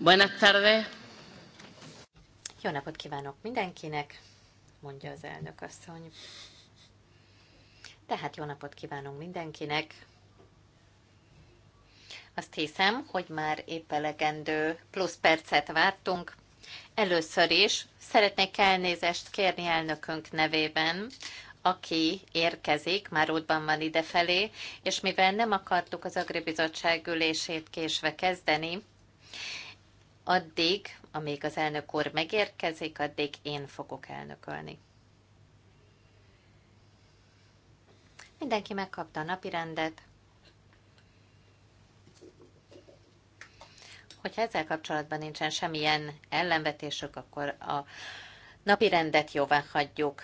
Buenas tardes. Jó napot kívánok mindenkinek, mondja az elnök asszony. Tehát jó napot kívánunk mindenkinek. Azt hiszem, hogy már épp elegendő plusz percet vártunk. Először is szeretnék elnézést kérni elnökünk nevében, aki érkezik, már útban van idefelé, és mivel nem akartuk az Agribizottság ülését késve kezdeni, addig, amíg az elnök úr megérkezik, addig én fogok elnökölni. Mindenki megkapta a napirendet. Hogyha ezzel kapcsolatban nincsen semmilyen ellenvetésük, akkor a napirendet jóvá hagyjuk.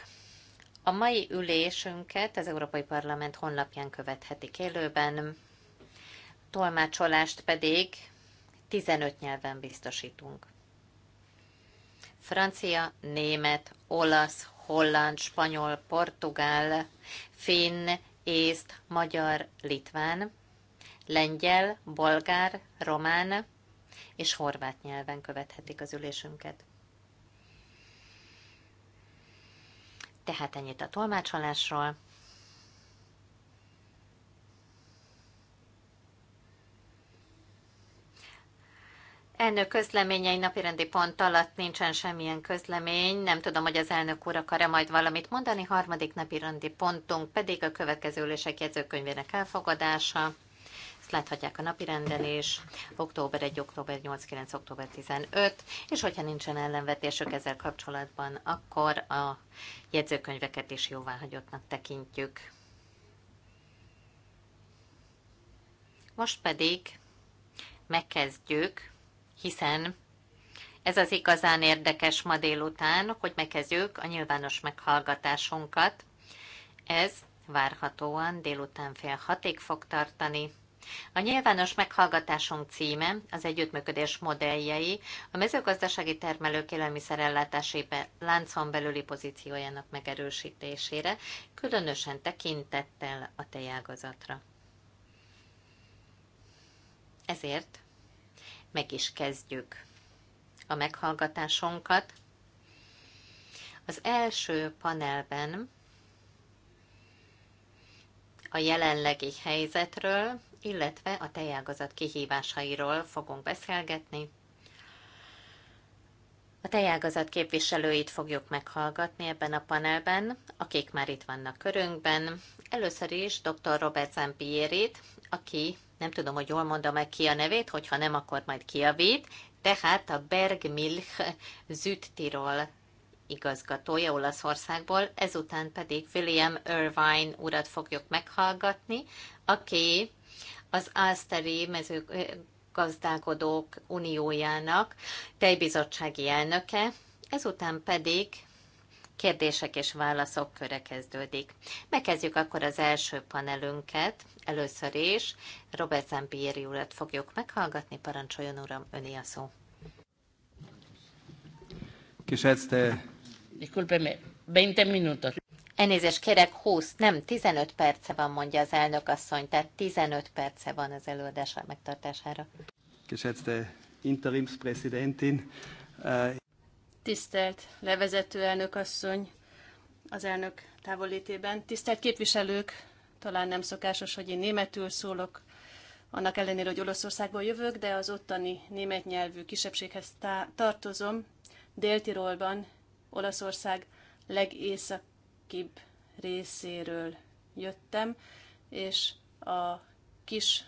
A mai ülésünket az Európai Parlament honlapján követhetik élőben, tolmácsolást pedig 15 nyelven biztosítunk. Francia, német, olasz, holland, spanyol, portugál, finn, észt, magyar, litván, lengyel, bolgár, román és horvát nyelven követhetik az ülésünket. Tehát ennyit a tolmácsolásról. Elnök közleményei napirendi pont alatt nincsen semmilyen közlemény. Nem tudom, hogy az elnök úr akar-e majd valamit mondani. Harmadik napirendi pontunk pedig a következő ülések jegyzőkönyvének elfogadása. Ezt láthatják a renden is, október 1, október 8, 9, október 15, és hogyha nincsen ellenvetésük ezzel kapcsolatban, akkor a jegyzőkönyveket is jóváhagyottnak tekintjük. Most pedig megkezdjük, hiszen ez az igazán érdekes ma délután, hogy megkezdjük a nyilvános meghallgatásunkat. Ez várhatóan délután fél hatig fog tartani. A nyilvános meghallgatásunk címe az együttműködés modelljei a mezőgazdasági termelők élelmiszerellátási láncon belüli pozíciójának megerősítésére, különösen tekintettel a tejágazatra. Ezért meg is kezdjük a meghallgatásunkat. Az első panelben a jelenlegi helyzetről, illetve a tejágazat kihívásairól fogunk beszélgetni. A tejágazat képviselőit fogjuk meghallgatni ebben a panelben, akik már itt vannak körünkben. Először is dr. Robert Zampierit, aki nem tudom, hogy jól mondom meg ki a nevét, hogyha nem, akkor majd kiavít, tehát a Bergmilch Züttirol igazgatója Olaszországból, ezután pedig William Irvine urat fogjuk meghallgatni, aki az Ásztari mezőgazdálkodók uniójának tejbizottsági elnöke, ezután pedig kérdések és válaszok köre kezdődik. Megkezdjük akkor az első panelünket. Először is Robert Zampieri urat fogjuk meghallgatni. Parancsoljon, uram, öné a szó. Köszönöm, 20 minutos. Elnézést kérek, 20, nem, 15 perce van, mondja az elnök asszony, tehát 15 perce van az előadás megtartására. Geschätzte Interimspräsidentin. Äh, Tisztelt levezető elnök asszony az elnök távollétében. Tisztelt képviselők, talán nem szokásos, hogy én németül szólok, annak ellenére, hogy Olaszországból jövök, de az ottani német nyelvű kisebbséghez tá- tartozom. Dél-Tirolban, Olaszország legészak KIB részéről jöttem, és a kis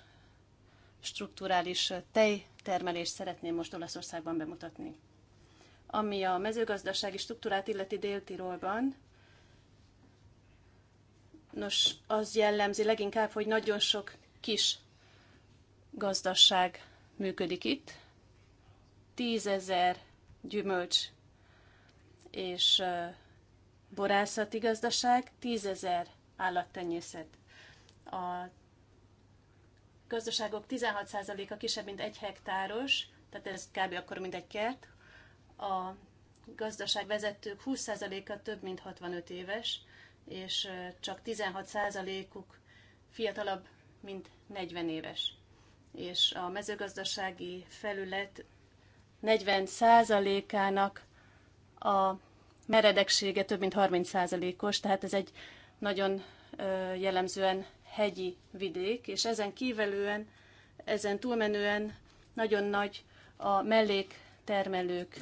strukturális tejtermelést szeretném most Olaszországban bemutatni. Ami a mezőgazdasági struktúrát illeti Dél-Tirolban, nos, az jellemzi leginkább, hogy nagyon sok kis gazdaság működik itt. Tízezer gyümölcs és borászati gazdaság, 10 ezer állattenyészet. A gazdaságok 16%-a kisebb, mint egy hektáros, tehát ez kb. akkor, mint egy kert. A gazdaság vezetők 20%-a több, mint 65 éves, és csak 16%-uk fiatalabb, mint 40 éves. És a mezőgazdasági felület 40%-ának a meredeksége több mint 30%-os, tehát ez egy nagyon jellemzően hegyi vidék, és ezen kívülően, ezen túlmenően nagyon nagy a melléktermelők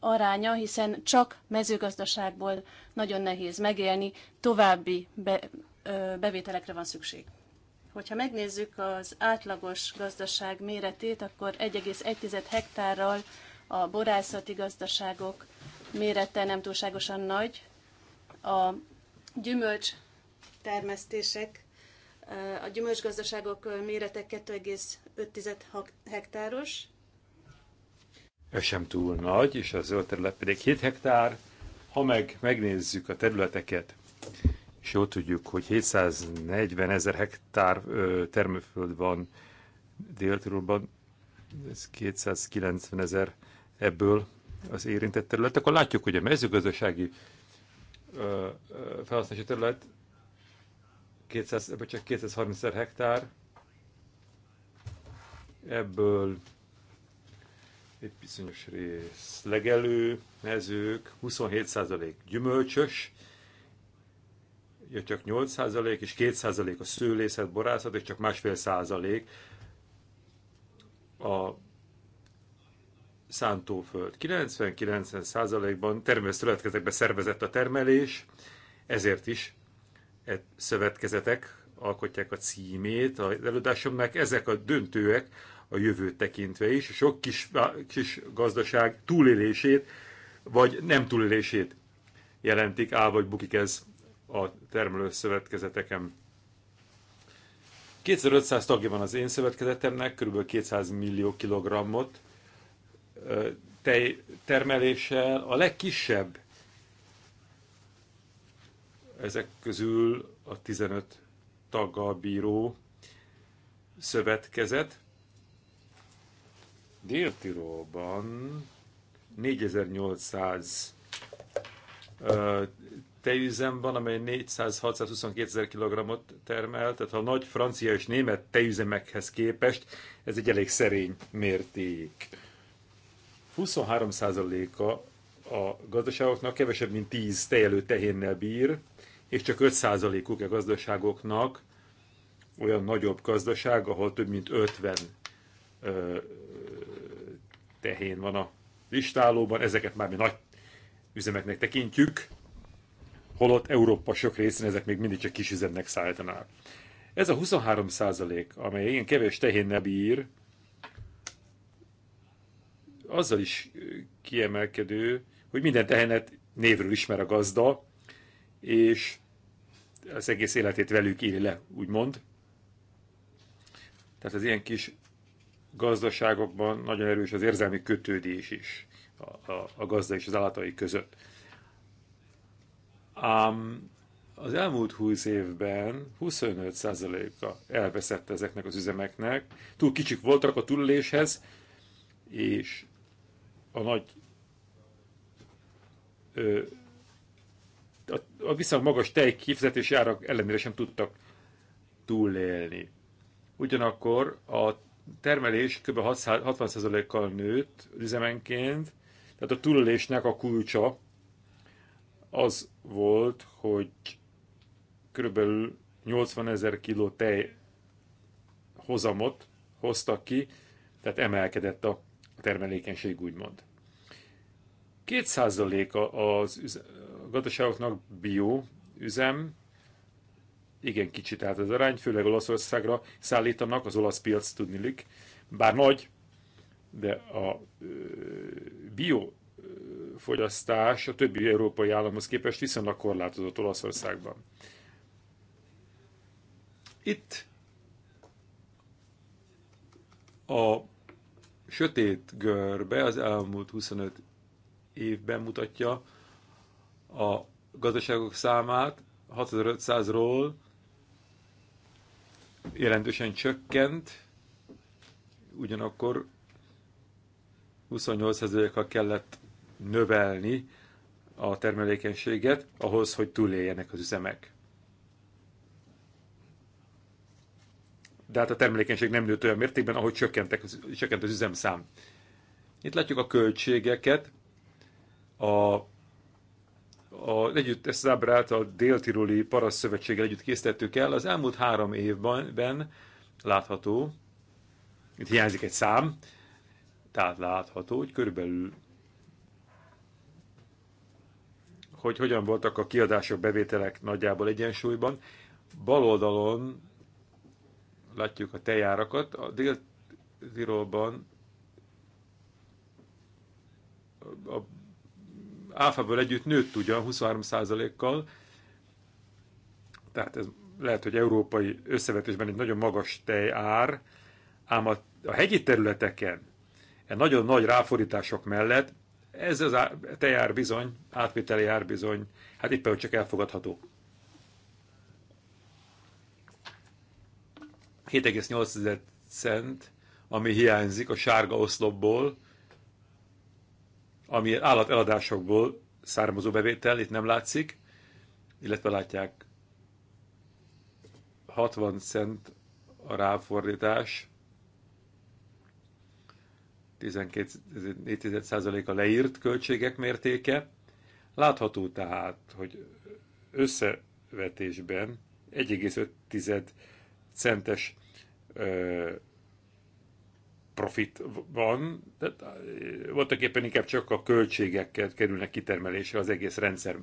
aránya, hiszen csak mezőgazdaságból nagyon nehéz megélni, további be, ö, bevételekre van szükség. Hogyha megnézzük az átlagos gazdaság méretét, akkor 1,1 hektárral a borászati gazdaságok mérete nem túlságosan nagy, a gyümölcs termesztések, a gyümölcsgazdaságok mérete 2,5 hektáros. Ez sem túl nagy, és a zöld terület pedig 7 hektár. Ha meg megnézzük a területeket, és jól tudjuk, hogy 740 ezer hektár termőföld van dél ez 290 ezer ebből az érintett terület, akkor látjuk, hogy a mezőgazdasági felhasználási terület 200, ebből csak 230 hektár, ebből egy bizonyos rész legelő, mezők, 27% gyümölcsös, csak 8% és 2% a szőlészet, borászat, és csak másfél százalék a szántóföld. 99%-ban termőszövetkezetekbe szervezett a termelés, ezért is e szövetkezetek alkotják a címét az előadásomnak. Ezek a döntőek a jövőt tekintve is, sok kis, kis gazdaság túlélését, vagy nem túlélését jelentik, áll vagy bukik ez a termelő szövetkezeteken. 2500 tagja van az én szövetkezetemnek, kb. 200 millió kilogrammot tejtermeléssel, a legkisebb ezek közül a 15 taggal bíró szövetkezet. Dél-Tirolban 4800 tejüzem van, amely 400-622 ezer kg termel, tehát ha a nagy francia és német tejüzemekhez képest ez egy elég szerény mérték. 23%-a a gazdaságoknak kevesebb, mint 10 tejelő tehénnel bír, és csak 5%-uk a gazdaságoknak olyan nagyobb gazdaság, ahol több mint 50 ö, tehén van a listálóban, ezeket már mi nagy üzemeknek tekintjük, holott Európa sok részén ezek még mindig csak kis üzemnek szállítanák. Ez a 23 százalék, amely ilyen kevés tehénnel bír, azzal is kiemelkedő, hogy minden tehenet névről ismer a gazda, és az egész életét velük éli le, úgymond. Tehát az ilyen kis gazdaságokban nagyon erős az érzelmi kötődés is a, a, a gazda és az állatai között. Ám az elmúlt 20 évben 25%-a elveszett ezeknek az üzemeknek. Túl kicsik voltak a túléléshez, és a nagy ö, a, a magas tej kifizetési árak ellenére sem tudtak túlélni. Ugyanakkor a termelés kb. 60%-kal nőtt üzemenként, tehát a túlélésnek a kulcsa az volt, hogy kb. 80 ezer kiló tej hozamot hoztak ki, tehát emelkedett a termelékenység úgymond. 2%-a az a gazdaságoknak bio üzem, igen kicsi tehát az arány, főleg Olaszországra szállítanak, az olasz piac tudnilik, bár nagy, de a bio fogyasztás a többi európai államhoz képest viszonylag korlátozott Olaszországban. Itt a sötét görbe az elmúlt 25 évben mutatja a gazdaságok számát 6500-ról jelentősen csökkent, ugyanakkor 28%-kal kellett növelni a termelékenységet ahhoz, hogy túléljenek az üzemek. de hát a termelékenység nem nőtt olyan mértékben, ahogy csökkentek, csökkent az üzemszám. Itt látjuk a költségeket, a a, együtt ezt az ábrát a Dél-Tiroli Parasz Szövetséggel együtt készítettük el. Az elmúlt három évben ben, látható, itt hiányzik egy szám, tehát látható, hogy körülbelül hogy hogyan voltak a kiadások, bevételek nagyjából egyensúlyban. Bal oldalon látjuk a tejárakat. A Dél-Tirolban a áfából együtt nőtt ugyan 23%-kal, tehát ez lehet, hogy európai összevetésben egy nagyon magas tejár, ám a, a hegyi területeken, e nagyon nagy ráfordítások mellett ez az á, tejár bizony, átvételi ár bizony, hát éppen hogy csak elfogadható. 7,8 cent, ami hiányzik a sárga oszlopból, ami állat eladásokból származó bevétel, itt nem látszik, illetve látják 60 cent a ráfordítás, 12,4%-a leírt költségek mértéke. Látható tehát, hogy összevetésben 1,5 centes profit van, tehát voltak éppen inkább csak a költségeket kerülnek kitermelésre az egész rendszer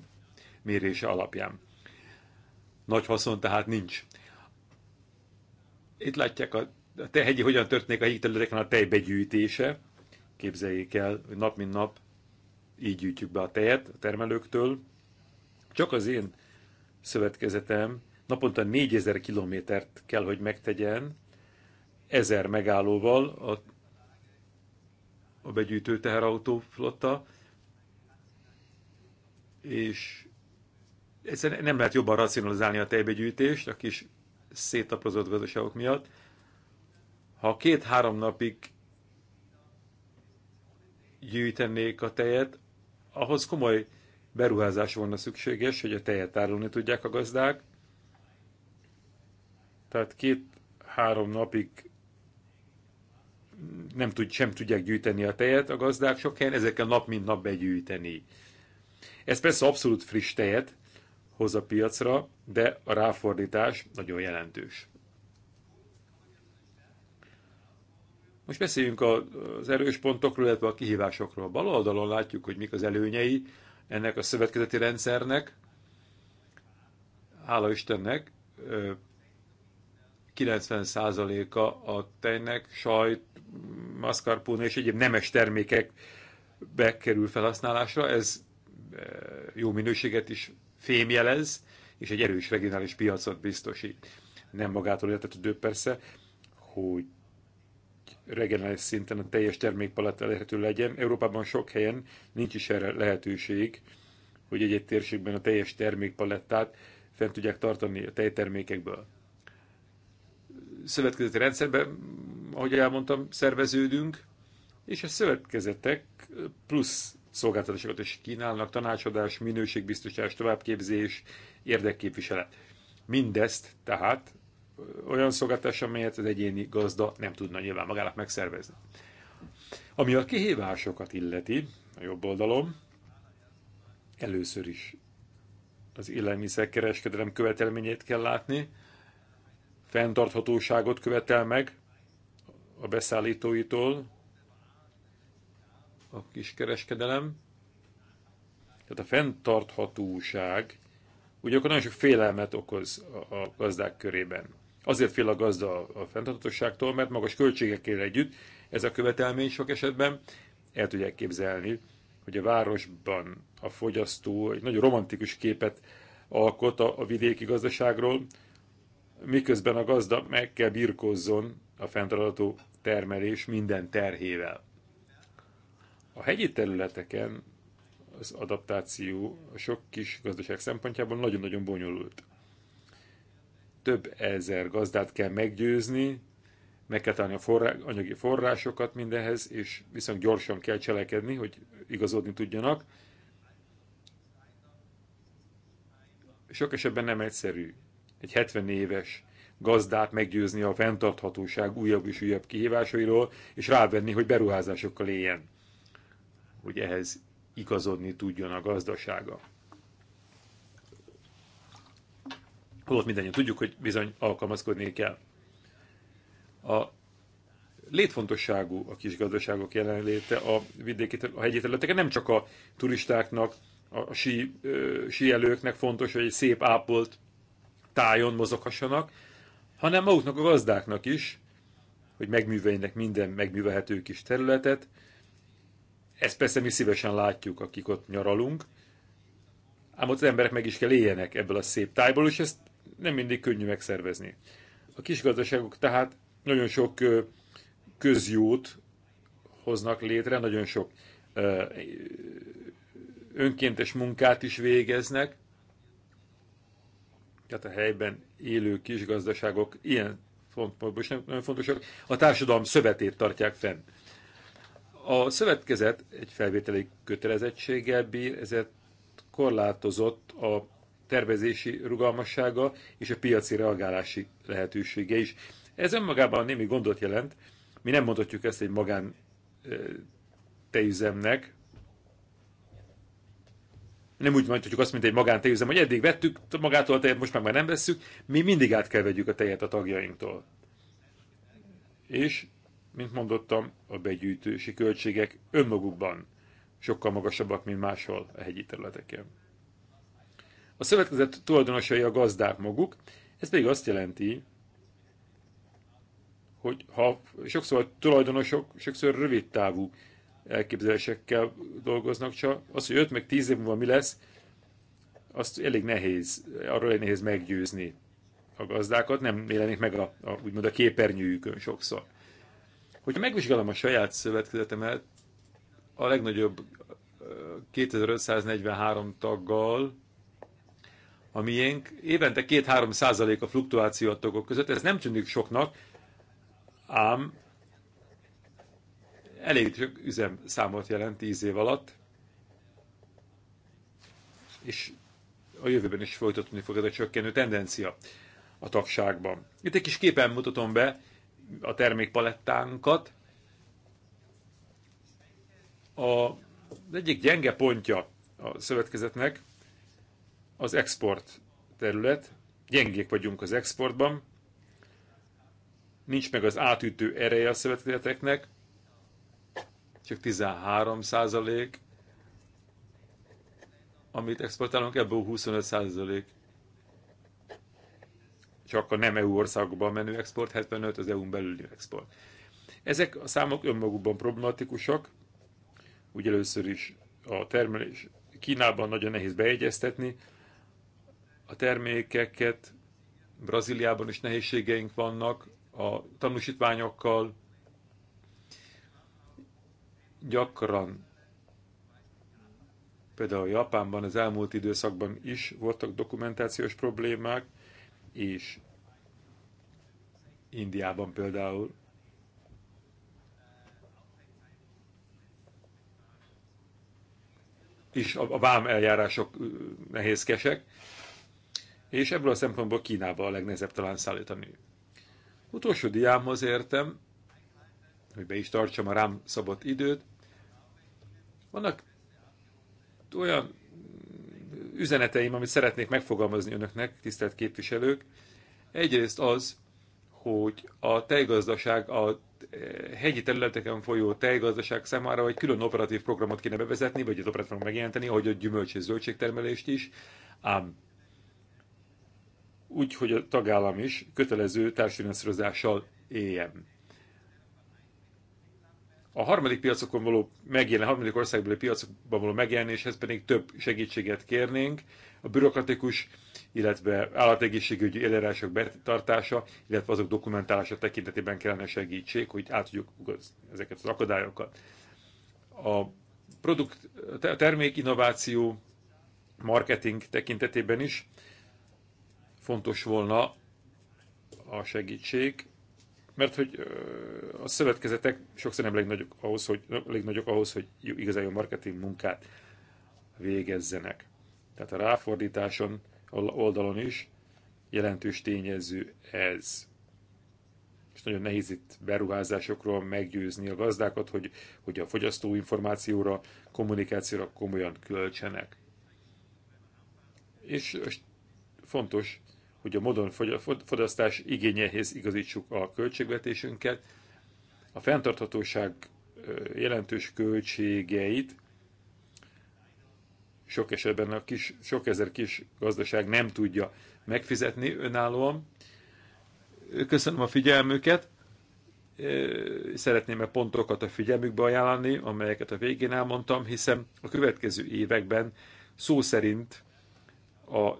mérése alapján. Nagy haszon tehát nincs. Itt látják a, a tehegyi, hogyan történik a hígterületeken a tej begyűjtése. Képzeljék el, hogy nap mint nap így gyűjtjük be a tejet a termelőktől. Csak az én szövetkezetem naponta 4000 kilométert kell, hogy megtegyen, ezer megállóval a, a begyűjtő teherautó flotta, és egyszerűen nem lehet jobban racionalizálni a tejbegyűjtést a kis széttaprozott gazdaságok miatt. Ha két-három napig gyűjtenék a tejet, ahhoz komoly beruházás volna szükséges, hogy a tejet árulni tudják a gazdák. Tehát két-három napig nem tud, sem tudják gyűjteni a tejet a gazdák sok helyen, ezekkel nap mint nap begyűjteni. Ez persze abszolút friss tejet hoz a piacra, de a ráfordítás nagyon jelentős. Most beszéljünk az erős pontokról, illetve a kihívásokról. Bal oldalon látjuk, hogy mik az előnyei ennek a szövetkezeti rendszernek. Hála Istennek, 90%-a a tejnek, sajt, mascarpone és egyéb nemes termékek bekerül felhasználásra. Ez e, jó minőséget is fémjelez, és egy erős regionális piacot biztosít. Nem magától értetődő persze, hogy regionális szinten a teljes termékpaletta elérhető legyen. Európában sok helyen nincs is erre lehetőség, hogy egy-egy térségben a teljes termékpalettát fent tudják tartani a tejtermékekből szövetkezeti rendszerben, ahogy elmondtam, szerveződünk, és a szövetkezetek plusz szolgáltatásokat is kínálnak, tanácsadás, minőségbiztosítás, továbbképzés, érdekképviselet. Mindezt tehát olyan szolgáltatás, amelyet az egyéni gazda nem tudna nyilván magának megszervezni. Ami a kihívásokat illeti, a jobb oldalom, először is az élelmiszerkereskedelem követelményét kell látni, fenntarthatóságot követel meg a beszállítóitól a kiskereskedelem. Tehát a fenntarthatóság ugyanakkor nagyon sok félelmet okoz a gazdák körében. Azért fél a gazda a fenntarthatóságtól, mert magas költségekkel együtt ez a követelmény sok esetben el tudják képzelni, hogy a városban a fogyasztó egy nagyon romantikus képet alkot a, a vidéki gazdaságról, miközben a gazda meg kell birkozzon a fenntartható termelés minden terhével. A hegyi területeken az adaptáció a sok kis gazdaság szempontjából nagyon-nagyon bonyolult. Több ezer gazdát kell meggyőzni, meg kell találni a forrá, anyagi forrásokat mindenhez, és viszont gyorsan kell cselekedni, hogy igazodni tudjanak. Sok esetben nem egyszerű egy 70 éves gazdát meggyőzni a fenntarthatóság újabb és újabb kihívásairól, és rávenni, hogy beruházásokkal éljen, hogy ehhez igazodni tudjon a gazdasága. Holott mindannyian tudjuk, hogy bizony alkalmazkodni kell. A létfontosságú a kis gazdaságok jelenléte a vidéki, a hegyi területeken, nem csak a turistáknak, a sí, síelőknek fontos, hogy egy szép ápolt tájon mozoghassanak, hanem maguknak a gazdáknak is, hogy megműveljenek minden megművelhető kis területet. Ezt persze mi szívesen látjuk, akik ott nyaralunk, ám ott az emberek meg is kell éljenek ebből a szép tájból, és ezt nem mindig könnyű megszervezni. A kis gazdaságok tehát nagyon sok közjót hoznak létre, nagyon sok önkéntes munkát is végeznek, tehát a helyben élő kisgazdaságok ilyen fontos, nem nagyon fontosak, a társadalom szövetét tartják fenn. A szövetkezet egy felvételi kötelezettséggel bír, ezért korlátozott a tervezési rugalmassága és a piaci reagálási lehetősége is. Ez önmagában némi gondot jelent. Mi nem mondhatjuk ezt egy magán teüzemnek, nem úgy mondhatjuk azt, mint egy magántejüzem, hogy eddig vettük magától a tejet, most meg már nem vesszük, mi mindig át kell vegyük a tejet a tagjainktól. És, mint mondottam, a begyűjtősi költségek önmagukban sokkal magasabbak, mint máshol a hegyi területeken. A szövetkezet tulajdonosai a gazdák maguk, ez pedig azt jelenti, hogy ha sokszor a tulajdonosok sokszor rövid távú elképzelésekkel dolgoznak csak. Az, hogy 5 meg 10 év múlva mi lesz, azt elég nehéz, arról elég nehéz meggyőzni a gazdákat, nem jelenik meg a, a úgymond a képernyőjükön sokszor. Hogyha megvizsgálom a saját szövetkezetemet, a legnagyobb 2543 taggal, a miénk, évente 2-3 százalék a fluktuáció a tagok között, ez nem tűnik soknak, ám elég sok üzemszámot jelent 10 év alatt, és a jövőben is folytatni fog ez a csökkenő tendencia a tagságban. Itt egy kis képen mutatom be a termékpalettánkat. A, az egyik gyenge pontja a szövetkezetnek az export terület. Gyengék vagyunk az exportban, nincs meg az átütő ereje a szövetkezeteknek, csak 13 százalék, amit exportálunk, ebből 25 százalék csak a nem EU országokban menő export, 75 az EU-n belüli export. Ezek a számok önmagukban problematikusak, úgy először is a termelés Kínában nagyon nehéz beegyeztetni, a termékeket Brazíliában is nehézségeink vannak, a tanúsítványokkal, gyakran például Japánban az elmúlt időszakban is voltak dokumentációs problémák, és Indiában például. És a vám eljárások nehézkesek, és ebből a szempontból Kínába a legnehezebb talán szállítani. Utolsó diámhoz értem, hogy be is tartsam a rám szabott időt, vannak olyan üzeneteim, amit szeretnék megfogalmazni önöknek, tisztelt képviselők. Egyrészt az, hogy a tejgazdaság, a hegyi területeken folyó tejgazdaság számára egy külön operatív programot kéne bevezetni, vagy egy operatív megjelenteni, ahogy a gyümölcs és zöldségtermelést is, ám úgy, hogy a tagállam is kötelező társfinanszírozással éljen. A harmadik piacokon való megjelen, harmadik országbeli piacokban való megjelenéshez pedig több segítséget kérnénk, a bürokratikus, illetve állategészségügyi előírások betartása, illetve azok dokumentálása tekintetében kellene segítség, hogy át tudjuk ezeket az akadályokat. A produkt, a termék innováció, marketing tekintetében is fontos volna a segítség, mert hogy a szövetkezetek sokszor nem legnagyobb ahhoz, hogy, legnagyobb ahhoz, hogy igazán jó marketing munkát végezzenek. Tehát a ráfordításon oldalon is jelentős tényező ez. És nagyon nehéz itt beruházásokról meggyőzni a gazdákat, hogy, hogy a fogyasztó információra, kommunikációra komolyan költsenek. És, és fontos, hogy a modern fogyasztás igényehez igazítsuk a költségvetésünket, a fenntarthatóság jelentős költségeit sok esetben a kis, sok ezer kis gazdaság nem tudja megfizetni önállóan. Köszönöm a figyelmüket, szeretném a pontokat a figyelmükbe ajánlani, amelyeket a végén elmondtam, hiszen a következő években szó szerint a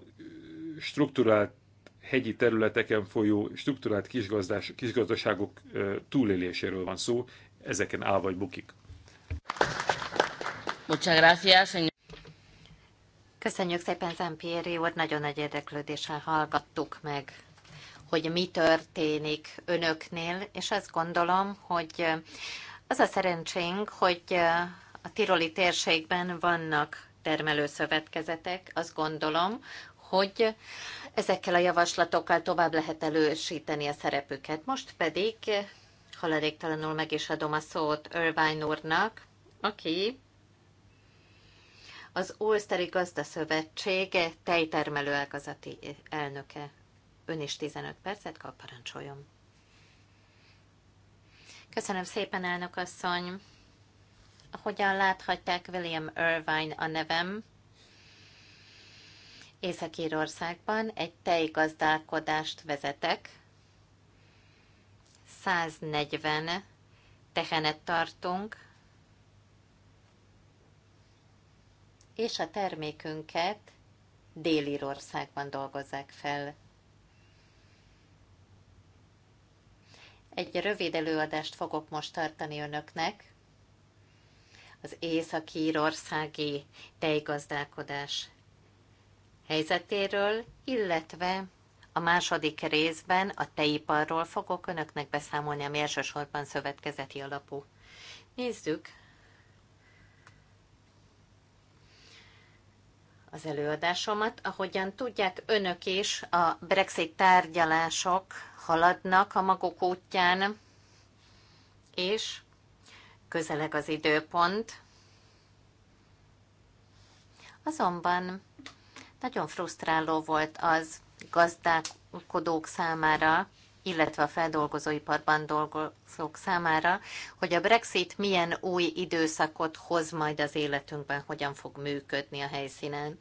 strukturált hegyi területeken folyó struktúrált kisgazdás, kisgazdaságok túléléséről van szó, ezeken áll vagy bukik. Köszönjük szépen Zampieri úr, nagyon nagy érdeklődéssel hallgattuk meg, hogy mi történik önöknél, és azt gondolom, hogy az a szerencsénk, hogy a tiroli térségben vannak termelőszövetkezetek, azt gondolom, hogy Ezekkel a javaslatokkal tovább lehet elősíteni a szerepüket. Most pedig haladéktalanul meg is adom a szót Irvine úrnak, aki az Ulsteri Gazdaszövetség tejtermelő ágazati elnöke. Ön is 15 percet kap, parancsoljon. Köszönöm szépen, elnök asszony. Ahogyan láthatják, William Irvine a nevem. Észak-Írországban egy tejgazdálkodást vezetek. 140 tehenet tartunk, és a termékünket Dél-Írországban dolgozzák fel. Egy rövid előadást fogok most tartani önöknek az észak-írországi tejgazdálkodás helyzetéről, illetve a második részben a teiparról fogok önöknek beszámolni, ami elsősorban szövetkezeti alapú. Nézzük az előadásomat. Ahogyan tudják önök is, a Brexit tárgyalások haladnak a maguk útján, és közeleg az időpont. Azonban nagyon frusztráló volt az gazdálkodók számára, illetve a feldolgozóiparban dolgozók számára, hogy a Brexit milyen új időszakot hoz majd az életünkben, hogyan fog működni a helyszínen.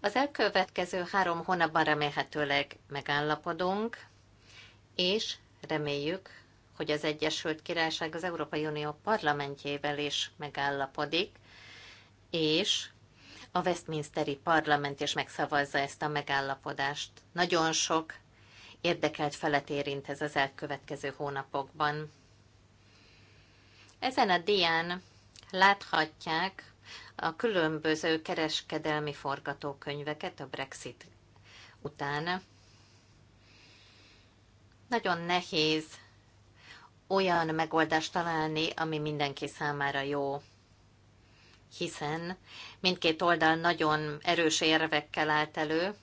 Az elkövetkező három hónapban remélhetőleg megállapodunk, és reméljük, hogy az Egyesült Királyság az Európai Unió parlamentjével is megállapodik, és a Westminsteri Parlament is megszavazza ezt a megállapodást. Nagyon sok érdekelt felet érint ez az elkövetkező hónapokban. Ezen a dián láthatják a különböző kereskedelmi forgatókönyveket a Brexit után. Nagyon nehéz olyan megoldást találni, ami mindenki számára jó hiszen mindkét oldal nagyon erős érvekkel állt elő,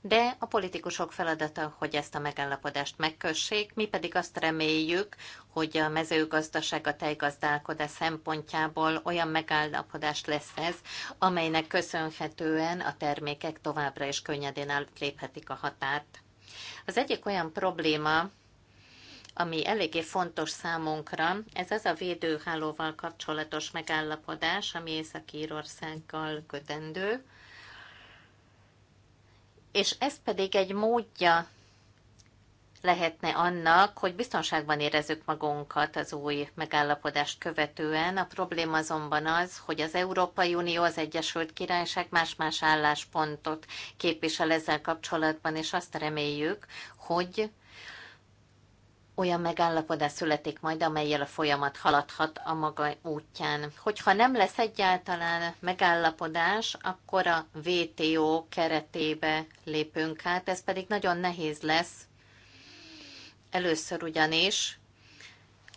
de a politikusok feladata, hogy ezt a megállapodást megkössék, mi pedig azt reméljük, hogy a mezőgazdaság, a tejgazdálkodás szempontjából olyan megállapodás lesz ez, amelynek köszönhetően a termékek továbbra is könnyedén átléphetik a határt. Az egyik olyan probléma, ami eléggé fontos számunkra, ez az a védőhálóval kapcsolatos megállapodás, ami Észak-Írországgal kötendő, és ez pedig egy módja lehetne annak, hogy biztonságban érezzük magunkat az új megállapodást követően. A probléma azonban az, hogy az Európai Unió, az Egyesült Királyság más-más álláspontot képvisel ezzel kapcsolatban, és azt reméljük, hogy olyan megállapodás születik majd, amelyel a folyamat haladhat a maga útján. Hogyha nem lesz egyáltalán megállapodás, akkor a VTO keretébe lépünk át, ez pedig nagyon nehéz lesz. Először ugyanis,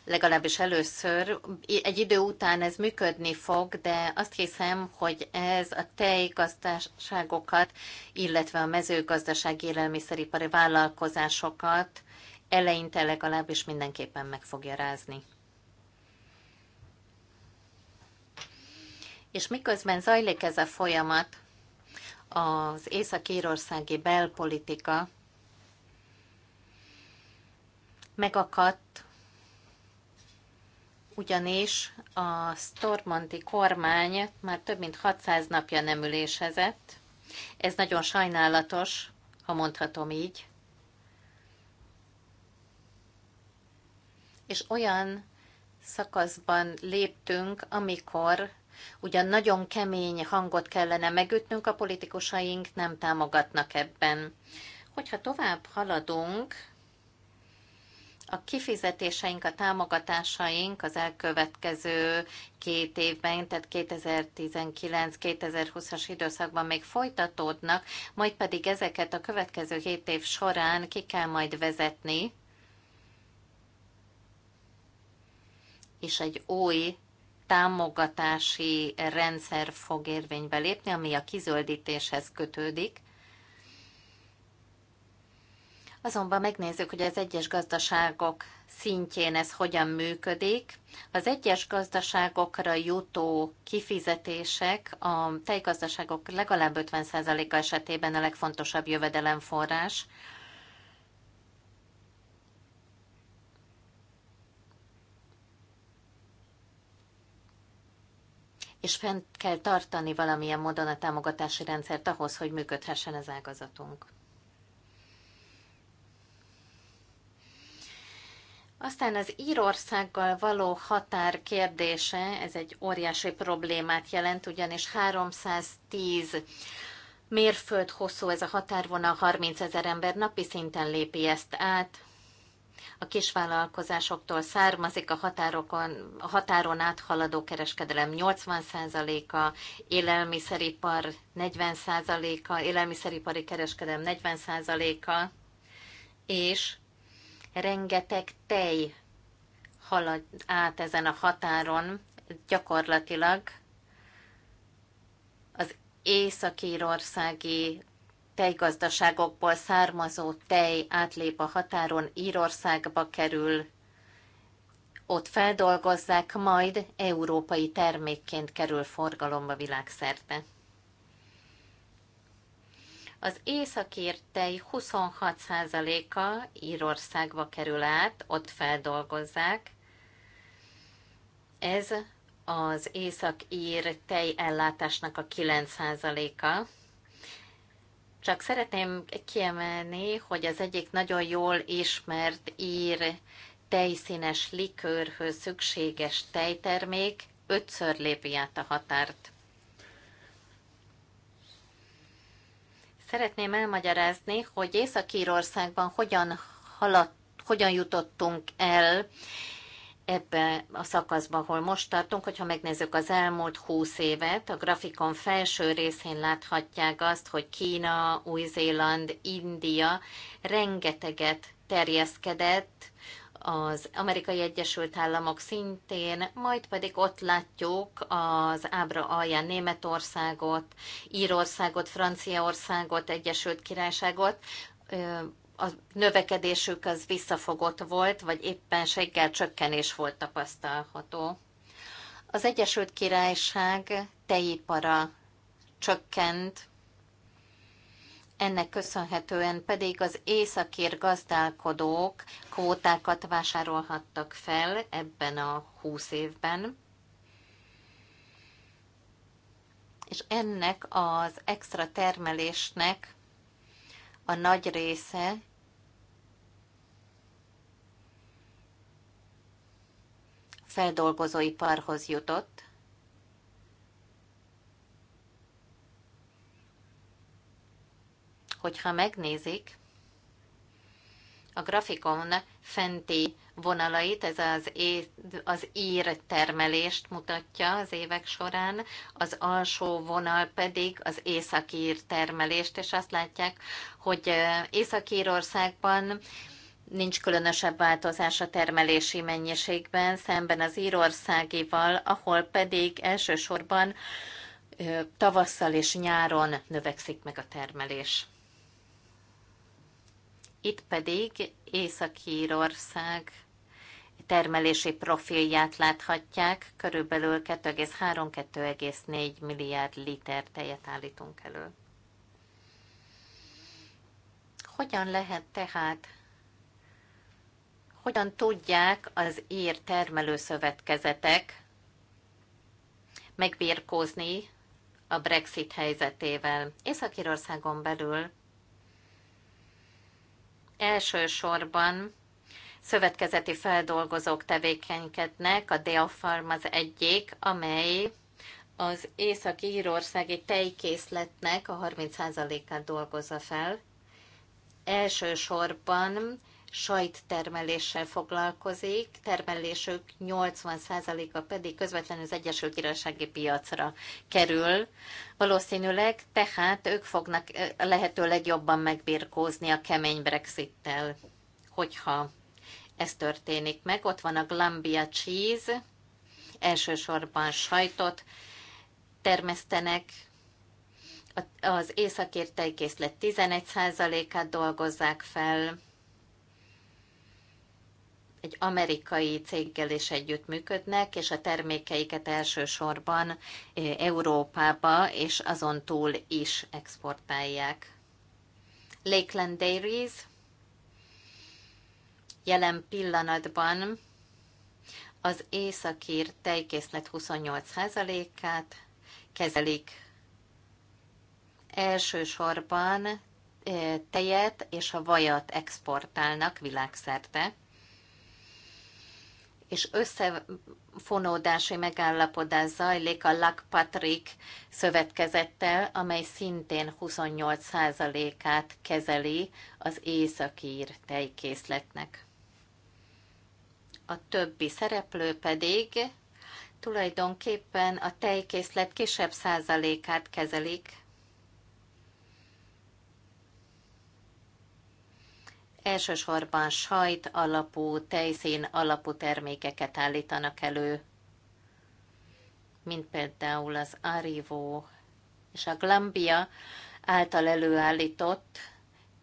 legalábbis először, egy idő után ez működni fog, de azt hiszem, hogy ez a tejgazdaságokat, illetve a mezőgazdaság élelmiszeripari vállalkozásokat eleinte legalábbis mindenképpen meg fogja rázni. És miközben zajlik ez a folyamat, az észak-írországi belpolitika megakadt, ugyanis a Stormonti kormány már több mint 600 napja nem ülésezett. Ez nagyon sajnálatos, ha mondhatom így, és olyan szakaszban léptünk, amikor ugyan nagyon kemény hangot kellene megütnünk, a politikusaink nem támogatnak ebben. Hogyha tovább haladunk, a kifizetéseink, a támogatásaink az elkövetkező két évben, tehát 2019-2020-as időszakban még folytatódnak, majd pedig ezeket a következő hét év során ki kell majd vezetni, és egy új támogatási rendszer fog érvénybe lépni, ami a kizöldítéshez kötődik. Azonban megnézzük, hogy az egyes gazdaságok szintjén ez hogyan működik. Az egyes gazdaságokra jutó kifizetések a tejgazdaságok legalább 50%-a esetében a legfontosabb jövedelemforrás. és fent kell tartani valamilyen módon a támogatási rendszert ahhoz, hogy működhessen az ágazatunk. Aztán az Írországgal való határ kérdése, ez egy óriási problémát jelent, ugyanis 310 mérföld hosszú ez a határvonal, 30 ezer ember napi szinten lépi ezt át, a kisvállalkozásoktól származik, a, határokon, a határon áthaladó kereskedelem 80%-a, élelmiszeripar 40%-a, élelmiszeripari kereskedelem 40%-a, és rengeteg tej halad át ezen a határon, gyakorlatilag az észak tejgazdaságokból származó tej átlép a határon, Írországba kerül, ott feldolgozzák, majd európai termékként kerül forgalomba világszerte. Az északír tej 26%-a Írországba kerül át, ott feldolgozzák. Ez az tej tejellátásnak a 9%-a. Csak szeretném kiemelni, hogy az egyik nagyon jól ismert ír tejszínes likőrhöz szükséges tejtermék ötször lépi át a határt. Szeretném elmagyarázni, hogy Észak-Írországban hogyan haladt, hogyan jutottunk el ebbe a szakaszba, ahol most tartunk, hogyha megnézzük az elmúlt húsz évet, a grafikon felső részén láthatják azt, hogy Kína, Új-Zéland, India rengeteget terjeszkedett, az Amerikai Egyesült Államok szintén, majd pedig ott látjuk az ábra alján Németországot, Írországot, Franciaországot, Egyesült Királyságot, a növekedésük az visszafogott volt, vagy éppen seggel csökkenés volt tapasztalható. Az Egyesült Királyság tejipara csökkent, ennek köszönhetően pedig az északír gazdálkodók kvótákat vásárolhattak fel ebben a húsz évben. És ennek az extra termelésnek a nagy része feldolgozóiparhoz jutott, hogyha megnézik a grafikon fenti vonalait, ez az, é, az ír termelést mutatja az évek során, az alsó vonal pedig az északír termelést, és azt látják, hogy Észak-Írországban nincs különösebb változás a termelési mennyiségben, szemben az írországival, ahol pedig elsősorban tavasszal és nyáron növekszik meg a termelés. Itt pedig Észak-Írország termelési profilját láthatják, körülbelül 2,3-2,4 milliárd liter tejet állítunk elő. Hogyan lehet tehát hogyan tudják az ír termelőszövetkezetek megbírkózni a Brexit helyzetével. Észak-Írországon belül elsősorban szövetkezeti feldolgozók tevékenykednek, a Deafarm az egyik, amely az észak-írországi tejkészletnek a 30%-át dolgozza fel. Elsősorban termeléssel foglalkozik, termelésük 80%-a pedig közvetlenül az Egyesült Királysági piacra kerül. Valószínűleg tehát ők fognak lehető legjobban megbirkózni a kemény Brexittel, hogyha ez történik meg. Ott van a Glambia cheese, elsősorban sajtot termesztenek, az északért tejkészlet 11%-át dolgozzák fel, egy amerikai céggel is együttműködnek, és a termékeiket elsősorban Európába és azon túl is exportálják. Lakeland Dairies jelen pillanatban az északír tejkészlet 28%-át kezelik elsősorban tejet és a vajat exportálnak világszerte és összefonódási megállapodás zajlik a Lack Patrick szövetkezettel, amely szintén 28%-át kezeli az északír tejkészletnek. A többi szereplő pedig tulajdonképpen a tejkészlet kisebb százalékát kezelik, elsősorban sajt alapú, tejszín alapú termékeket állítanak elő, mint például az Arivo és a Glambia által előállított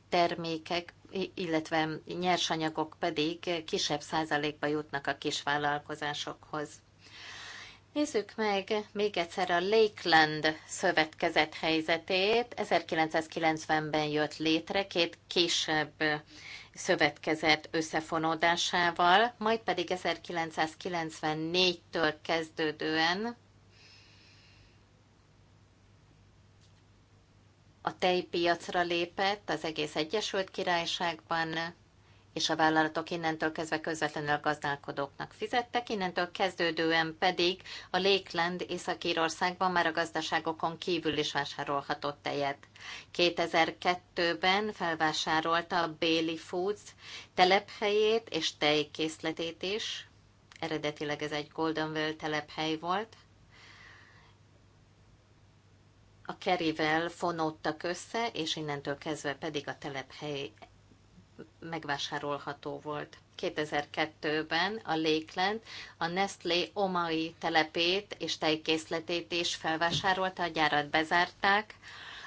termékek, illetve nyersanyagok pedig kisebb százalékba jutnak a kisvállalkozásokhoz. Nézzük meg még egyszer a Lakeland szövetkezet helyzetét. 1990-ben jött létre két kisebb szövetkezet összefonódásával, majd pedig 1994-től kezdődően a tejpiacra lépett az egész Egyesült Királyságban, és a vállalatok innentől kezdve közvetlenül a gazdálkodóknak fizettek, innentől kezdődően pedig a Lakeland Észak-Írországban már a gazdaságokon kívül is vásárolhatott tejet. 2002-ben felvásárolta a Bailey Foods telephelyét és tejkészletét is, eredetileg ez egy Goldenville telephely volt, a Kerivel fonódtak össze, és innentől kezdve pedig a telephely megvásárolható volt. 2002-ben a Lakeland a Nestlé omai telepét és tejkészletét is felvásárolta, a gyárat bezárták,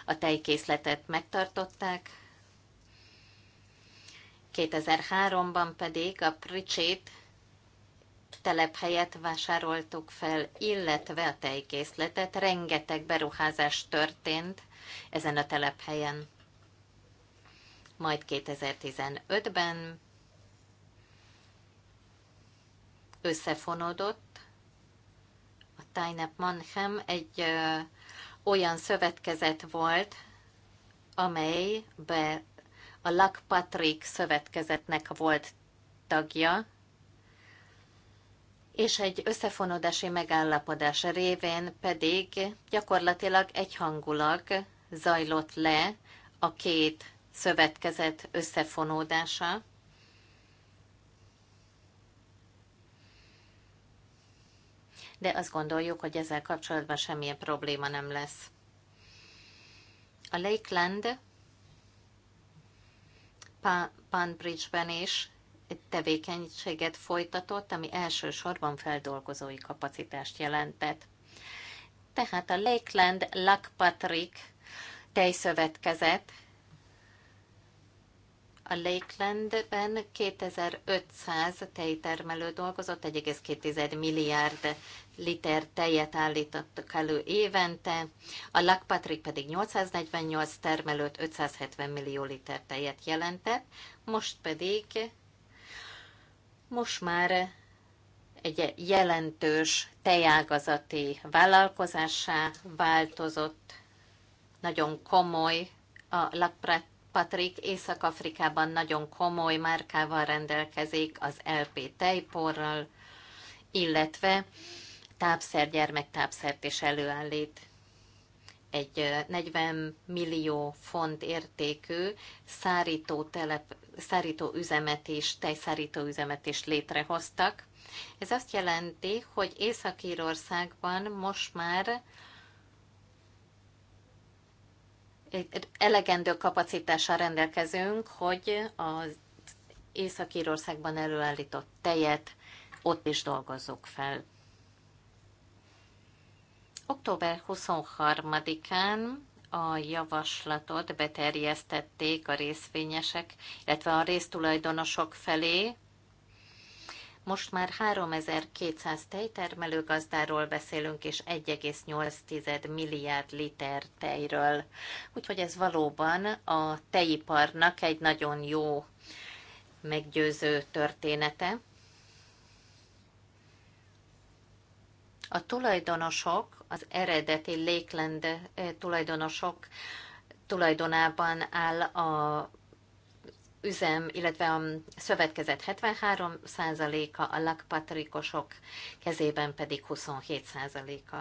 a tejkészletet megtartották. 2003-ban pedig a Pritchett telephelyet vásároltuk fel, illetve a tejkészletet. Rengeteg beruházás történt ezen a telephelyen majd 2015-ben összefonodott a Tynep Manchem egy ö, olyan szövetkezet volt, amelybe a Lak Patrick szövetkezetnek volt tagja, és egy összefonódási megállapodás révén pedig gyakorlatilag egyhangulag zajlott le a két szövetkezet összefonódása. De azt gondoljuk, hogy ezzel kapcsolatban semmilyen probléma nem lesz. A Lakeland Panbridge-ben is egy tevékenységet folytatott, ami elsősorban feldolgozói kapacitást jelentett. Tehát a Lakeland Lakpatrick tejszövetkezet a Lakelandben 2500 tejtermelő dolgozott, 1,2 milliárd liter tejet állítottak elő évente, a Lakpatrik pedig 848 termelőt 570 millió liter tejet jelentett, most pedig most már egy jelentős tejágazati vállalkozássá változott, nagyon komoly a Lakprat Patrik Észak-Afrikában nagyon komoly márkával rendelkezik, az LP tejporral, illetve tápszer, gyermektápszert is előállít. Egy 40 millió font értékű szárító, telep, szárító üzemet is, tejszárító üzemet is létrehoztak. Ez azt jelenti, hogy Észak-Írországban most már elegendő kapacitással rendelkezünk, hogy az Észak-Írországban előállított tejet ott is dolgozzuk fel. Október 23-án a javaslatot beterjesztették a részvényesek, illetve a résztulajdonosok felé, most már 3200 tejtermelő gazdáról beszélünk, és 1,8 milliárd liter tejről. Úgyhogy ez valóban a tejiparnak egy nagyon jó, meggyőző története. A tulajdonosok, az eredeti Lakeland eh, tulajdonosok tulajdonában áll a üzem, illetve a szövetkezet 73%-a, a lakpatrikosok kezében pedig 27%-a.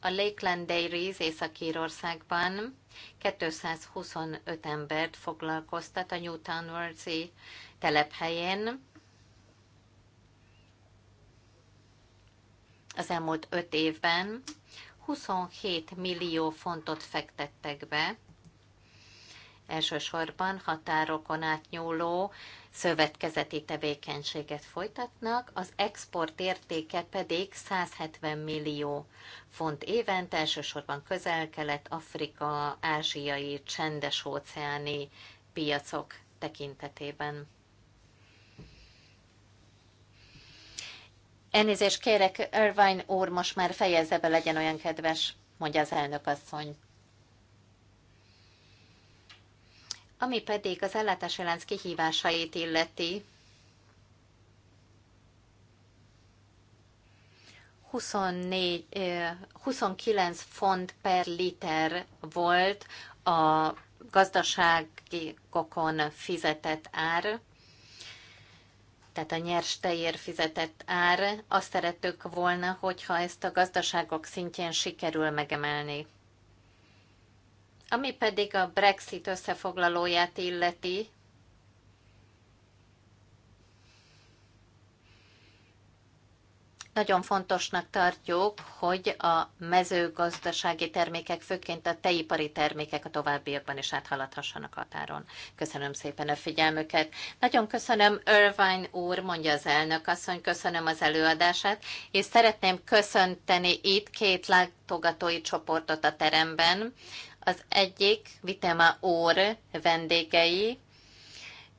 A Lakeland Dairies Észak-Írországban 225 embert foglalkoztat a Newtown Worthy telephelyén. Az elmúlt öt évben 27 millió fontot fektettek be, elsősorban határokon átnyúló szövetkezeti tevékenységet folytatnak, az export értéke pedig 170 millió font évente, elsősorban közel-kelet, Afrika, ázsiai, csendes-óceáni piacok tekintetében. Elnézést kérek, Irvine úr, most már fejezze be, legyen olyan kedves, mondja az elnök asszony. Ami pedig az ellátási lánc kihívásait illeti, 24, 29 font per liter volt a gazdaságokon fizetett ár, tehát a nyers tejér fizetett ár, azt szerettük volna, hogyha ezt a gazdaságok szintjén sikerül megemelni. Ami pedig a Brexit összefoglalóját illeti, Nagyon fontosnak tartjuk, hogy a mezőgazdasági termékek, főként a teipari termékek a továbbiakban is áthaladhassanak határon. Köszönöm szépen a figyelmüket. Nagyon köszönöm Irvine úr, mondja az elnök asszony, köszönöm az előadását, és szeretném köszönteni itt két látogatói csoportot a teremben. Az egyik Vitema úr vendégei,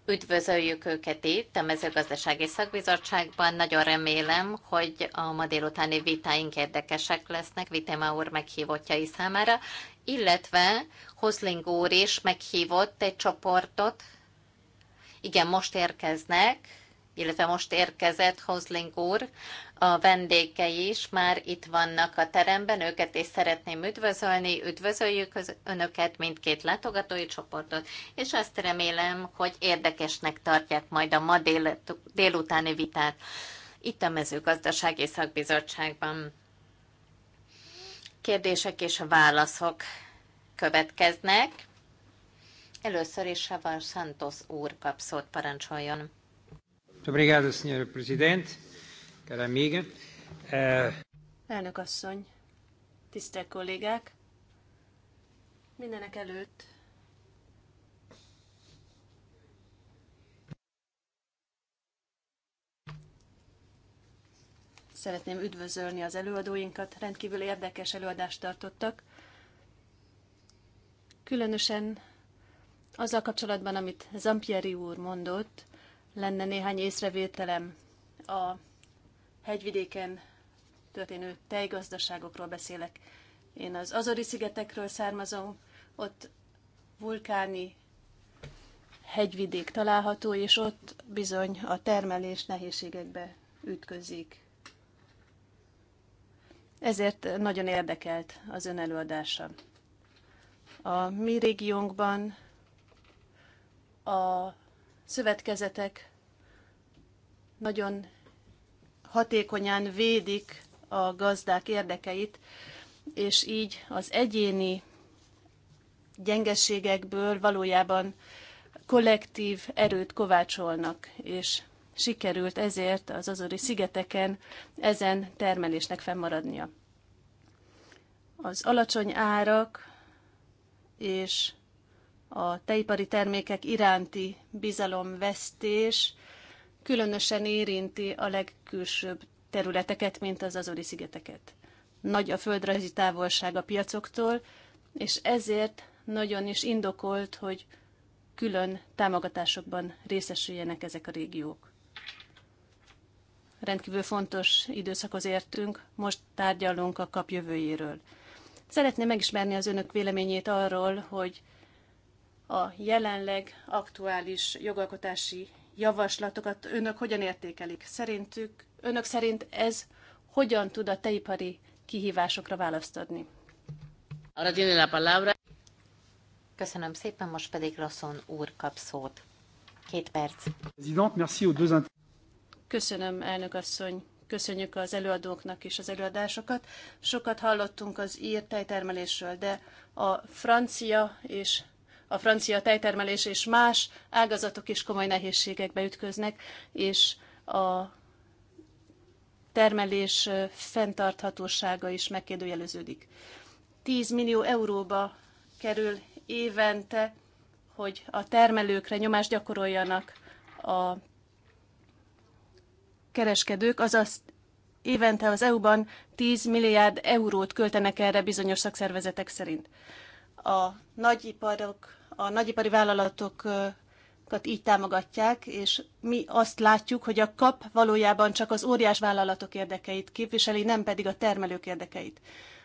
Üdvözöljük őket itt a mezőgazdasági szakbizottságban. Nagyon remélem, hogy a ma délutáni vitáink érdekesek lesznek Vitema úr meghívottjai számára, illetve Hozling úr is meghívott egy csoportot. Igen, most érkeznek illetve most érkezett Hozling úr, a vendégei is már itt vannak a teremben, őket is szeretném üdvözölni, üdvözöljük az önöket, mindkét látogatói csoportot, és azt remélem, hogy érdekesnek tartják majd a ma dél, délutáni vitát itt a mezőgazdasági szakbizottságban. Kérdések és válaszok következnek. Először is Savar Santos úr kap szót, parancsoljon. Obrigado, Sr. Presidente, cara amiga. Elnök asszony, tisztelt kollégák, mindenek előtt szeretném üdvözölni az előadóinkat, rendkívül érdekes előadást tartottak. Különösen azzal kapcsolatban, amit Zampieri úr mondott, lenne néhány észrevételem a hegyvidéken történő tejgazdaságokról beszélek. Én az Azori-szigetekről származom, ott vulkáni hegyvidék található, és ott bizony a termelés nehézségekbe ütközik. Ezért nagyon érdekelt az ön előadása. A mi régiónkban a szövetkezetek nagyon hatékonyan védik a gazdák érdekeit, és így az egyéni gyengeségekből valójában kollektív erőt kovácsolnak, és sikerült ezért az Azori szigeteken ezen termelésnek fennmaradnia. Az alacsony árak és a teipari termékek iránti bizalomvesztés különösen érinti a legkülsőbb területeket, mint az Azori szigeteket. Nagy a földrajzi távolság a piacoktól, és ezért nagyon is indokolt, hogy külön támogatásokban részesüljenek ezek a régiók. Rendkívül fontos időszakhoz értünk, most tárgyalunk a kap jövőjéről. Szeretném megismerni az önök véleményét arról, hogy a jelenleg aktuális jogalkotási javaslatokat önök hogyan értékelik? Szerintük, önök szerint ez hogyan tud a teipari kihívásokra választ adni? tiene la palabra. Köszönöm szépen, most pedig Rasson úr kap szót. Két perc. Köszönöm, elnök asszony. Köszönjük az előadóknak is az előadásokat. Sokat hallottunk az ír tejtermelésről, de a francia és a francia tejtermelés és más ágazatok is komoly nehézségekbe ütköznek, és a termelés fenntarthatósága is megkérdőjeleződik. 10 millió euróba kerül évente, hogy a termelőkre nyomást gyakoroljanak a kereskedők, azaz évente az EU-ban 10 milliárd eurót költenek erre bizonyos szakszervezetek szerint. A nagyiparok a nagyipari vállalatokat így támogatják, és mi azt látjuk, hogy a kap valójában csak az óriás vállalatok érdekeit képviseli, nem pedig a termelők érdekeit.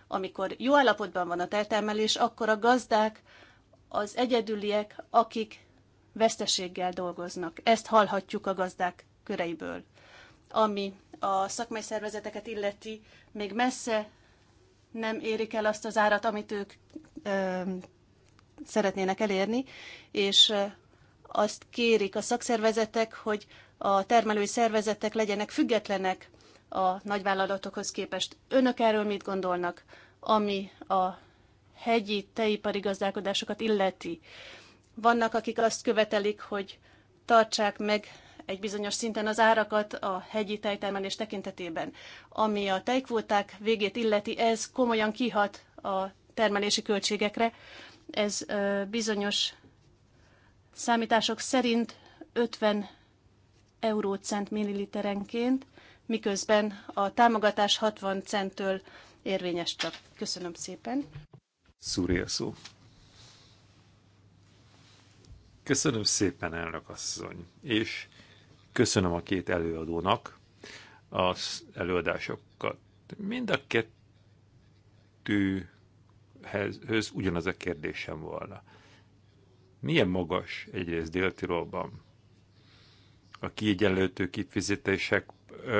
Amikor jó állapotban van a teltermelés, akkor a gazdák az egyedüliek, akik veszteséggel dolgoznak. Ezt hallhatjuk a gazdák köreiből. Ami a szakmai szervezeteket illeti, még messze nem érik el azt az árat, amit ők ö, szeretnének elérni, és azt kérik a szakszervezetek, hogy a termelői szervezetek legyenek függetlenek a nagyvállalatokhoz képest. Önök erről mit gondolnak, ami a hegyi teipari gazdálkodásokat illeti? Vannak, akik azt követelik, hogy tartsák meg egy bizonyos szinten az árakat a hegyi tejtermelés tekintetében. Ami a tejkvóták végét illeti, ez komolyan kihat a termelési költségekre, ez bizonyos számítások szerint 50 eurócent milliliterenként, miközben a támogatás 60 centtől érvényes csak. Köszönöm szépen. Szúria szó. Köszönöm szépen, elnök asszony, és köszönöm a két előadónak az előadásokat. Mind a kettő helyhez ugyanaz a kérdésem volna. Milyen magas egyrészt Dél-Tirolban a kiegyenlőtő kifizetések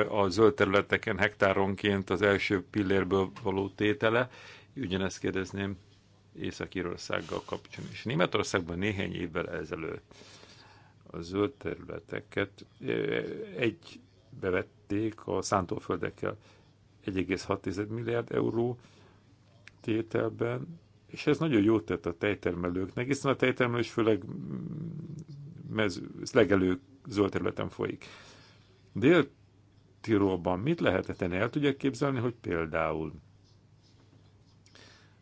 a zöld területeken hektáronként az első pillérből való tétele, ugyanezt kérdezném Észak-Írországgal kapcsolatban is. Németországban néhány évvel ezelőtt a zöld területeket egy bevették a szántóföldekkel 1,6 milliárd euró, tételben, és ez nagyon jót tett a tejtermelőknek, hiszen a tejtermelés főleg mm, mező, legelő zöld területen folyik. Dél-Tirolban mit lehetett tenni? El tudják képzelni, hogy például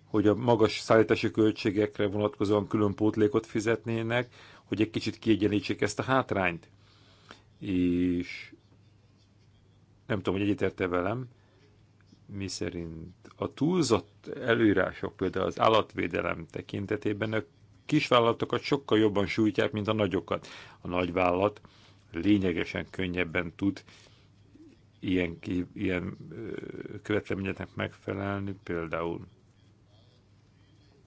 hogy a magas szállítási költségekre vonatkozóan külön pótlékot fizetnének, hogy egy kicsit kiegyenlítsék ezt a hátrányt. És nem tudom, hogy egyetérte velem, mi szerint a túlzott előírások például az állatvédelem tekintetében a kisvállalatokat sokkal jobban sújtják, mint a nagyokat. A nagyvállalat lényegesen könnyebben tud ilyen, ilyen követleményeknek megfelelni, például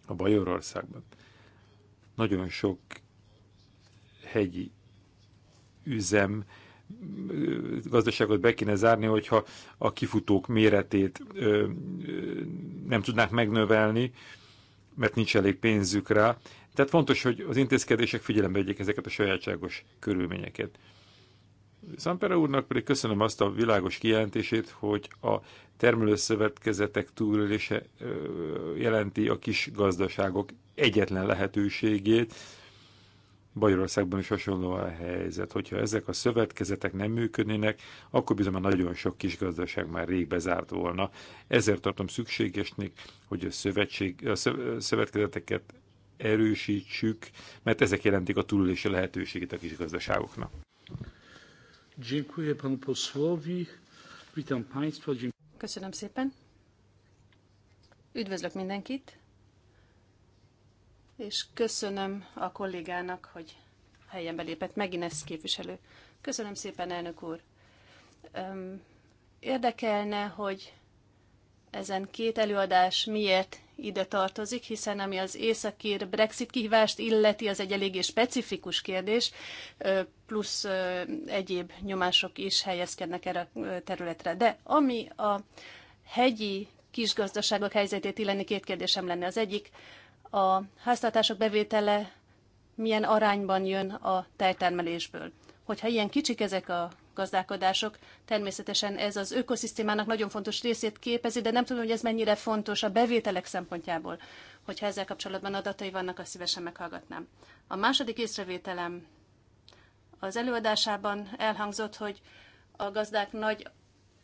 a Bajorországban. Nagyon sok hegyi üzem gazdaságot be kéne zárni, hogyha a kifutók méretét nem tudnák megnövelni, mert nincs elég pénzük rá. Tehát fontos, hogy az intézkedések figyelembe vegyék ezeket a sajátságos körülményeket. Szampera úrnak pedig köszönöm azt a világos kijelentését, hogy a termelőszövetkezetek túlélése jelenti a kis gazdaságok egyetlen lehetőségét, Magyarországban is hasonló a helyzet. Hogyha ezek a szövetkezetek nem működnének, akkor bizony nagyon sok kis gazdaság már rég bezárt volna. Ezért tartom szükségesnek, hogy a, szövetség, a szövetkezeteket erősítsük, mert ezek jelentik a túlélési lehetőségét a kis gazdaságoknak. Köszönöm szépen. Üdvözlök mindenkit és köszönöm a kollégának, hogy helyen belépett megint ez képviselő. Köszönöm szépen, elnök úr. Érdekelne, hogy ezen két előadás miért ide tartozik, hiszen ami az északír Brexit kihívást illeti, az egy eléggé specifikus kérdés, plusz egyéb nyomások is helyezkednek erre a területre. De ami a hegyi kisgazdaságok helyzetét illeni, két kérdésem lenne. Az egyik, a háztartások bevétele milyen arányban jön a tejtermelésből. Hogyha ilyen kicsik ezek a gazdálkodások, természetesen ez az ökoszisztémának nagyon fontos részét képezi, de nem tudom, hogy ez mennyire fontos a bevételek szempontjából. Hogyha ezzel kapcsolatban adatai vannak, azt szívesen meghallgatnám. A második észrevételem az előadásában elhangzott, hogy a gazdák nagy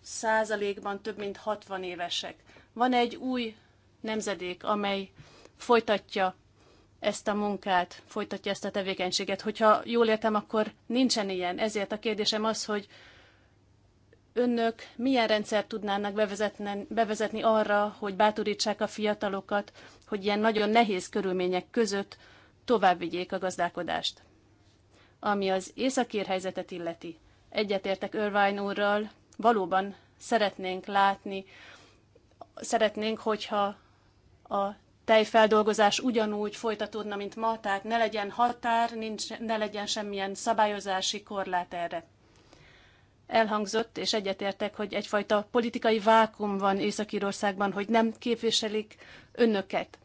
százalékban több mint 60 évesek. Van egy új nemzedék, amely folytatja ezt a munkát, folytatja ezt a tevékenységet. Hogyha jól értem, akkor nincsen ilyen. Ezért a kérdésem az, hogy önök milyen rendszert tudnának bevezetni, bevezetni arra, hogy bátorítsák a fiatalokat, hogy ilyen nagyon nehéz körülmények között tovább vigyék a gazdálkodást. Ami az északír helyzetet illeti, egyetértek Irvine úrral, valóban szeretnénk látni, szeretnénk, hogyha a tejfeldolgozás ugyanúgy folytatódna, mint ma, tehát ne legyen határ, nincs, ne legyen semmilyen szabályozási korlát erre. Elhangzott, és egyetértek, hogy egyfajta politikai vákum van Észak-Írországban, hogy nem képviselik önöket.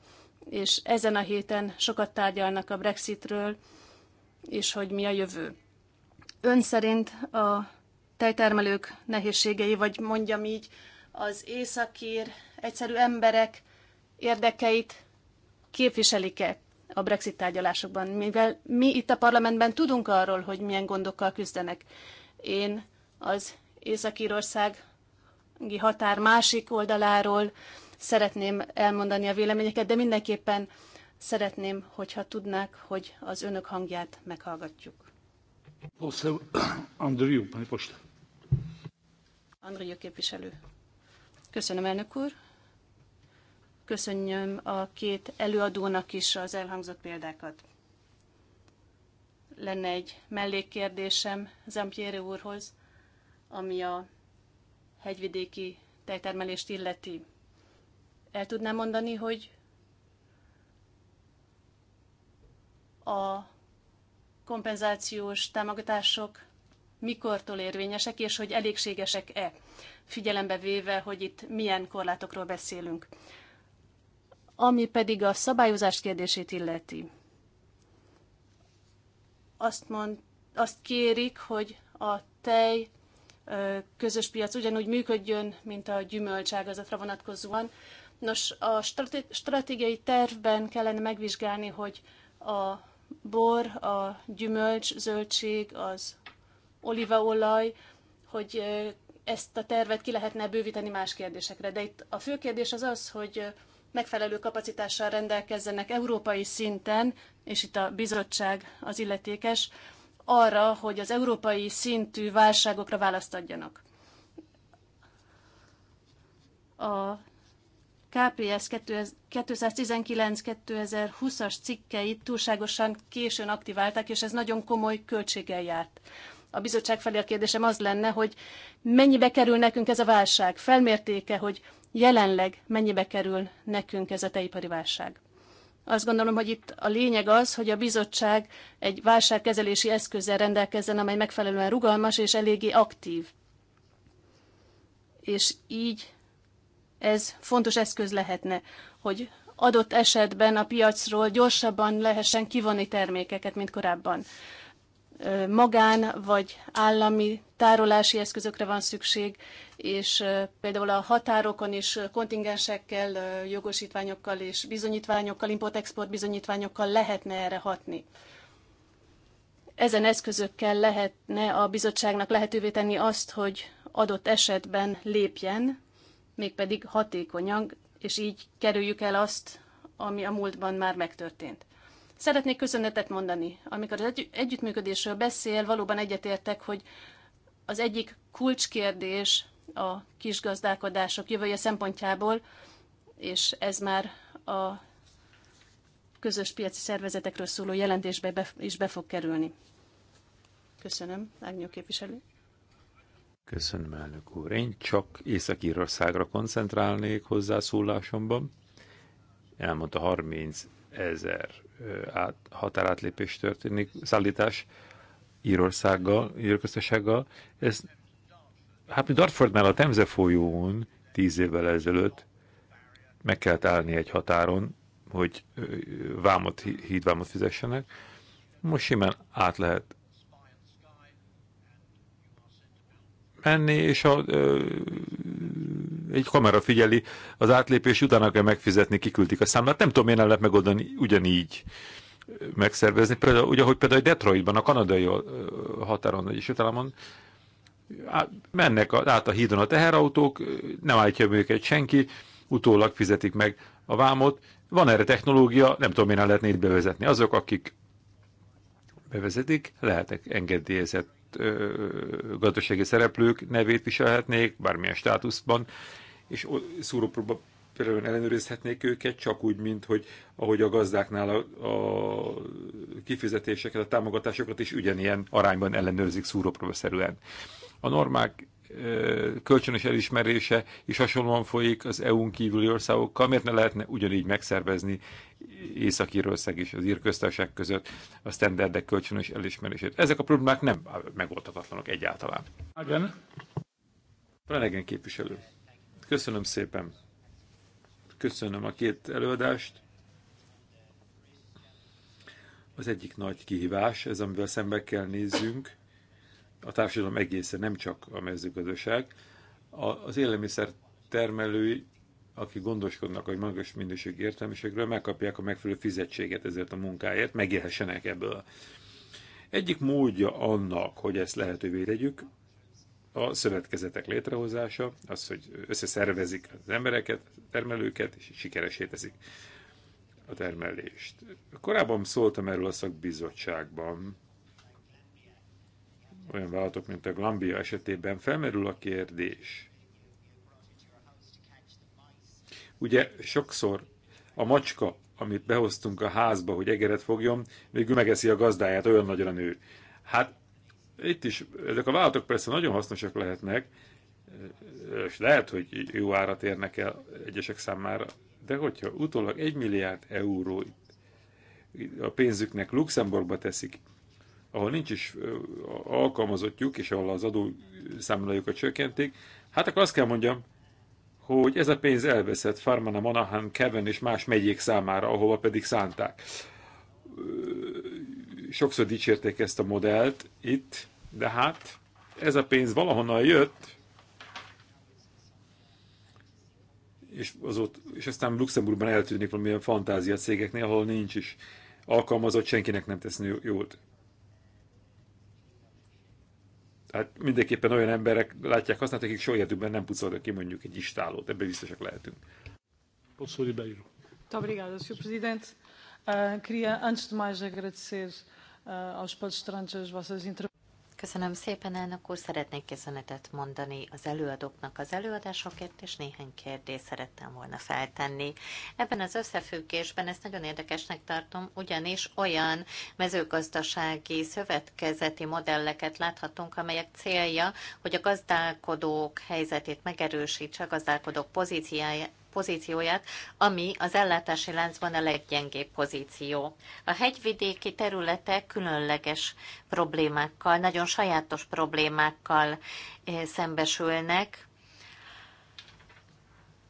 És ezen a héten sokat tárgyalnak a Brexitről, és hogy mi a jövő. Ön szerint a tejtermelők nehézségei, vagy mondjam így, az északír egyszerű emberek érdekeit képviselik-e a Brexit tárgyalásokban, mivel mi itt a parlamentben tudunk arról, hogy milyen gondokkal küzdenek. Én az Észak-Írországi határ másik oldaláról szeretném elmondani a véleményeket, de mindenképpen szeretném, hogyha tudnák, hogy az önök hangját meghallgatjuk. Poseł Andriu, képviselő. Köszönöm, elnök úr köszönjöm a két előadónak is az elhangzott példákat. Lenne egy mellékkérdésem Zampieri úrhoz, ami a hegyvidéki tejtermelést illeti. El tudnám mondani, hogy a kompenzációs támogatások mikortól érvényesek, és hogy elégségesek-e, figyelembe véve, hogy itt milyen korlátokról beszélünk. Ami pedig a szabályozás kérdését illeti. Azt, mond, azt kérik, hogy a tej közös piac ugyanúgy működjön, mint a gyümölcságazatra vonatkozóan. Nos, a stratégiai tervben kellene megvizsgálni, hogy a bor, a gyümölcs, zöldség, az olívaolaj, hogy ezt a tervet ki lehetne bővíteni más kérdésekre. De itt a fő kérdés az az, hogy megfelelő kapacitással rendelkezzenek európai szinten, és itt a bizottság az illetékes, arra, hogy az európai szintű válságokra választ adjanak. A KPS 2019 2020 as cikkeit túlságosan későn aktiválták, és ez nagyon komoly költséggel járt. A bizottság felé a kérdésem az lenne, hogy mennyibe kerül nekünk ez a válság? Felmértéke, hogy jelenleg mennyibe kerül nekünk ez a teipari válság. Azt gondolom, hogy itt a lényeg az, hogy a bizottság egy válságkezelési eszközzel rendelkezzen, amely megfelelően rugalmas és eléggé aktív. És így ez fontos eszköz lehetne, hogy adott esetben a piacról gyorsabban lehessen kivonni termékeket, mint korábban magán vagy állami tárolási eszközökre van szükség, és például a határokon is kontingensekkel, jogosítványokkal és bizonyítványokkal, import-export bizonyítványokkal lehetne erre hatni. Ezen eszközökkel lehetne a bizottságnak lehetővé tenni azt, hogy adott esetben lépjen, mégpedig hatékonyan, és így kerüljük el azt, ami a múltban már megtörtént. Szeretnék köszönetet mondani. Amikor az egy- együttműködésről beszél, valóban egyetértek, hogy az egyik kulcskérdés a kisgazdálkodások jövője szempontjából, és ez már a közös piaci szervezetekről szóló jelentésbe be, is be fog kerülni. Köszönöm, Ágnyó képviselő. Köszönöm, elnök úr. Én csak Észak-Írországra koncentrálnék hozzászólásomban. Elmondta 30 ezer át, határátlépés történik, szállítás Írországgal, Írköztessággal. Ez, hát mi Dartfordnál a Temze folyón tíz évvel ezelőtt meg kellett állni egy határon, hogy vámot, hídvámot fizessenek. Most simán át lehet menni, és a egy kamera figyeli az átlépés, utána kell megfizetni, kiküldik a számlát. Nem tudom, én lehet megoldani ugyanígy megszervezni. Például, ugye, hogy például Detroitban, a kanadai határon, és államon mennek át a hídon a teherautók, nem állítja őket senki, utólag fizetik meg a vámot. Van erre technológia, nem tudom, miért lehetne itt bevezetni. Azok, akik bevezetik, lehetek engedélyezett gazdasági szereplők nevét viselhetnék, bármilyen státuszban, és szúrópróba például ellenőrizhetnék őket, csak úgy, mint hogy ahogy a gazdáknál a, a kifizetéseket, a támogatásokat is ugyanilyen arányban ellenőrzik szerűen. A normák kölcsönös elismerése is hasonlóan folyik az EU-n kívüli országokkal, miért ne lehetne ugyanígy megszervezni Észak-Írország és az Írköztárság között a standardek kölcsönös elismerését. Ezek a problémák nem megoldhatatlanok egyáltalán. Igen. Flanagan képviselő. Köszönöm szépen. Köszönöm a két előadást. Az egyik nagy kihívás, ez amivel szembe kell nézzünk, a társadalom egészen, nem csak a mezőgazdaság, az élelmiszer termelői, akik gondoskodnak a magas minőségű értelmiségről, megkapják a megfelelő fizetséget ezért a munkáért, megélhessenek ebből. Egyik módja annak, hogy ezt lehetővé tegyük, a szövetkezetek létrehozása, az, hogy összeszervezik az embereket, termelőket, és sikeresé teszik a termelést. Korábban szóltam erről a szakbizottságban, olyan vállalatok, mint a Glambia esetében felmerül a kérdés. Ugye sokszor a macska, amit behoztunk a házba, hogy egeret fogjon, végül megeszi a gazdáját, olyan nagyra nő. Hát itt is ezek a vállalatok persze nagyon hasznosak lehetnek, és lehet, hogy jó árat érnek el egyesek számára, de hogyha utólag egy milliárd euró a pénzüknek Luxemburgba teszik, ahol nincs is alkalmazottjuk, és ahol az adó számlájukat csökkentik, hát akkor azt kell mondjam, hogy ez a pénz elveszett Farmana, Monahan Kevin és más megyék számára, ahova pedig szánták sokszor dicsérték ezt a modellt itt, de hát ez a pénz valahonnan jött, és, azóta, és aztán Luxemburgban eltűnik valamilyen fantázia cégeknél, ahol nincs is alkalmazott, senkinek nem tesz jót. Hát mindenképpen olyan emberek látják használt, akik soha életükben nem pucoltak ki mondjuk egy istálót, ebben biztosak lehetünk. Köszönöm, Beiro. Muito obrigada, Sr. Presidente. Uh, queria, antes de mais, agradecer Eh, aos palestrantes as vossas Köszönöm szépen, elnök úr. Szeretnék köszönetet mondani az előadóknak az előadásokért, és néhány kérdést szerettem volna feltenni. Ebben az összefüggésben ezt nagyon érdekesnek tartom, ugyanis olyan mezőgazdasági szövetkezeti modelleket láthatunk, amelyek célja, hogy a gazdálkodók helyzetét megerősítse, a gazdálkodók pozíciáját pozícióját, ami az ellátási láncban a leggyengébb pozíció. A hegyvidéki területek különleges problémákkal, nagyon sajátos problémákkal eh, szembesülnek,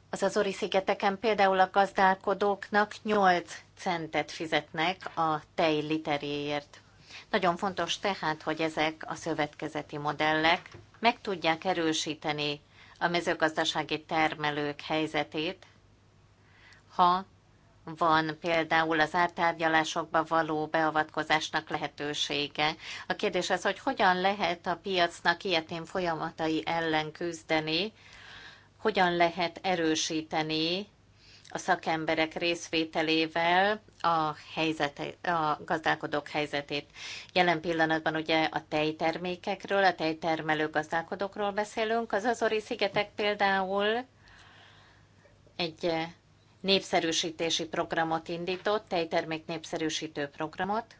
az Azori szigeteken például a gazdálkodóknak 8 centet fizetnek a tej literéért. Nagyon fontos tehát, hogy ezek a szövetkezeti modellek meg tudják erősíteni a mezőgazdasági termelők helyzetét, ha van például az ártárgyalásokba való beavatkozásnak lehetősége. A kérdés az, hogy hogyan lehet a piacnak ilyetén folyamatai ellen küzdeni, hogyan lehet erősíteni a szakemberek részvételével a, helyzete, a gazdálkodók helyzetét. Jelen pillanatban ugye a tejtermékekről, a tejtermelő gazdálkodókról beszélünk. Az Azori szigetek például egy népszerűsítési programot indított, tejtermék népszerűsítő programot,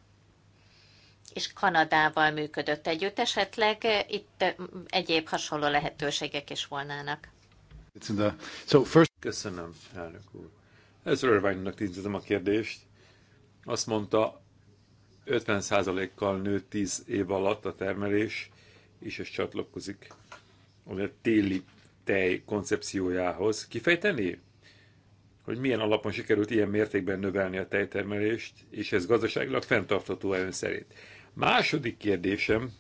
és Kanadával működött együtt. Esetleg itt egyéb hasonló lehetőségek is volnának. Köszönöm, elnök úr. Ez Irvine-nak a kérdést. Azt mondta, 50%-kal nőtt 10 év alatt a termelés, és ez csatlakozik a téli tej koncepciójához. Kifejteni, hogy milyen alapon sikerült ilyen mértékben növelni a tejtermelést, és ez gazdaságilag fenntartható ön szerint. Második kérdésem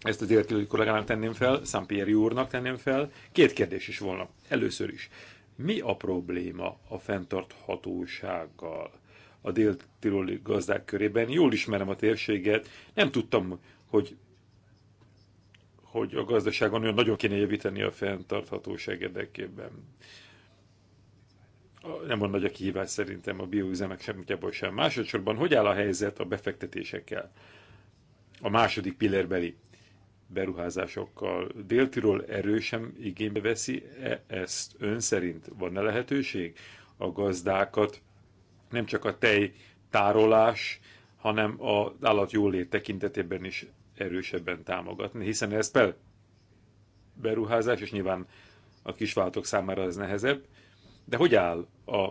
ezt az értelői kollégának tenném fel, Szampieri úrnak tenném fel. Két kérdés is volna. Először is, mi a probléma a fenntarthatósággal a dél-tiroli gazdák körében? Jól ismerem a térséget, nem tudtam, hogy hogy a gazdaságon olyan nagyon kéne javítani a fenntarthatóság érdekében. Nem van nagy a kihívás szerintem a bioüzemek semmitjából sem. Másodszorban, hogy áll a helyzet a befektetésekkel? A második pillérbeli beruházásokkal. Dél-Tirol erősen igénybe veszi -e ezt ön szerint? Van-e lehetőség a gazdákat nem csak a tej tárolás, hanem az állat jólét tekintetében is erősebben támogatni, hiszen ez per beruházás, és nyilván a kisváltok számára ez nehezebb, de hogy áll a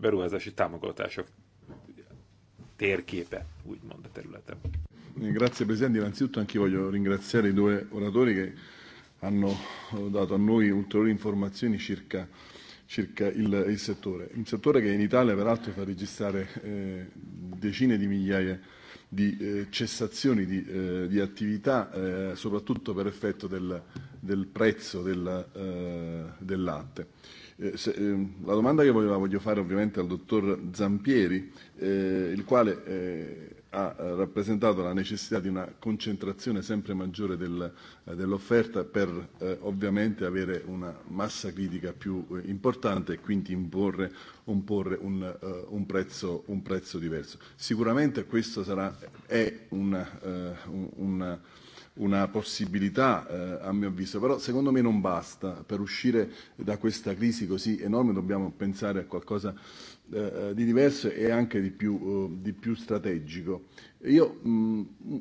beruházási támogatások térképe, úgymond a területen? Eh, grazie Presidente, innanzitutto anche io voglio ringraziare i due oratori che hanno dato a noi ulteriori informazioni circa, circa il, il settore. Un settore che in Italia peraltro fa registrare eh, decine di migliaia di eh, cessazioni di, eh, di attività, eh, soprattutto per effetto del, del prezzo del, eh, del latte. Eh, se, eh, la domanda che voglio, voglio fare ovviamente al dottor Zampieri, eh, il quale eh, ha eh, rappresentato la necessità di una concentrazione sempre maggiore del, eh, dell'offerta per eh, ovviamente avere una massa critica più eh, importante e quindi imporre, imporre un, uh, un, prezzo, un prezzo diverso. Sicuramente questo sarà, è una, eh, una, una possibilità uh, a mio avviso, però secondo me non basta. Per uscire da questa crisi così enorme dobbiamo pensare a qualcosa Eh, eh, di diverso e anche di più, eh, di più strategico. Io mh, mm, mm,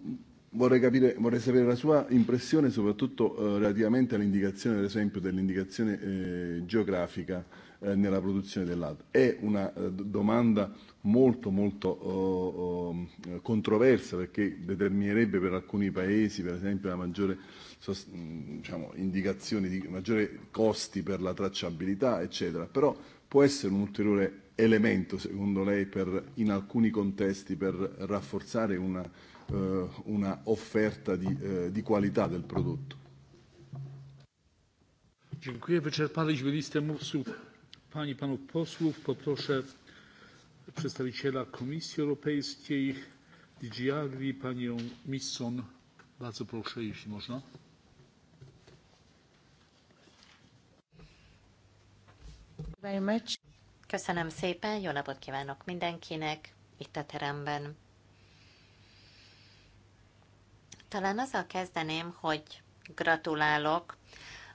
vorrei, capire, vorrei sapere la sua impressione soprattutto eh, relativamente all'indicazione, ad esempio, dell'indicazione eh, geografica eh, nella produzione dell'ad. È una eh, domanda molto molto oh, oh, eh, controversa perché determinerebbe per alcuni paesi, per esempio, la maggiore mm, diciamo, indicazioni di maggiori costi per la tracciabilità, eccetera. Però può essere un ulteriore elemento, secondo lei, per, in alcuni contesti per rafforzare una, eh, una offerta di, eh, di qualità del prodotto? Dziękuję. Wyczerpaliśmy listę mówców Pani i panów posłów. Poproszę przedstawiciela Komisji Europejskiej, DG Agri, panią Misson. Bardzo proszę, jeśli można. Dziękuję bardzo. Köszönöm szépen, jó napot kívánok mindenkinek itt a teremben. Talán azzal kezdeném, hogy gratulálok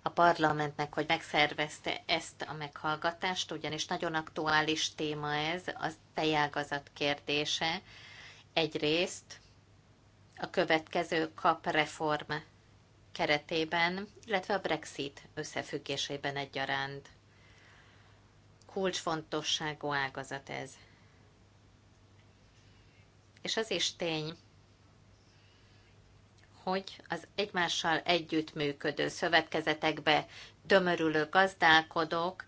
a parlamentnek, hogy megszervezte ezt a meghallgatást, ugyanis nagyon aktuális téma ez, az tejágazat kérdése. Egyrészt a következő kap reform keretében, illetve a Brexit összefüggésében egyaránt kulcsfontosságú ágazat ez. És az is tény, hogy az egymással együttműködő szövetkezetekbe tömörülő gazdálkodók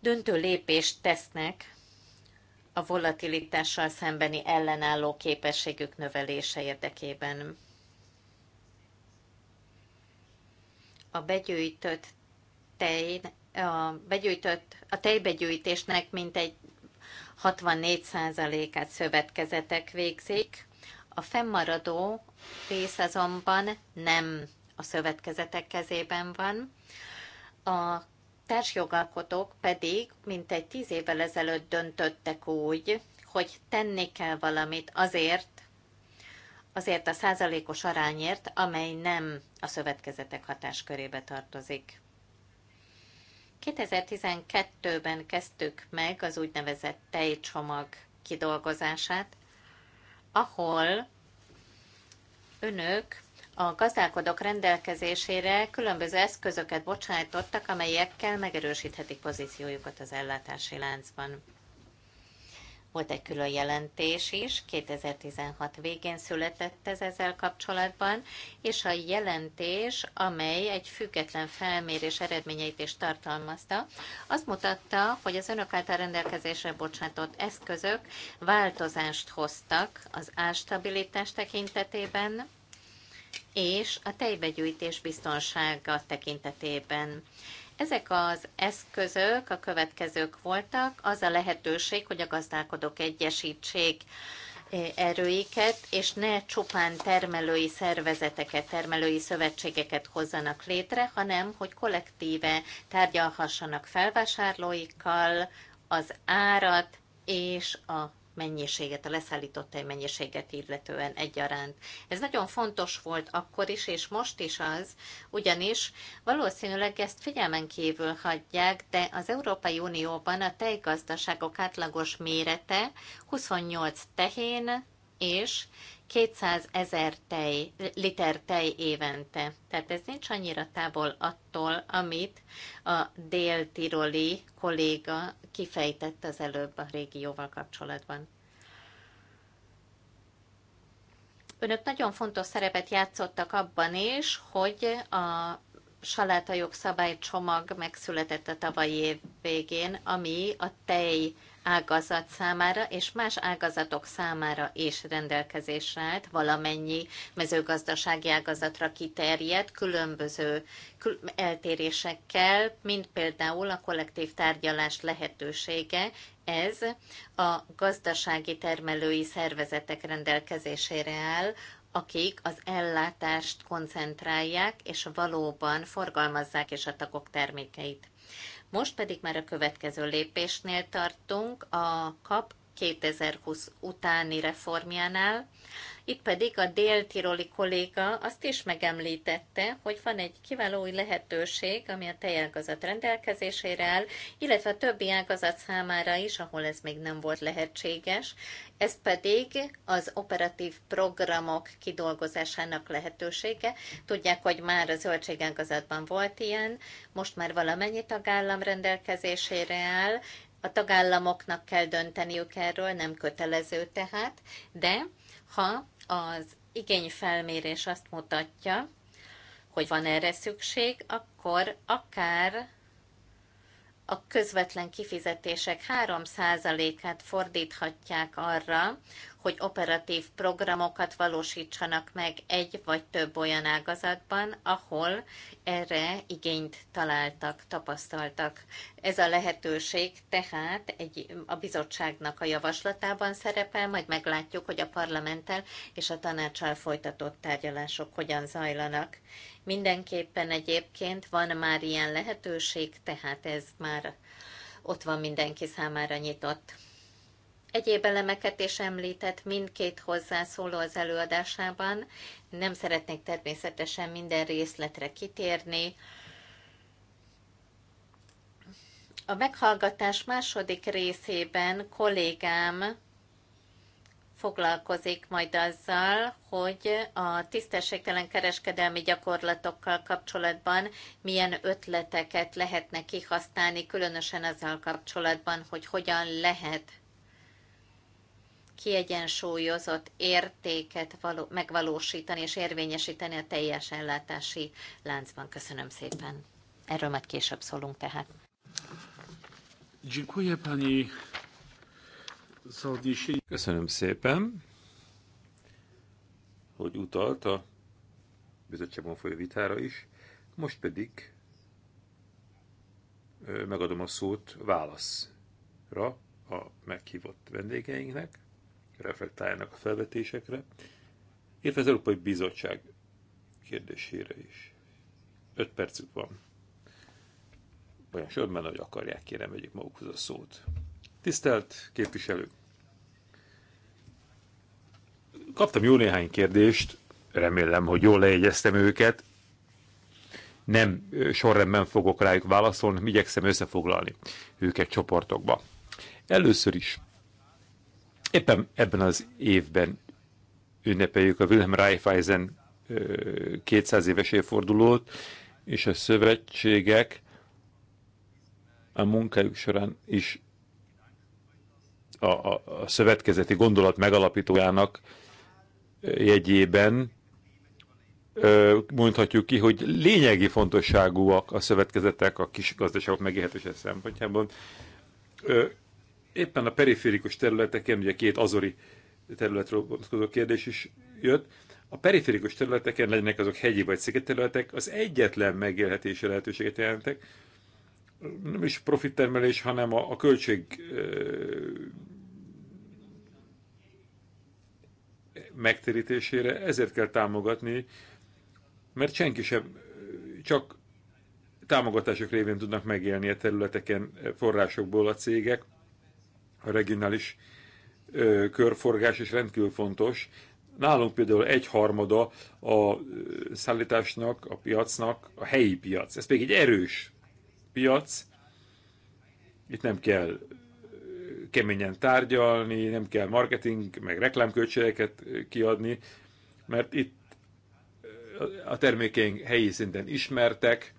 döntő lépést tesznek a volatilitással szembeni ellenálló képességük növelése érdekében. A begyűjtött tej a, begyűjtött, a tejbegyűjtésnek mintegy 64%-át szövetkezetek végzik, a fennmaradó rész azonban nem a szövetkezetek kezében van. A társjogalkotók pedig mintegy tíz évvel ezelőtt döntöttek úgy, hogy tenni kell valamit azért, azért a százalékos arányért, amely nem a szövetkezetek hatáskörébe tartozik. 2012-ben kezdtük meg az úgynevezett tejcsomag kidolgozását, ahol önök a gazdálkodók rendelkezésére különböző eszközöket bocsájtottak, amelyekkel megerősíthetik pozíciójukat az ellátási láncban. Volt egy külön jelentés is, 2016 végén született ez ezzel kapcsolatban, és a jelentés, amely egy független felmérés eredményeit is tartalmazta, azt mutatta, hogy az önök által rendelkezésre bocsátott eszközök változást hoztak az árstabilitás tekintetében, és a tejbegyűjtés biztonsága tekintetében. Ezek az eszközök a következők voltak, az a lehetőség, hogy a gazdálkodók egyesítsék eh, erőiket, és ne csupán termelői szervezeteket, termelői szövetségeket hozzanak létre, hanem hogy kollektíve tárgyalhassanak felvásárlóikkal az árat és a mennyiséget, a leszállított tej mennyiséget illetően egyaránt. Ez nagyon fontos volt akkor is, és most is az, ugyanis valószínűleg ezt figyelmen kívül hagyják, de az Európai Unióban a tejgazdaságok átlagos mérete 28 tehén és 200 ezer tej, liter tej évente. Tehát ez nincs annyira távol attól, amit a dél-tiroli kolléga kifejtett az előbb a régióval kapcsolatban. Önök nagyon fontos szerepet játszottak abban is, hogy a salátajog szabálycsomag megszületett a tavalyi év végén, ami a tej ágazat számára és más ágazatok számára is rendelkezésre állt, valamennyi mezőgazdasági ágazatra kiterjedt különböző eltérésekkel, mint például a kollektív tárgyalás lehetősége, ez a gazdasági termelői szervezetek rendelkezésére áll, akik az ellátást koncentrálják és valóban forgalmazzák is a tagok termékeit. Most pedig már a következő lépésnél tartunk, a kap 2020 utáni reformjánál. Itt pedig a déltiroli kolléga azt is megemlítette, hogy van egy kiváló új lehetőség, ami a tejágazat rendelkezésére áll, illetve a többi ágazat számára is, ahol ez még nem volt lehetséges. Ez pedig az operatív programok kidolgozásának lehetősége. Tudják, hogy már a zöldségágazatban volt ilyen, most már valamennyi tagállam rendelkezésére áll, a tagállamoknak kell dönteniük erről, nem kötelező tehát, de ha az igényfelmérés azt mutatja, hogy van erre szükség, akkor akár a közvetlen kifizetések 3%-át fordíthatják arra, hogy operatív programokat valósítsanak meg egy vagy több olyan ágazatban, ahol erre igényt találtak, tapasztaltak. Ez a lehetőség tehát egy, a bizottságnak a javaslatában szerepel, majd meglátjuk, hogy a parlamenttel és a tanácsal folytatott tárgyalások hogyan zajlanak. Mindenképpen egyébként van már ilyen lehetőség, tehát ez már ott van mindenki számára nyitott. Egyéb elemeket is említett mindkét hozzászóló az előadásában. Nem szeretnék természetesen minden részletre kitérni. A meghallgatás második részében kollégám foglalkozik majd azzal, hogy a tisztességtelen kereskedelmi gyakorlatokkal kapcsolatban milyen ötleteket lehetne kihasználni, különösen azzal kapcsolatban, hogy hogyan lehet kiegyensúlyozott értéket való, megvalósítani és érvényesíteni a teljes ellátási láncban. Köszönöm szépen. Erről majd később szólunk tehát. Köszönöm szépen, hogy utalt a bizottságban folyó vitára is. Most pedig megadom a szót válaszra a meghívott vendégeinknek reflektáljanak a felvetésekre, illetve az Európai Bizottság kérdésére is. Öt percük van. Olyan sörben, hogy akarják, kérem, vegyük magukhoz a szót. Tisztelt képviselő. Kaptam jó néhány kérdést, remélem, hogy jól lejegyeztem őket. Nem sorrendben fogok rájuk válaszolni, igyekszem összefoglalni őket csoportokba. Először is Éppen ebben az évben ünnepeljük a Wilhelm Raiffeisen 200 éves évfordulót, és a szövetségek a munkájuk során is a, a, a szövetkezeti gondolat megalapítójának jegyében mondhatjuk ki, hogy lényegi fontosságúak a szövetkezetek a kis gazdaságok megélhetése szempontjából éppen a periférikus területeken, ugye két azori területről vonatkozó kérdés is jött, a periférikus területeken, legyenek azok hegyi vagy területek, az egyetlen megélhetési lehetőséget jelentek, nem is profittermelés, hanem a, a költség ö, megtérítésére, ezért kell támogatni, mert senki sem, csak támogatások révén tudnak megélni a területeken forrásokból a cégek, a regionális ö, körforgás is rendkívül fontos. Nálunk például egyharmada a szállításnak, a piacnak a helyi piac. Ez pedig egy erős piac. Itt nem kell keményen tárgyalni, nem kell marketing, meg reklámköltségeket kiadni, mert itt a termékeink helyi szinten ismertek,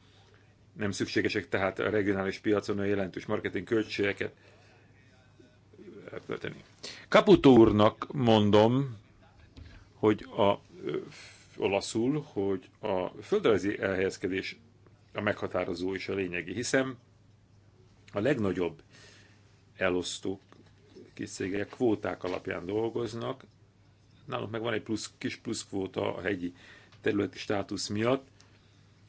nem szükségesek tehát a regionális piacon a jelentős marketing költségeket elkölteni. Kaputó úrnak mondom, hogy a olaszul, hogy a földrajzi elhelyezkedés a meghatározó és a lényegi, hiszen a legnagyobb elosztók, kis cégek kvóták alapján dolgoznak, nálunk meg van egy plusz, kis plusz kvóta a hegyi területi státusz miatt,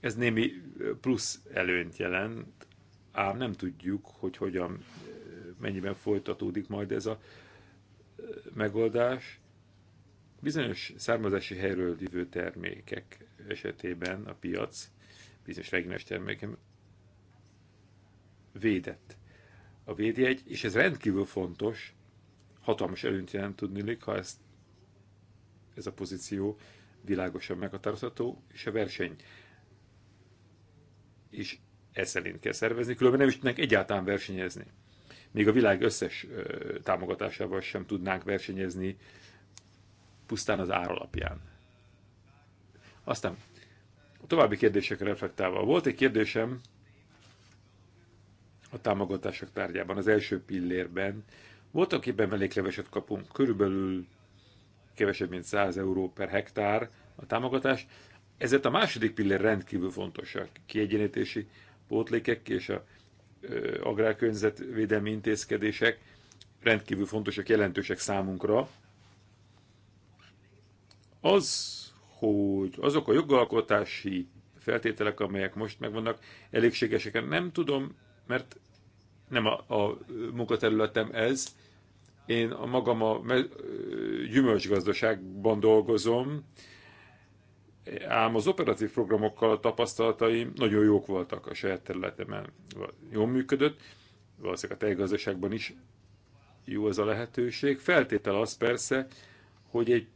ez némi plusz előnyt jelent, ám nem tudjuk, hogy hogyan mennyiben folytatódik majd ez a megoldás. Bizonyos származási helyről jövő termékek esetében a piac, bizonyos regnes termékem védett a védjegy, és ez rendkívül fontos, hatalmas előnyt jelent tudni, ha ezt, ez a pozíció világosan meghatározható, és a verseny is ez szerint kell szervezni, különben nem is tudnak egyáltalán versenyezni még a világ összes támogatásával sem tudnánk versenyezni pusztán az ár alapján. Aztán a további kérdésekre reflektálva. Volt egy kérdésem a támogatások tárgyában, az első pillérben. Voltak éppen elég kapunk, körülbelül kevesebb, mint 100 euró per hektár a támogatás. Ezért a második pillér rendkívül fontos a kiegyenítési pótlékek és a agrárkörnyezetvédelmi intézkedések rendkívül fontosak, jelentősek számunkra. Az, hogy azok a jogalkotási feltételek, amelyek most megvannak, elégségesek. Nem tudom, mert nem a, a munkaterületem ez. Én a magam a gyümölcsgazdaságban dolgozom, ám az operatív programokkal a tapasztalataim nagyon jók voltak a saját területemen. Jól működött, valószínűleg a tejgazdaságban is jó ez a lehetőség. Feltétel az persze, hogy egy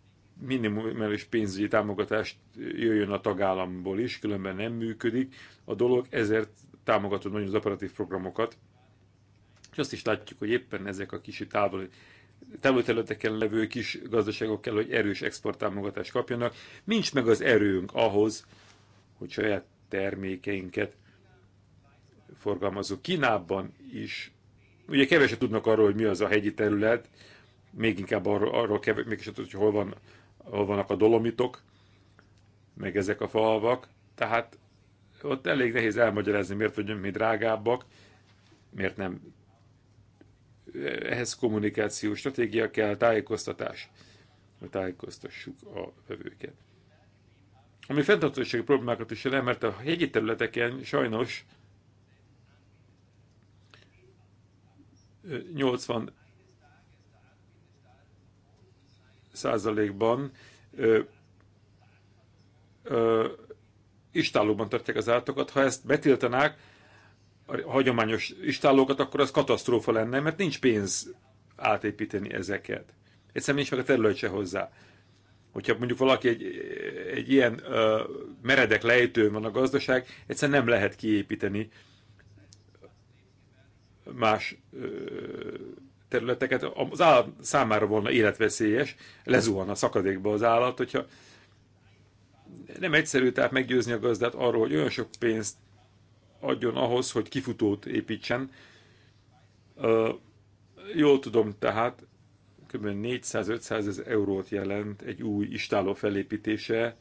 minimális pénzügyi támogatást jöjjön a tagállamból is, különben nem működik a dolog, ezért támogatod nagyon az operatív programokat. És azt is látjuk, hogy éppen ezek a kicsit távoli területeken levő kis gazdaságok kell, hogy erős exporttámogatást kapjanak. Nincs meg az erőnk ahhoz, hogy saját termékeinket forgalmazunk. Kínában is, ugye keveset tudnak arról, hogy mi az a hegyi terület, még inkább arról, arról kevés, mégis hogy hol, van, hol vannak a dolomitok, meg ezek a falvak, tehát ott elég nehéz elmagyarázni, miért vagyunk mi drágábbak, miért nem ehhez kommunikáció, stratégia kell, tájékoztatás, hogy tájékoztassuk a vevőket. Ami fenntartósági problémákat is jelent, mert a hegyi területeken sajnos 80 százalékban istállóban tartják az állatokat. Ha ezt betiltanák, hagyományos istállókat, akkor az katasztrófa lenne, mert nincs pénz átépíteni ezeket. Egyszerűen nincs meg a terület se hozzá. Hogyha mondjuk valaki egy, egy ilyen ö, meredek lejtőn van a gazdaság, egyszerűen nem lehet kiépíteni más ö, területeket. Az állat számára volna életveszélyes, lezuhan a szakadékba az állat, hogyha nem egyszerű tehát meggyőzni a gazdát arról, hogy olyan sok pénzt adjon ahhoz, hogy kifutót építsen. Jól tudom tehát, kb. 400-500 ezer eurót jelent egy új istáló felépítése,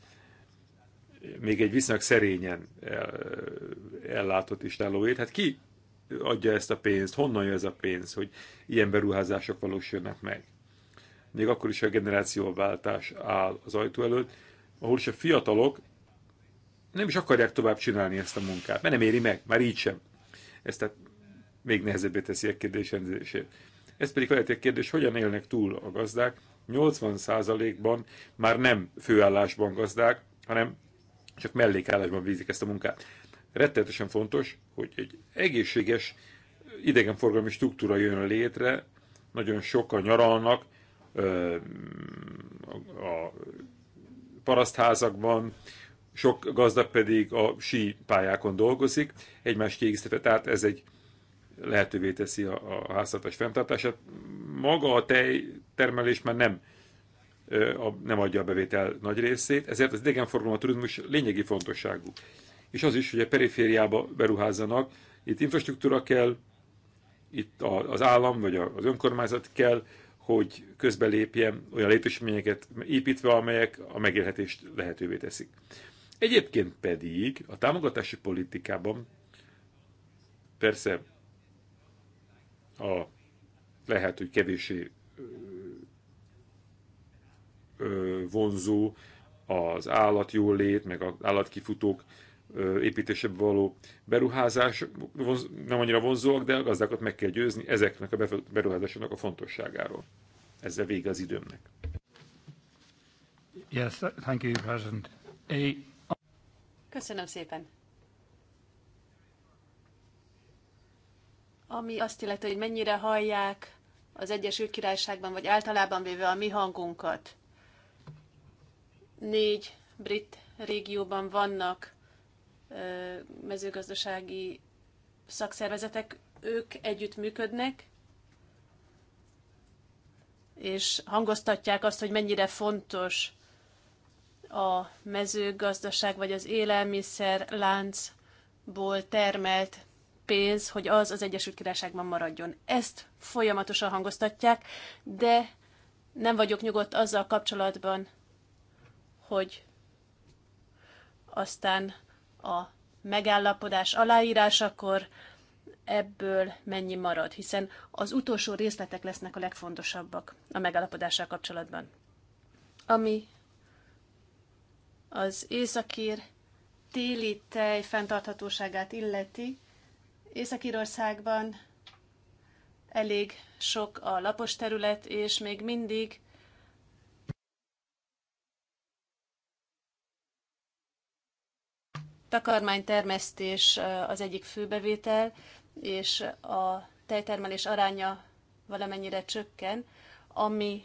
még egy viszonylag szerényen ellátott istálóért. Hát ki adja ezt a pénzt, honnan jön ez a pénz, hogy ilyen beruházások valósulnak meg. Még akkor is a generációváltás áll az ajtó előtt, ahol is a fiatalok nem is akarják tovább csinálni ezt a munkát, mert nem éri meg, már így sem. Ezt tehát még nehezebbé teszi a kérdés rendezését. Ez pedig lehet egy kérdés, hogyan élnek túl a gazdák, 80%-ban már nem főállásban gazdák, hanem csak mellékállásban végzik ezt a munkát. Rettenetesen fontos, hogy egy egészséges idegenforgalmi struktúra jön létre, nagyon sokan nyaralnak a parasztházakban, sok gazdag pedig a sí pályákon dolgozik, egymás kiegészítve, tehát ez egy lehetővé teszi a, a háztartás fenntartását. Maga a tejtermelés már nem, a, nem adja a bevétel nagy részét, ezért az idegenforgalom a turizmus lényegi fontosságú. És az is, hogy a perifériába beruházzanak, itt infrastruktúra kell, itt az állam vagy az önkormányzat kell, hogy közbelépjen olyan létesítményeket építve, amelyek a megélhetést lehetővé teszik. Egyébként pedig a támogatási politikában persze a, lehet, hogy kevésé vonzó az állatjólét, meg az állatkifutók építésebb való beruházás vonz, nem annyira vonzóak, de a gazdákat meg kell győzni ezeknek a beruházásoknak a fontosságáról. Ezzel vége az időmnek. Yes, thank you, President. A Köszönöm szépen. Ami azt illeti, hogy mennyire hallják az Egyesült Királyságban, vagy általában véve a mi hangunkat. Négy brit régióban vannak mezőgazdasági szakszervezetek, ők együtt működnek, és hangoztatják azt, hogy mennyire fontos a mezőgazdaság vagy az élelmiszer láncból termelt pénz, hogy az az Egyesült Királyságban maradjon. Ezt folyamatosan hangoztatják, de nem vagyok nyugodt azzal kapcsolatban, hogy aztán a megállapodás aláírásakor ebből mennyi marad, hiszen az utolsó részletek lesznek a legfontosabbak a megállapodással kapcsolatban. Ami az északír téli tej fenntarthatóságát illeti. Északírországban elég sok a lapos terület, és még mindig takarmánytermesztés az egyik főbevétel, és a tejtermelés aránya valamennyire csökken, ami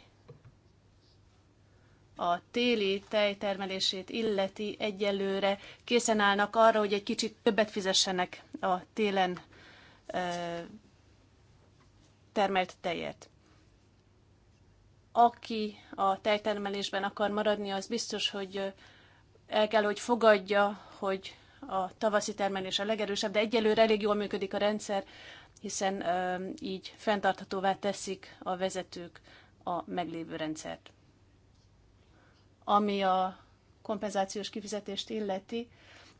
a téli tejtermelését illeti egyelőre készen állnak arra, hogy egy kicsit többet fizessenek a télen termelt tejet. Aki a tejtermelésben akar maradni, az biztos, hogy el kell, hogy fogadja, hogy a tavaszi termelés a legerősebb, de egyelőre elég jól működik a rendszer, hiszen így fenntarthatóvá teszik a vezetők a meglévő rendszert. Ami a kompenzációs kifizetést illeti,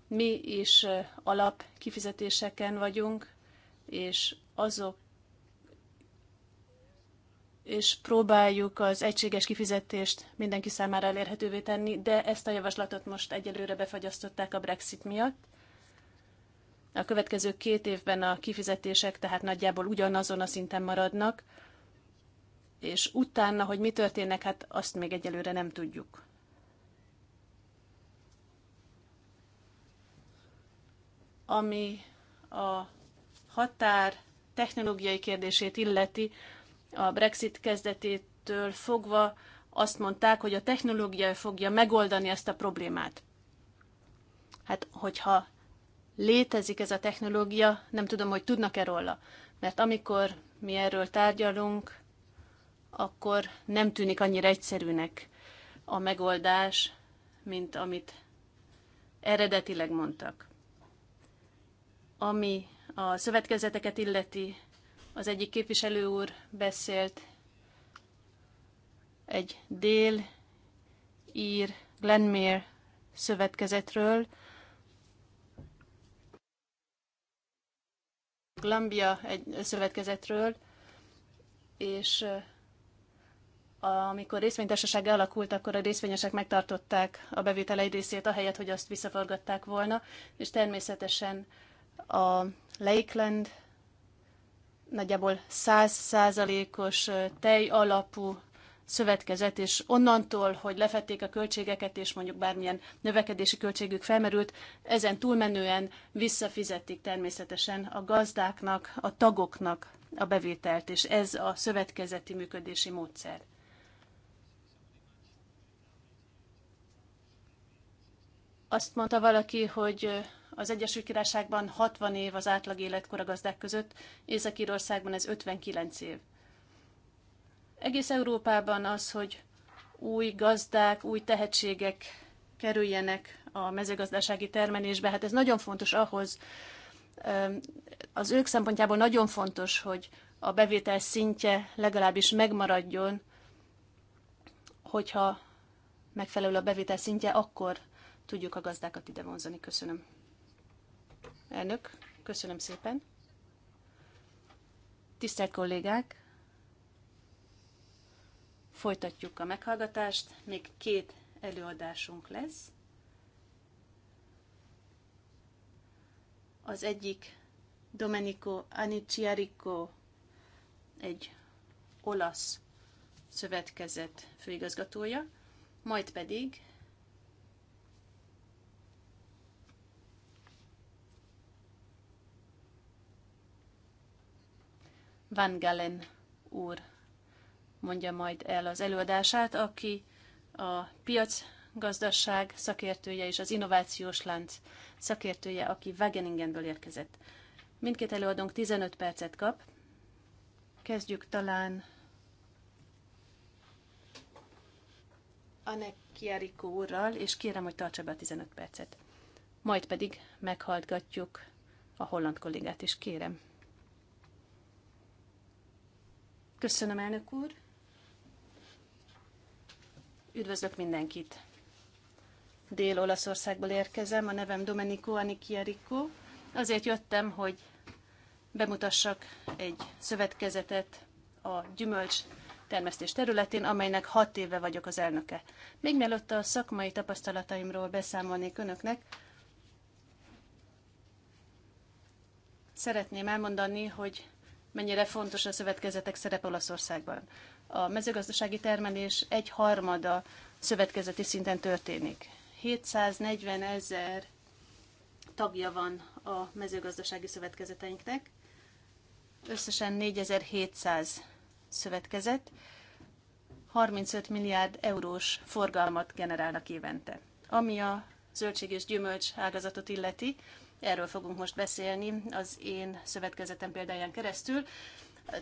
mi is alap kifizetéseken vagyunk, és azok és próbáljuk az egységes kifizetést mindenki számára elérhetővé tenni, de ezt a javaslatot most egyelőre befagyasztották a Brexit miatt. A következő két évben a kifizetések tehát nagyjából ugyanazon a szinten maradnak, és utána, hogy mi történnek, hát azt még egyelőre nem tudjuk. ami a határ technológiai kérdését illeti, a Brexit kezdetétől fogva azt mondták, hogy a technológia fogja megoldani ezt a problémát. Hát, hogyha létezik ez a technológia, nem tudom, hogy tudnak-e róla. Mert amikor mi erről tárgyalunk, akkor nem tűnik annyira egyszerűnek a megoldás, mint amit eredetileg mondtak. Ami a szövetkezeteket illeti, az egyik képviselő úr beszélt egy dél-ír Glenmere szövetkezetről, Glambia egy szövetkezetről, és amikor részvénytársaság alakult, akkor a részvényesek megtartották a bevétel egy részét, ahelyett, hogy azt visszaforgatták volna, és természetesen a Lakeland nagyjából 100%-os tej alapú szövetkezet, és onnantól, hogy lefették a költségeket, és mondjuk bármilyen növekedési költségük felmerült, ezen túlmenően visszafizetik természetesen a gazdáknak, a tagoknak a bevételt, és ez a szövetkezeti működési módszer. Azt mondta valaki, hogy az Egyesült Királyságban 60 év az átlag életkor a gazdák között, Észak-Írországban ez 59 év. Egész Európában az, hogy új gazdák, új tehetségek kerüljenek a mezőgazdasági termelésbe, hát ez nagyon fontos ahhoz, az ők szempontjából nagyon fontos, hogy a bevétel szintje legalábbis megmaradjon, hogyha megfelelő a bevétel szintje, akkor tudjuk a gazdákat ide vonzani. Köszönöm. Elnök, köszönöm szépen. Tisztelt kollégák, folytatjuk a meghallgatást, még két előadásunk lesz. Az egyik Domenico Aniciarico egy olasz szövetkezet főigazgatója, majd pedig Van Galen úr mondja majd el az előadását, aki a piacgazdaság szakértője és az innovációs lánc szakértője, aki Wageningenből érkezett. Mindkét előadónk 15 percet kap. Kezdjük talán Anek Kiariko úrral, és kérem, hogy tartsa be a 15 percet. Majd pedig meghallgatjuk a holland kollégát is, kérem. Köszönöm, elnök úr. Üdvözlök mindenkit. Dél-Olaszországból érkezem, a nevem Domenico Anichiarico. Azért jöttem, hogy bemutassak egy szövetkezetet a gyümölcs termesztés területén, amelynek hat éve vagyok az elnöke. Még mielőtt a szakmai tapasztalataimról beszámolnék önöknek, szeretném elmondani, hogy mennyire fontos a szövetkezetek szerepe Olaszországban. A mezőgazdasági termelés egy harmada szövetkezeti szinten történik. 740 ezer tagja van a mezőgazdasági szövetkezeteinknek, összesen 4700 szövetkezet, 35 milliárd eurós forgalmat generálnak évente. Ami a zöldség és gyümölcs ágazatot illeti, erről fogunk most beszélni az én szövetkezetem példáján keresztül.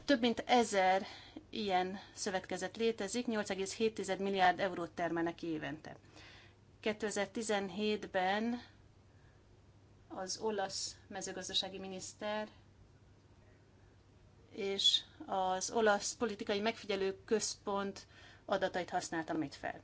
Több mint ezer ilyen szövetkezet létezik, 8,7 milliárd eurót termelnek évente. 2017-ben az olasz mezőgazdasági miniszter és az olasz politikai megfigyelő központ adatait használtam itt fel.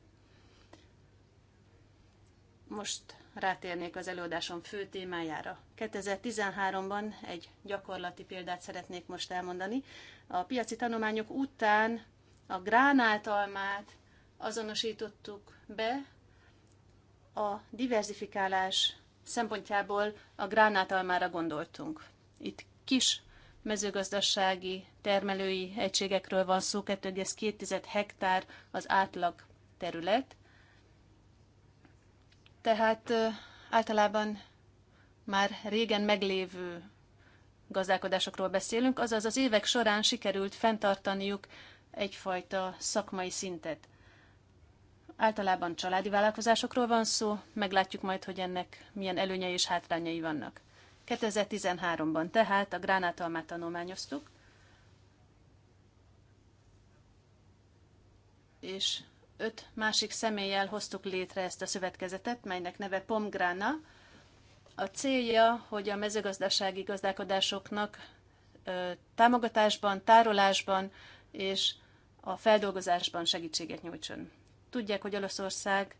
Most rátérnék az előadásom fő témájára. 2013-ban egy gyakorlati példát szeretnék most elmondani. A piaci tanulmányok után a gránáltalmát azonosítottuk be a diversifikálás szempontjából a gránátalmára gondoltunk. Itt kis mezőgazdasági termelői egységekről van szó, 2,2 hektár az átlag terület, tehát általában már régen meglévő gazdálkodásokról beszélünk, azaz az évek során sikerült fenntartaniuk egyfajta szakmai szintet. Általában családi vállalkozásokról van szó, meglátjuk majd, hogy ennek milyen előnyei és hátrányai vannak. 2013-ban tehát a gránátalmát tanulmányoztuk, és öt másik személlyel hoztuk létre ezt a szövetkezetet, melynek neve Pomgrána. A célja, hogy a mezőgazdasági gazdálkodásoknak támogatásban, tárolásban és a feldolgozásban segítséget nyújtson. Tudják, hogy Olaszország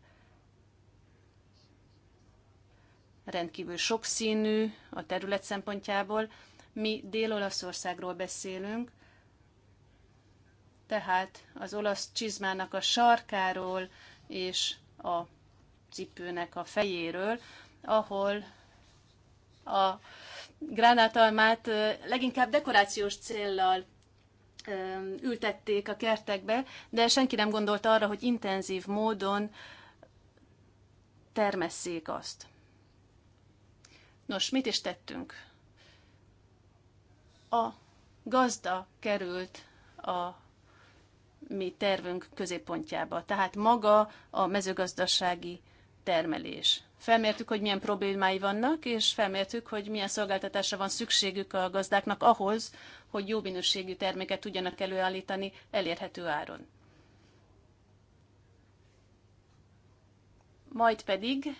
rendkívül sokszínű a terület szempontjából. Mi Dél-Olaszországról beszélünk, tehát az olasz csizmának a sarkáról és a cipőnek a fejéről, ahol a gránátalmát leginkább dekorációs céllal ültették a kertekbe, de senki nem gondolt arra, hogy intenzív módon termesszék azt. Nos, mit is tettünk? A gazda került a mi tervünk középpontjába. Tehát maga a mezőgazdasági termelés. Felmértük, hogy milyen problémái vannak, és felmértük, hogy milyen szolgáltatásra van szükségük a gazdáknak ahhoz, hogy jó minőségű terméket tudjanak előállítani elérhető áron. Majd pedig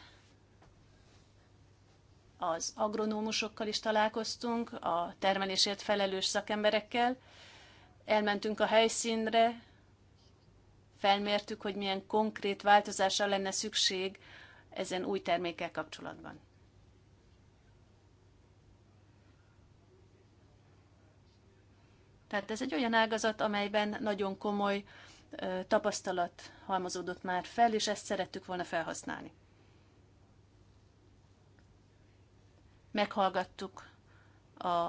az agronómusokkal is találkoztunk, a termelésért felelős szakemberekkel, elmentünk a helyszínre, felmértük, hogy milyen konkrét változásra lenne szükség ezen új termékkel kapcsolatban. Tehát ez egy olyan ágazat, amelyben nagyon komoly tapasztalat halmozódott már fel, és ezt szerettük volna felhasználni. Meghallgattuk a,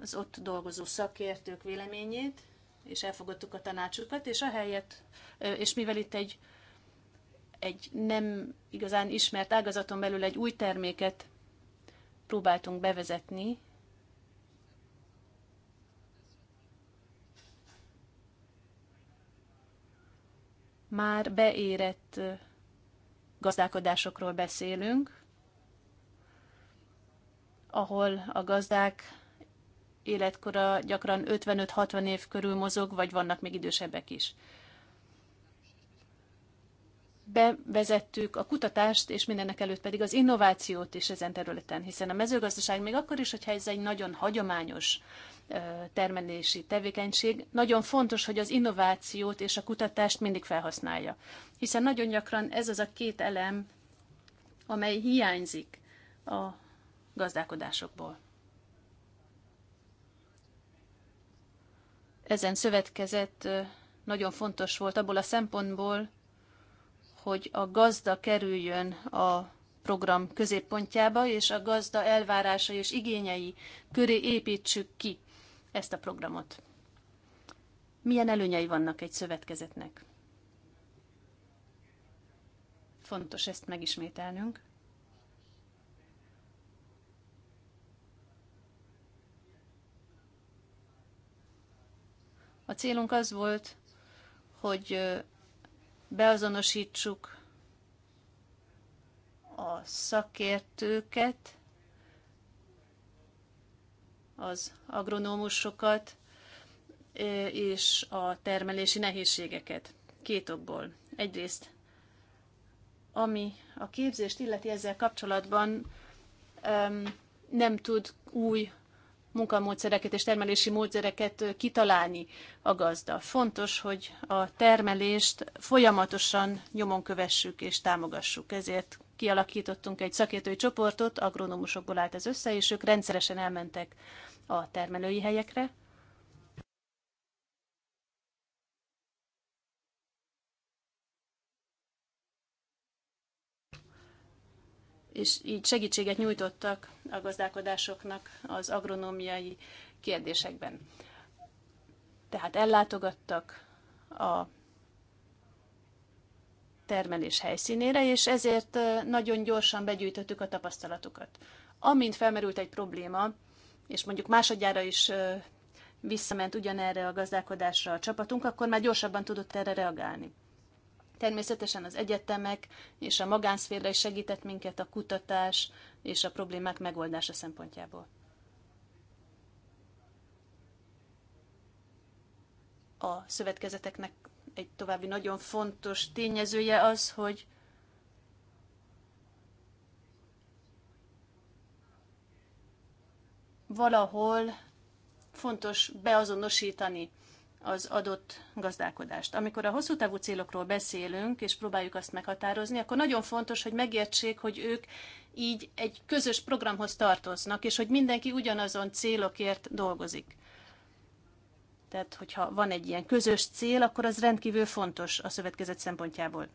az ott dolgozó szakértők véleményét, és elfogadtuk a tanácsukat, és a helyet, és mivel itt egy, egy nem igazán ismert ágazaton belül egy új terméket próbáltunk bevezetni, már beérett gazdálkodásokról beszélünk, ahol a gazdák életkora gyakran 55-60 év körül mozog, vagy vannak még idősebbek is. Bevezettük a kutatást, és mindennek előtt pedig az innovációt is ezen területen, hiszen a mezőgazdaság még akkor is, hogyha ez egy nagyon hagyományos termelési tevékenység, nagyon fontos, hogy az innovációt és a kutatást mindig felhasználja. Hiszen nagyon gyakran ez az a két elem, amely hiányzik a gazdálkodásokból. ezen szövetkezet nagyon fontos volt abból a szempontból, hogy a gazda kerüljön a program középpontjába, és a gazda elvárása és igényei köré építsük ki ezt a programot. Milyen előnyei vannak egy szövetkezetnek? Fontos ezt megismételnünk. A célunk az volt, hogy beazonosítsuk a szakértőket, az agronómusokat és a termelési nehézségeket. Két okból. Egyrészt, ami a képzést illeti ezzel kapcsolatban, nem tud új munkamódszereket és termelési módszereket kitalálni a gazda. Fontos, hogy a termelést folyamatosan nyomon kövessük és támogassuk. Ezért kialakítottunk egy szakértői csoportot, agronomusokból állt ez össze, és ők rendszeresen elmentek a termelői helyekre, és így segítséget nyújtottak a gazdálkodásoknak az agronómiai kérdésekben. Tehát ellátogattak a termelés helyszínére, és ezért nagyon gyorsan begyűjtöttük a tapasztalatokat. Amint felmerült egy probléma, és mondjuk másodjára is visszament ugyanerre a gazdálkodásra a csapatunk, akkor már gyorsabban tudott erre reagálni. Természetesen az egyetemek és a magánszféra is segített minket a kutatás és a problémák megoldása szempontjából. A szövetkezeteknek egy további nagyon fontos tényezője az, hogy valahol fontos beazonosítani az adott gazdálkodást. Amikor a hosszú távú célokról beszélünk, és próbáljuk azt meghatározni, akkor nagyon fontos, hogy megértsék, hogy ők így egy közös programhoz tartoznak, és hogy mindenki ugyanazon célokért dolgozik. Tehát, hogyha van egy ilyen közös cél, akkor az rendkívül fontos a szövetkezet szempontjából.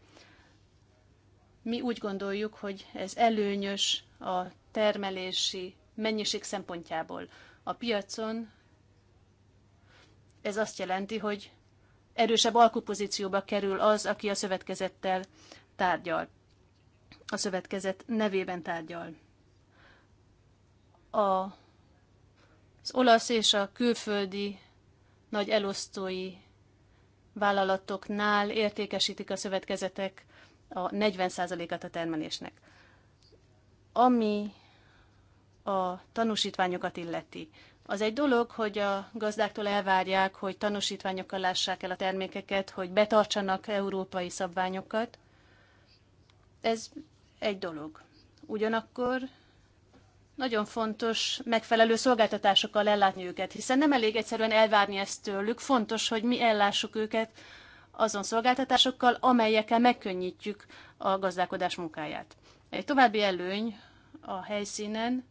Mi úgy gondoljuk, hogy ez előnyös a termelési mennyiség szempontjából. A piacon ez azt jelenti, hogy erősebb alkupozícióba kerül az, aki a szövetkezettel tárgyal. A szövetkezet nevében tárgyal. A, az olasz és a külföldi nagy elosztói vállalatoknál értékesítik a szövetkezetek a 40%-át a termelésnek. Ami a tanúsítványokat illeti, az egy dolog, hogy a gazdáktól elvárják, hogy tanúsítványokkal lássák el a termékeket, hogy betartsanak európai szabványokat. Ez egy dolog. Ugyanakkor nagyon fontos megfelelő szolgáltatásokkal ellátni őket, hiszen nem elég egyszerűen elvárni ezt tőlük, fontos, hogy mi ellássuk őket azon szolgáltatásokkal, amelyekkel megkönnyítjük a gazdálkodás munkáját. Egy további előny a helyszínen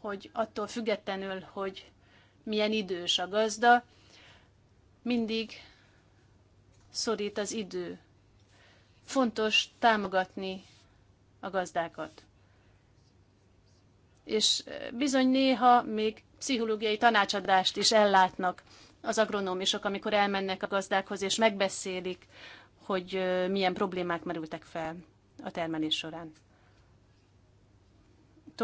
hogy attól függetlenül, hogy milyen idős a gazda, mindig szorít az idő. Fontos támogatni a gazdákat. És eh, bizony néha még pszichológiai tanácsadást is ellátnak az agronómisok, amikor elmennek a gazdákhoz és megbeszélik, hogy eh, milyen problémák merültek fel a termelés során.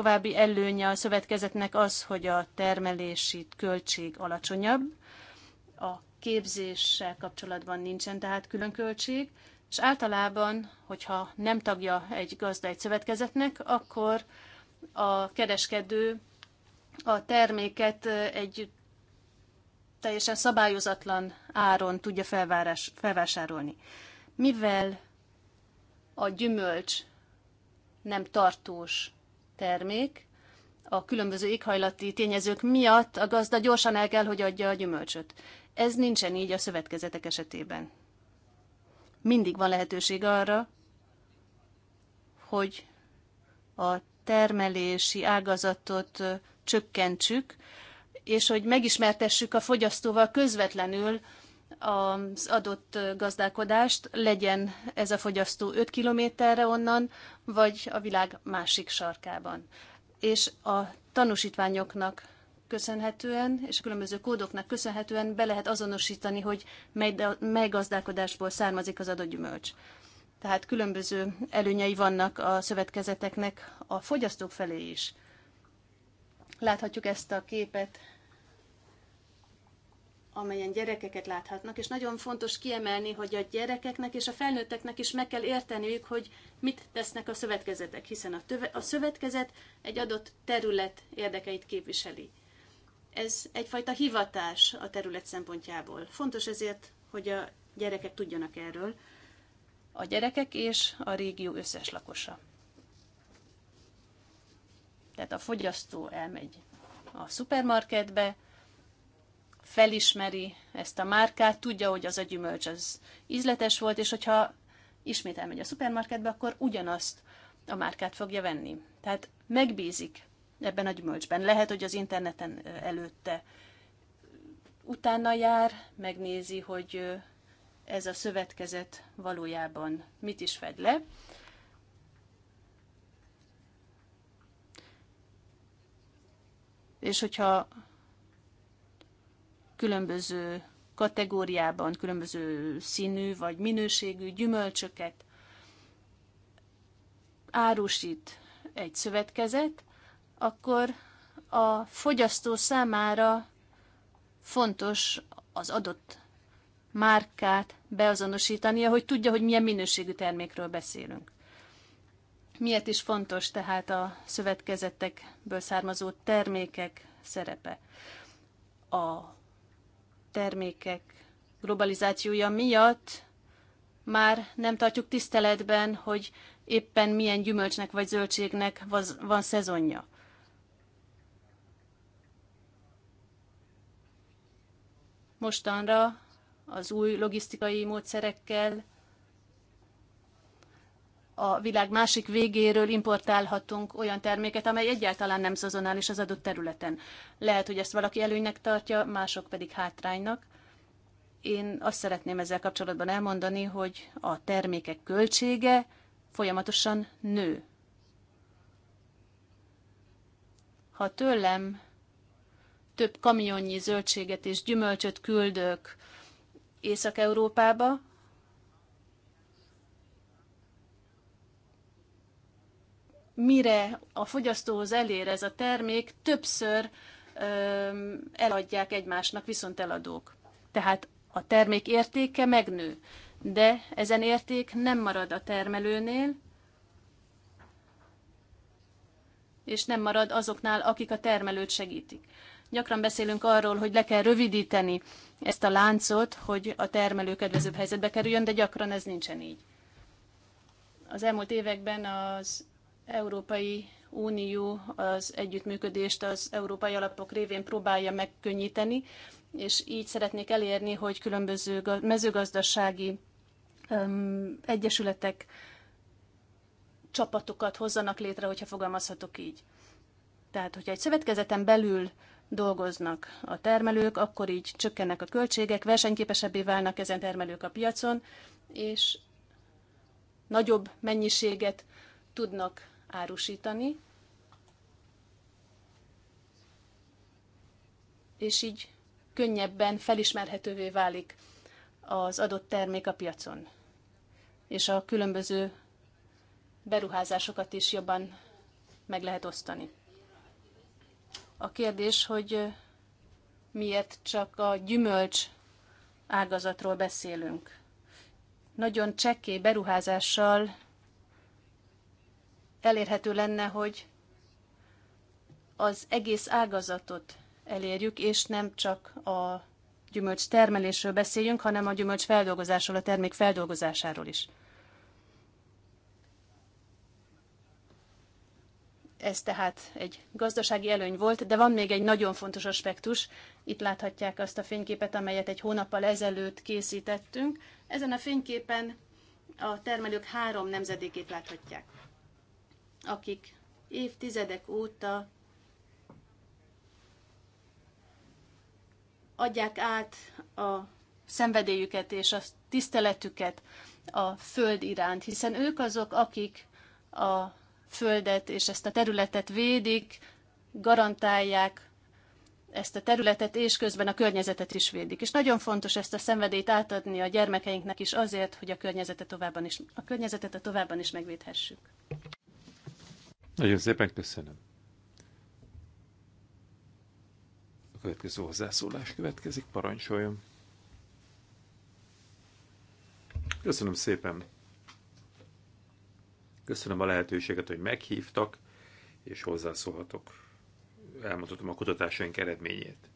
További előnye a szövetkezetnek az, hogy a termelési költség alacsonyabb, a képzéssel kapcsolatban nincsen tehát külön költség, és általában, hogyha nem tagja egy gazda egy szövetkezetnek, akkor a kereskedő a terméket egy teljesen szabályozatlan áron tudja felvárás, felvásárolni. Mivel a gyümölcs nem tartós termék, a különböző éghajlati tényezők miatt a gazda gyorsan el kell, hogy adja a gyümölcsöt. Ez nincsen így a szövetkezetek esetében. Mindig van lehetőség arra, hogy a termelési ágazatot csökkentsük, és hogy megismertessük a fogyasztóval közvetlenül az adott gazdálkodást, legyen ez a fogyasztó 5 kilométerre onnan, vagy a világ másik sarkában. És a tanúsítványoknak köszönhetően, és a különböző kódoknak köszönhetően be lehet azonosítani, hogy mely, mely gazdálkodásból származik az adott gyümölcs. Tehát különböző előnyei vannak a szövetkezeteknek a fogyasztók felé is. Láthatjuk ezt a képet amelyen gyerekeket láthatnak, és nagyon fontos kiemelni, hogy a gyerekeknek és a felnőtteknek is meg kell érteniük, hogy mit tesznek a szövetkezetek, hiszen a, töve, a szövetkezet egy adott terület érdekeit képviseli. Ez egyfajta hivatás a terület szempontjából. Fontos ezért, hogy a gyerekek tudjanak erről, a gyerekek és a régió összes lakosa. Tehát a fogyasztó elmegy a szupermarketbe, felismeri ezt a márkát, tudja, hogy az a gyümölcs az ízletes volt, és hogyha ismét elmegy a szupermarketbe, akkor ugyanazt a márkát fogja venni. Tehát megbízik ebben a gyümölcsben. Lehet, hogy az interneten előtte utána jár, megnézi, hogy ez a szövetkezet valójában mit is fed le. És hogyha különböző kategóriában, különböző színű vagy minőségű gyümölcsöket árusít egy szövetkezet, akkor a fogyasztó számára fontos az adott márkát beazonosítania, hogy tudja, hogy milyen minőségű termékről beszélünk. Miért is fontos tehát a szövetkezetekből származó termékek szerepe? A termékek globalizációja miatt már nem tartjuk tiszteletben, hogy éppen milyen gyümölcsnek vagy zöldségnek van szezonja. Mostanra az új logisztikai módszerekkel a világ másik végéről importálhatunk olyan terméket, amely egyáltalán nem szezonális az adott területen. Lehet, hogy ezt valaki előnynek tartja, mások pedig hátránynak. Én azt szeretném ezzel kapcsolatban elmondani, hogy a termékek költsége folyamatosan nő. Ha tőlem több kamionnyi zöldséget és gyümölcsöt küldök Észak-Európába, mire a fogyasztóhoz elér ez a termék, többször eladják egymásnak viszont eladók. Tehát a termék értéke megnő, de ezen érték nem marad a termelőnél, és nem marad azoknál, akik a termelőt segítik. Gyakran beszélünk arról, hogy le kell rövidíteni ezt a láncot, hogy a termelő kedvezőbb helyzetbe kerüljön, de gyakran ez nincsen így. Az elmúlt években az Európai Unió az együttműködést az európai alapok révén próbálja megkönnyíteni, és így szeretnék elérni, hogy különböző mezőgazdasági egyesületek csapatokat hozzanak létre, hogyha fogalmazhatok így. Tehát, hogyha egy szövetkezeten belül dolgoznak a termelők, akkor így csökkennek a költségek, versenyképesebbé válnak ezen termelők a piacon, és nagyobb mennyiséget tudnak árusítani, és így könnyebben felismerhetővé válik az adott termék a piacon. És a különböző beruházásokat is jobban meg lehet osztani. A kérdés, hogy miért csak a gyümölcs ágazatról beszélünk. Nagyon csekély beruházással elérhető lenne, hogy az egész ágazatot elérjük, és nem csak a gyümölcs termelésről beszéljünk, hanem a gyümölcs feldolgozásról, a termék feldolgozásáról is. Ez tehát egy gazdasági előny volt, de van még egy nagyon fontos aspektus. Itt láthatják azt a fényképet, amelyet egy hónappal ezelőtt készítettünk. Ezen a fényképen a termelők három nemzedékét láthatják akik évtizedek óta adják át a szenvedélyüket és a tiszteletüket a föld iránt, hiszen ők azok, akik a földet és ezt a területet védik, garantálják ezt a területet, és közben a környezetet is védik. És nagyon fontos ezt a szenvedélyt átadni a gyermekeinknek is azért, hogy a környezetet továbban is, a környezetet a továbban is megvédhessük. Nagyon szépen köszönöm. A következő hozzászólás következik, parancsoljon. Köszönöm szépen. Köszönöm a lehetőséget, hogy meghívtak, és hozzászólhatok. Elmondhatom a kutatásaink eredményét.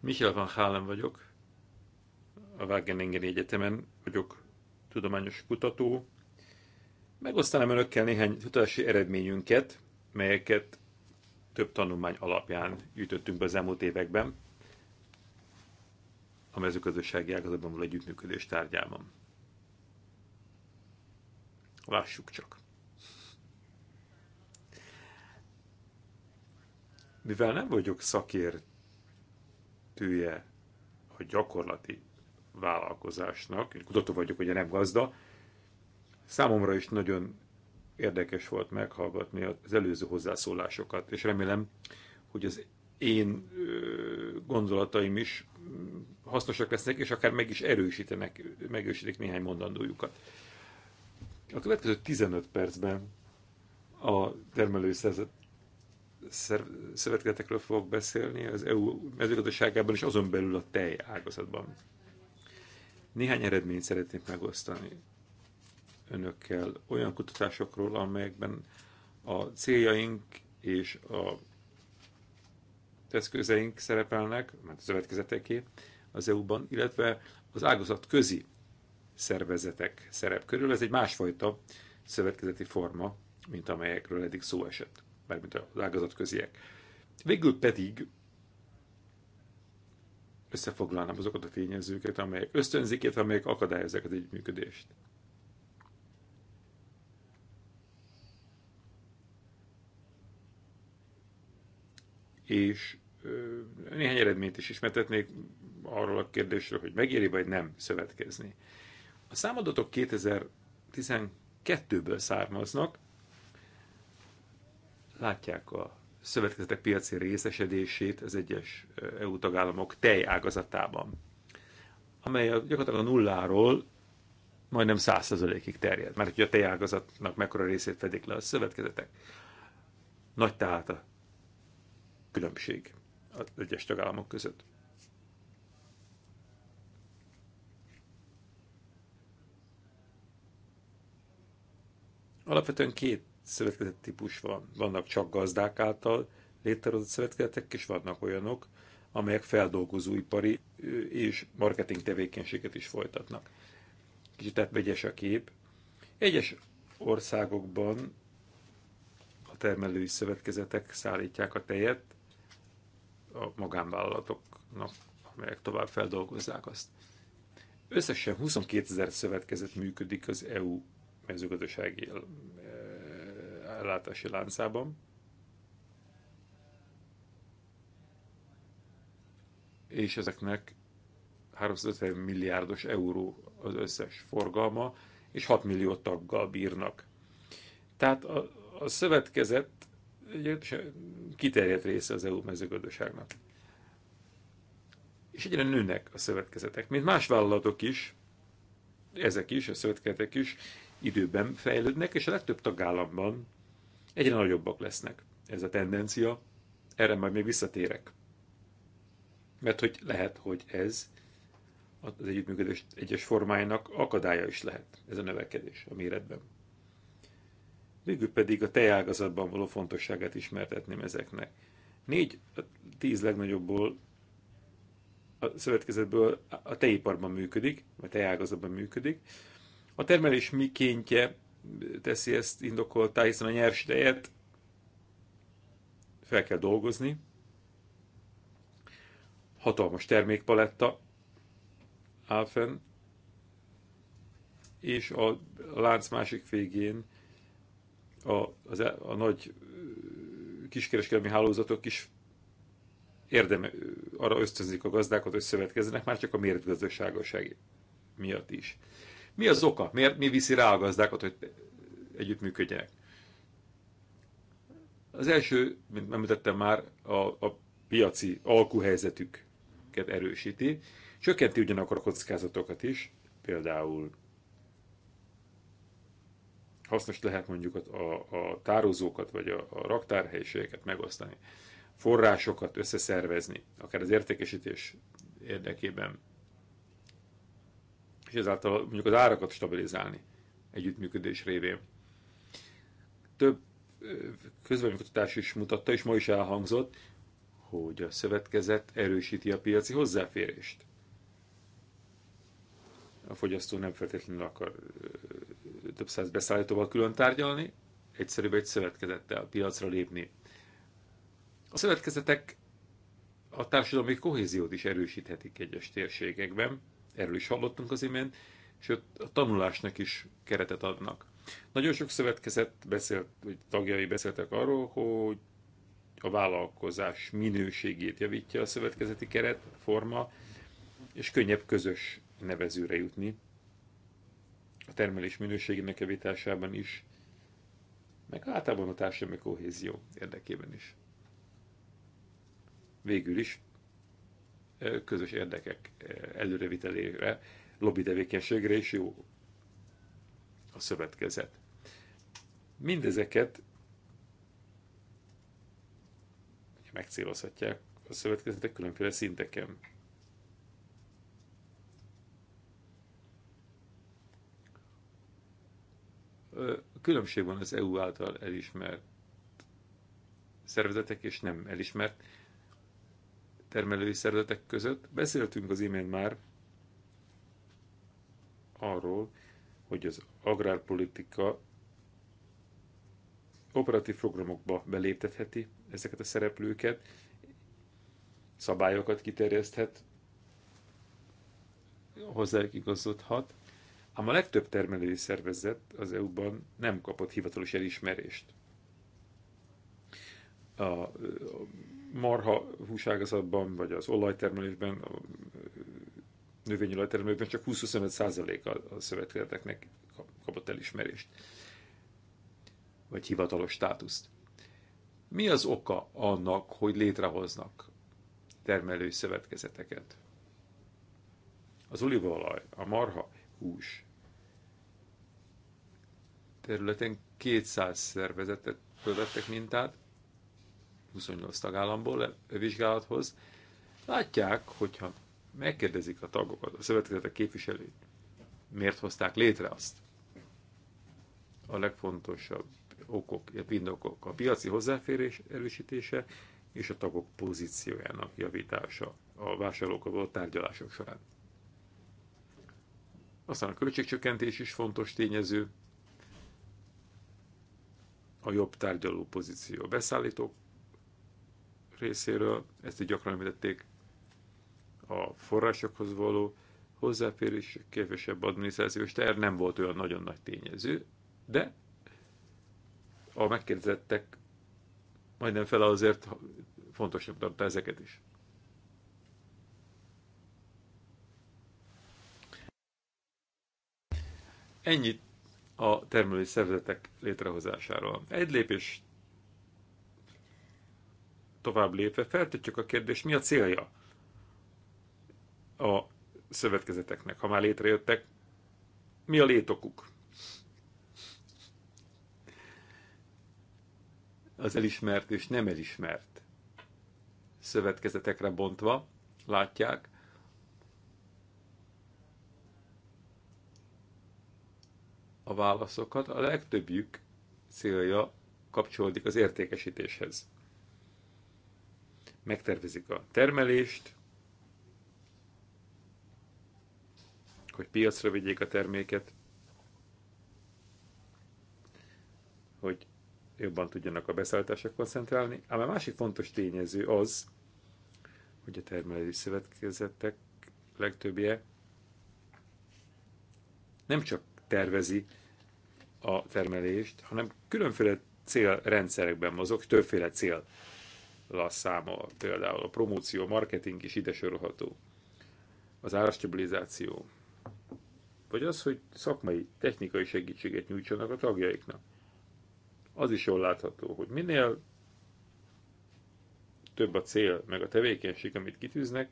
Michael van Hálen vagyok, a Wageningen Egyetemen vagyok tudományos kutató. Megosztanám önökkel néhány kutatási eredményünket, melyeket több tanulmány alapján gyűjtöttünk be az elmúlt években a mezőgazdasági ágazatban való együttműködés tárgyában. Lássuk csak. Mivel nem vagyok szakértője a gyakorlati vállalkozásnak, én kutató vagyok, ugye nem gazda, számomra is nagyon érdekes volt meghallgatni az előző hozzászólásokat, és remélem, hogy az én gondolataim is mm, hasznosak lesznek, és akár meg is erősítenek, megősítik néhány mondandójukat. A következő 15 percben a termelői szövetkezetekről fogok beszélni, az EU mezőgazdaságában és azon belül a tej ágazatban. Néhány eredményt szeretnék megosztani önökkel olyan kutatásokról, amelyekben a céljaink és a eszközeink szerepelnek, mert a szövetkezeteké az EU-ban, illetve az ágazat közi szervezetek szerep körül. Ez egy másfajta szövetkezeti forma, mint amelyekről eddig szó esett, mint az ágazat köziek. Végül pedig összefoglalnám azokat a tényezőket, amelyek ösztönzik, illetve amelyek akadályozzák az együttműködést. És néhány eredményt is ismertetnék arról a kérdésről, hogy megéri vagy nem szövetkezni. A számadatok 2012-ből származnak, látják a szövetkezetek piaci részesedését az egyes EU tagállamok tej ágazatában, amely gyakorlatilag a nulláról majdnem 100%-ig terjed, mert hogy a tejágazatnak mekkora részét fedik le a szövetkezetek. Nagy tehát a különbség az egyes tagállamok között. Alapvetően két szövetkezet típus van. Vannak csak gazdák által létrehozott szövetkezetek, és vannak olyanok, amelyek feldolgozóipari és marketing tevékenységet is folytatnak. Kicsit tehát vegyes a kép. Egyes országokban a termelői szövetkezetek szállítják a tejet a magánvállalatoknak, amelyek tovább feldolgozzák azt. Összesen 22 ezer szövetkezet működik az EU mezőgazdasági ellátási láncában. És ezeknek 350 milliárdos euró az összes forgalma, és 6 millió taggal bírnak. Tehát a, a szövetkezet egy kiterjedt része az EU mezőgazdaságnak. És egyre nőnek a szövetkezetek, mint más vállalatok is, ezek is, a szövetkezetek is időben fejlődnek, és a legtöbb tagállamban egyre nagyobbak lesznek. Ez a tendencia, erre majd még visszatérek. Mert hogy lehet, hogy ez az együttműködés egyes formáinak akadálya is lehet, ez a növekedés a méretben. Végül pedig a tejágazatban való fontosságát ismertetném ezeknek. Négy, a tíz legnagyobbból a szövetkezetből a tejiparban működik, vagy tejágazatban működik. A termelés mikéntje teszi ezt indokoltá, hiszen a nyers tejet fel kell dolgozni. Hatalmas termékpaletta áll fenn, és a lánc másik végén a, az, e, a nagy kiskereskedelmi hálózatok is érdeme, arra ösztönzik a gazdákat, hogy szövetkezzenek, már csak a méretgazdaságoság miatt is. Mi az oka? Miért mi viszi rá a gazdákat, hogy együttműködjenek? Az első, mint említettem már, a, a piaci alkuhelyzetüket erősíti, csökkenti ugyanakkor a kockázatokat is, például hasznos lehet mondjuk a, a tározókat vagy a, a raktárhelyiségeket megosztani, forrásokat összeszervezni, akár az értékesítés érdekében és ezáltal mondjuk az árakat stabilizálni együttműködés révén. Több közvéleménykutatás is mutatta, és ma is elhangzott, hogy a szövetkezet erősíti a piaci hozzáférést. A fogyasztó nem feltétlenül akar több száz beszállítóval külön tárgyalni, egyszerűbb egy szövetkezettel a piacra lépni. A szövetkezetek a társadalmi kohéziót is erősíthetik egyes térségekben, erről is hallottunk az imént, sőt a tanulásnak is keretet adnak. Nagyon sok szövetkezet beszélt, vagy tagjai beszéltek arról, hogy a vállalkozás minőségét javítja a szövetkezeti keret, forma, és könnyebb közös nevezőre jutni. A termelés minőségének javításában is, meg általában a társadalmi kohézió érdekében is. Végül is közös érdekek előrevitelére, lobby tevékenységre is jó a szövetkezet. Mindezeket megcélozhatják a szövetkezetek különféle szinteken. Különbség van az EU által elismert szervezetek és nem elismert termelői szervezetek között. Beszéltünk az imént már arról, hogy az agrárpolitika operatív programokba beléptetheti ezeket a szereplőket, szabályokat kiterjeszthet, hozzájuk igazodhat, ám a legtöbb termelői szervezet az EU-ban nem kapott hivatalos elismerést. A, a marha húságazatban, vagy az olajtermelésben, a növényolajtermelésben csak 20-25% a szövetkezeteknek kapott elismerést, vagy hivatalos státuszt. Mi az oka annak, hogy létrehoznak termelői szövetkezeteket? Az olívaolaj, a marha hús területen 200 szervezetet követtek mintát, 28 tagállamból vizsgálathoz, látják, hogyha megkérdezik a tagokat, a szövetkezetek képviselőit, miért hozták létre azt. A legfontosabb okok, indokok a piaci hozzáférés erősítése és a tagok pozíciójának javítása a vásárlókkal való tárgyalások során. Aztán a költségcsökkentés is fontos tényező, a jobb tárgyaló pozíció beszállítók részéről, ezt így gyakran említették, a forrásokhoz való hozzáférés, kevesebb adminisztrációs terv nem volt olyan nagyon nagy tényező, de a megkérdezettek majdnem fele azért fontosnak tartta ezeket is. Ennyit a termelői szervezetek létrehozásáról. Egy lépés tovább lépve feltetjük a kérdést, mi a célja a szövetkezeteknek, ha már létrejöttek, mi a létokuk? Az elismert és nem elismert szövetkezetekre bontva látják, a válaszokat, a legtöbbjük célja kapcsolódik az értékesítéshez megtervezik a termelést, hogy piacra vigyék a terméket, hogy jobban tudjanak a beszállításra koncentrálni. Ám a másik fontos tényező az, hogy a termelői szövetkezetek legtöbbje nem csak tervezi a termelést, hanem különféle célrendszerekben mozog, többféle cél száma, például a promóció, marketing is ide sorolható, az árastabilizáció, vagy az, hogy szakmai, technikai segítséget nyújtsanak a tagjaiknak. Az is jól látható, hogy minél több a cél, meg a tevékenység, amit kitűznek,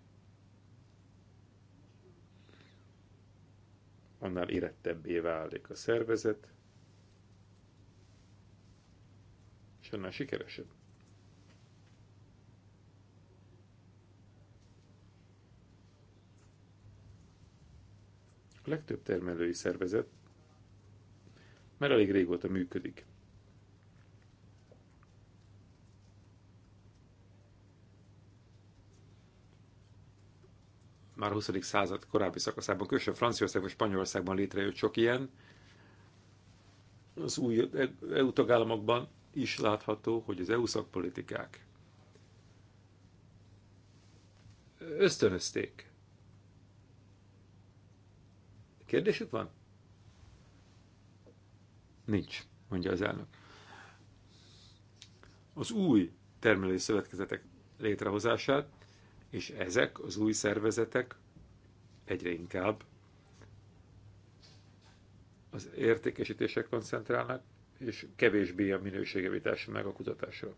annál érettebbé válik a szervezet, és annál sikeresebb. A legtöbb termelői szervezet már elég régóta működik. Már a 20. század korábbi szakaszában, különösen Franciaországban, Spanyolországban létrejött sok ilyen. Az új EU tagállamokban is látható, hogy az EU szakpolitikák ösztönözték Kérdésük van? Nincs, mondja az elnök. Az új termelői szövetkezetek létrehozását, és ezek az új szervezetek egyre inkább az értékesítések koncentrálnak, és kevésbé a minőségjavítása meg a kutatásra.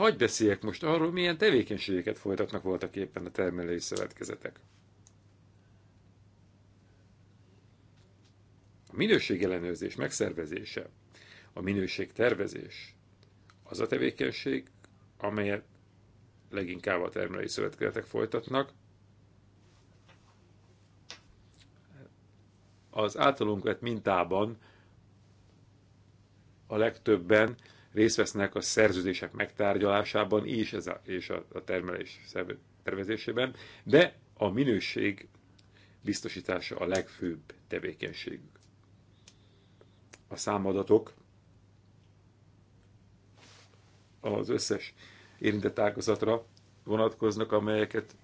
Hagy beszéljek most arról, milyen tevékenységeket folytatnak voltak éppen a termelői szövetkezetek. A ellenőrzés megszervezése, a tervezés, az a tevékenység, amelyet leginkább a termelői szövetkezetek folytatnak. Az általunk vett mintában a legtöbben részt vesznek a szerződések megtárgyalásában is ez a, és a, a termelés tervezésében, de a minőség biztosítása a legfőbb tevékenységük. A számadatok az összes érintett ágazatra vonatkoznak, amelyeket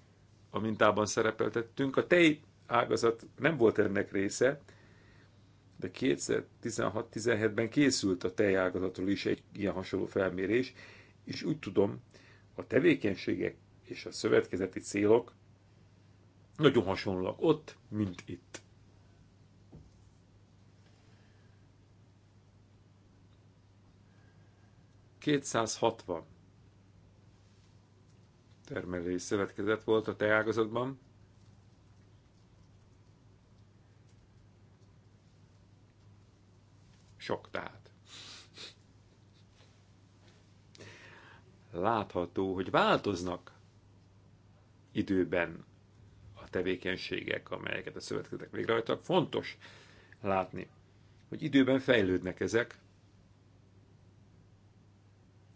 a mintában szerepeltettünk. A tej ágazat nem volt ennek része, de 2016-17-ben készült a tejágazatról is egy ilyen hasonló felmérés, és úgy tudom, a tevékenységek és a szövetkezeti célok nagyon hasonlóak ott, mint itt. ...260 termelői szövetkezet volt a teágazatban, Sok tehát. Látható, hogy változnak időben a tevékenységek, amelyeket a szövetkezetek végrehajtak. Fontos látni, hogy időben fejlődnek ezek,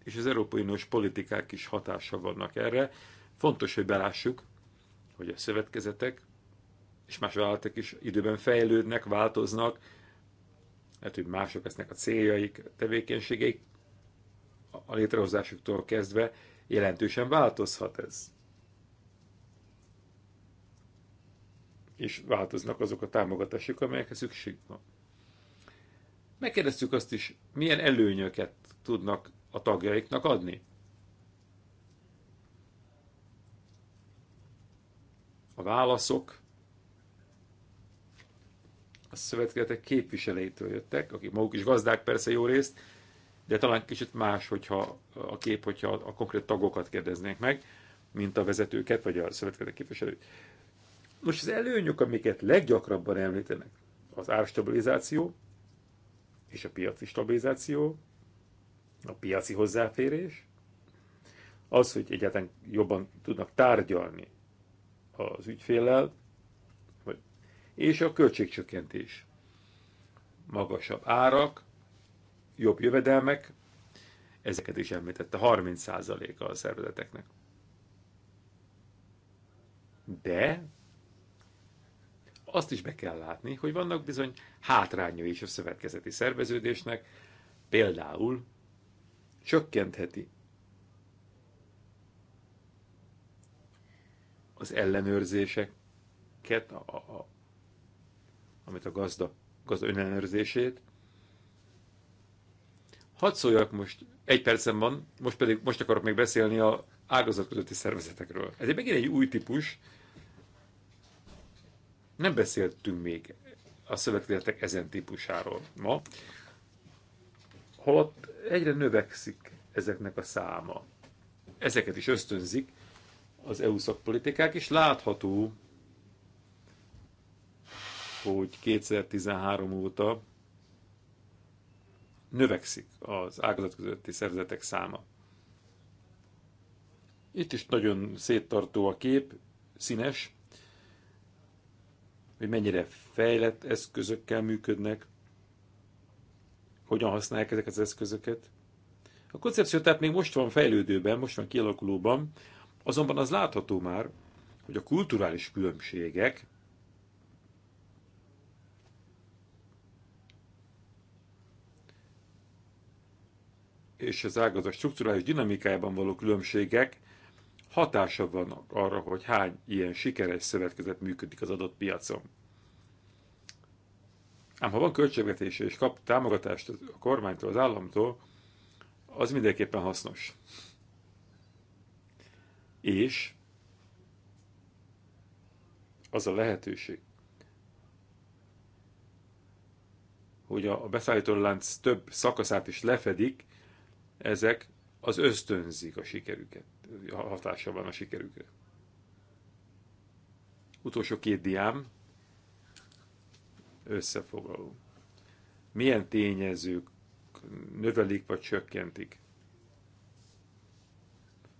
és az Európai Uniós politikák is hatása vannak erre. Fontos, hogy belássuk, hogy a szövetkezetek és más vállalatok is időben fejlődnek, változnak, lehet, hogy mások lesznek a céljaik, a tevékenységeik, a létrehozásuktól kezdve jelentősen változhat ez. És változnak azok a támogatások, amelyekhez szükség van. Megkérdeztük azt is, milyen előnyöket tudnak a tagjaiknak adni. A válaszok a szövetkezetek képviselétől jöttek, akik maguk is gazdák persze jó részt, de talán kicsit más, hogyha a kép, hogyha a konkrét tagokat kérdeznénk meg, mint a vezetőket, vagy a szövetkezetek képviselőt. Most az előnyök, amiket leggyakrabban említenek, az árstabilizáció és a piaci stabilizáció, a piaci hozzáférés, az, hogy egyáltalán jobban tudnak tárgyalni az ügyféllel, és a költségcsökkentés. Magasabb árak, jobb jövedelmek, ezeket is említette, 30%-a a szervezeteknek. De azt is be kell látni, hogy vannak bizony hátrányai is a szövetkezeti szerveződésnek, például csökkentheti az ellenőrzéseket, a, a, amit a gazda, gazda önellenőrzését. Hadd szóljak most, egy percem van, most pedig most akarok még beszélni a ágazat közötti szervezetekről. Ez egy megint egy új típus, nem beszéltünk még a szövetkezetek ezen típusáról ma, holott egyre növekszik ezeknek a száma. Ezeket is ösztönzik az EU szakpolitikák, és látható, hogy 2013 óta növekszik az ágazat közötti szervezetek száma. Itt is nagyon széttartó a kép, színes, hogy mennyire fejlett eszközökkel működnek, hogyan használják ezeket az eszközöket. A koncepció tehát még most van fejlődőben, most van kialakulóban, azonban az látható már, hogy a kulturális különbségek és az ágazat strukturális dinamikájában való különbségek hatása van arra, hogy hány ilyen sikeres szövetkezet működik az adott piacon. Ám ha van költségvetése és kap támogatást a kormánytól, az államtól, az mindenképpen hasznos. És az a lehetőség, hogy a beszállítólánc több szakaszát is lefedik, ezek az ösztönzik a sikerüket, hatása van a sikerükre. Utolsó két diám összefoglaló. Milyen tényezők növelik vagy csökkentik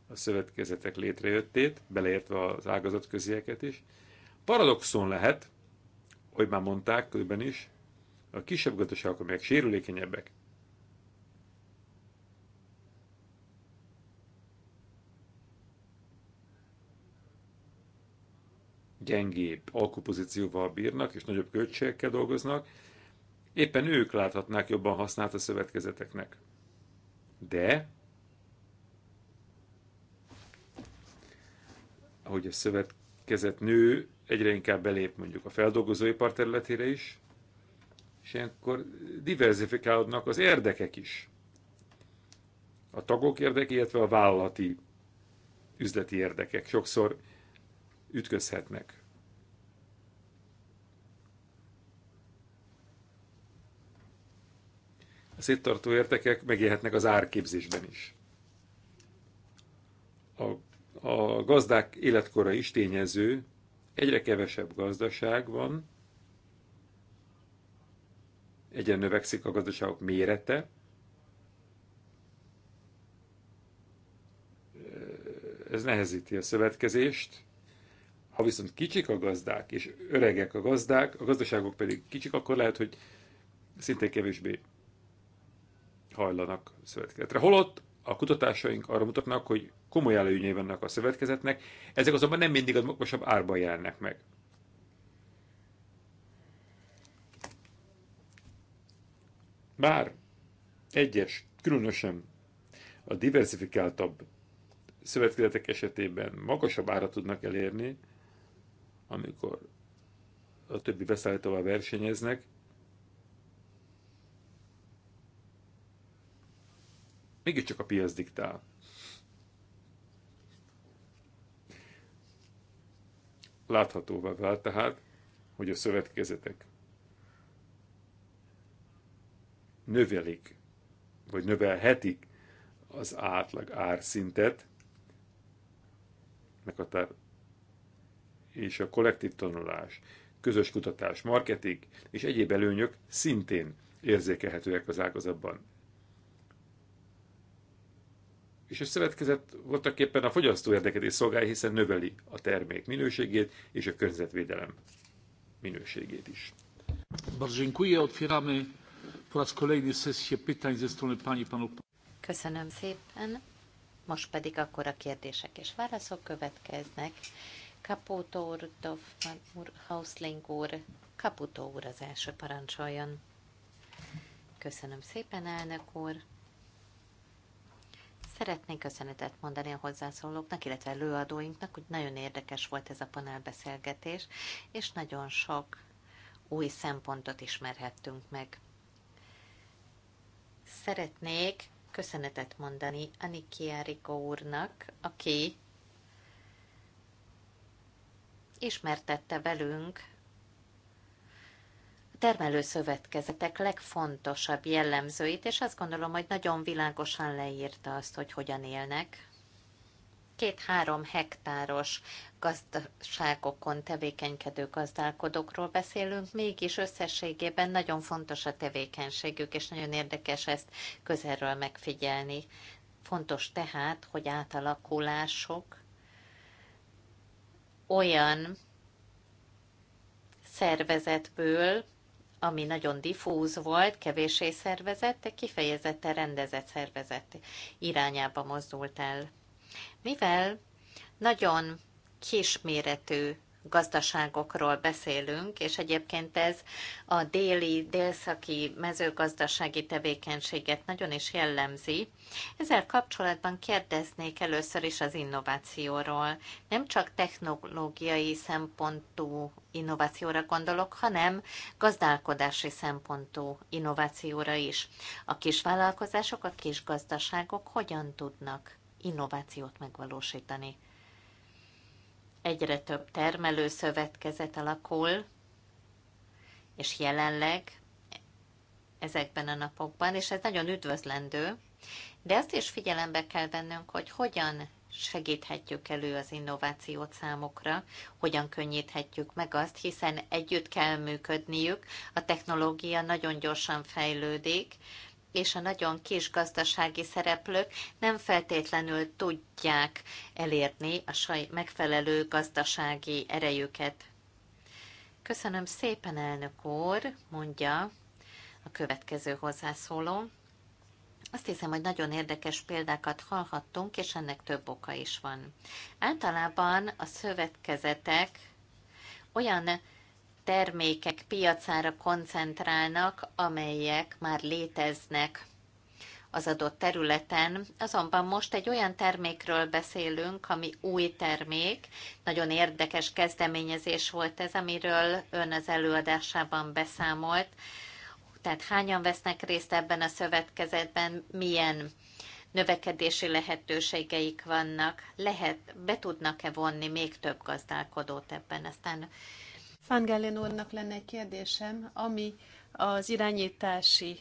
a szövetkezetek létrejöttét, beleértve az ágazatközieket is. Paradoxon lehet, hogy már mondták, különben is, a kisebb gazdaságok, amelyek sérülékenyebbek, gyengébb alkupozícióval bírnak és nagyobb költségekkel dolgoznak, éppen ők láthatnák jobban használt a szövetkezeteknek. De, ahogy a szövetkezet nő, egyre inkább belép mondjuk a feldolgozóipar területére is, és ilyenkor diverzifikálódnak az érdekek is. A tagok érdekei, illetve a vállalati üzleti érdekek. Sokszor ütközhetnek. A széttartó értekek megélhetnek az árképzésben is. A, a gazdák életkora is tényező, egyre kevesebb gazdaság van, egyre növekszik a gazdaságok mérete, ez nehezíti a szövetkezést, ha viszont kicsik a gazdák, és öregek a gazdák, a gazdaságok pedig kicsik, akkor lehet, hogy szintén kevésbé hajlanak szövetkezetre. Holott a kutatásaink arra mutatnak, hogy komoly előnyei vannak a szövetkezetnek, ezek azonban nem mindig az magasabb árban jelennek meg. Bár egyes, különösen a diversifikáltabb szövetkezetek esetében magasabb árat tudnak elérni, amikor a többi beszállítóval versenyeznek. csak a piac diktál. Láthatóvá vált tehát, hogy a szövetkezetek növelik, vagy növelhetik az átlag árszintet, meghatár és a kollektív tanulás, közös kutatás, marketing és egyéb előnyök szintén érzékelhetőek az ágazatban. És a szövetkezet voltak éppen a fogyasztó érdekedés szolgálja, hiszen növeli a termék minőségét és a környezetvédelem minőségét is. Köszönöm szépen. Most pedig akkor a kérdések és válaszok következnek. Caputo úr, Doffman úr, Hausling úr, Caputo úr az első parancsoljon. Köszönöm szépen, elnök úr. Szeretnék köszönetet mondani a hozzászólóknak, illetve előadóinknak, hogy nagyon érdekes volt ez a panelbeszélgetés, és nagyon sok új szempontot ismerhettünk meg. Szeretnék köszönetet mondani Aniki Erika úrnak, aki ismertette velünk a termelőszövetkezetek legfontosabb jellemzőit, és azt gondolom, hogy nagyon világosan leírta azt, hogy hogyan élnek. Két-három hektáros gazdaságokon tevékenykedő gazdálkodókról beszélünk, mégis összességében nagyon fontos a tevékenységük, és nagyon érdekes ezt közelről megfigyelni. Fontos tehát, hogy átalakulások olyan szervezetből, ami nagyon diffúz volt, kevéssé szervezett, de kifejezetten rendezett szervezet irányába mozdult el. Mivel nagyon kisméretű gazdaságokról beszélünk, és egyébként ez a déli, délszaki mezőgazdasági tevékenységet nagyon is jellemzi. Ezzel kapcsolatban kérdeznék először is az innovációról. Nem csak technológiai szempontú innovációra gondolok, hanem gazdálkodási szempontú innovációra is. A kisvállalkozások, a kisgazdaságok hogyan tudnak innovációt megvalósítani? egyre több termelő szövetkezet alakul, és jelenleg ezekben a napokban, és ez nagyon üdvözlendő, de azt is figyelembe kell vennünk, hogy hogyan segíthetjük elő az innovációt számukra, hogyan könnyíthetjük meg azt, hiszen együtt kell működniük, a technológia nagyon gyorsan fejlődik, és a nagyon kis gazdasági szereplők nem feltétlenül tudják elérni a saj megfelelő gazdasági erejüket. Köszönöm szépen, elnök úr, mondja a következő hozzászóló. Azt hiszem, hogy nagyon érdekes példákat hallhattunk, és ennek több oka is van. Általában a szövetkezetek olyan termékek piacára koncentrálnak, amelyek már léteznek az adott területen. Azonban most egy olyan termékről beszélünk, ami új termék. Nagyon érdekes kezdeményezés volt ez, amiről ön az előadásában beszámolt. Tehát hányan vesznek részt ebben a szövetkezetben, milyen növekedési lehetőségeik vannak, lehet, be tudnak-e vonni még több gazdálkodót ebben. Aztán van úrnak lenne egy kérdésem, ami az irányítási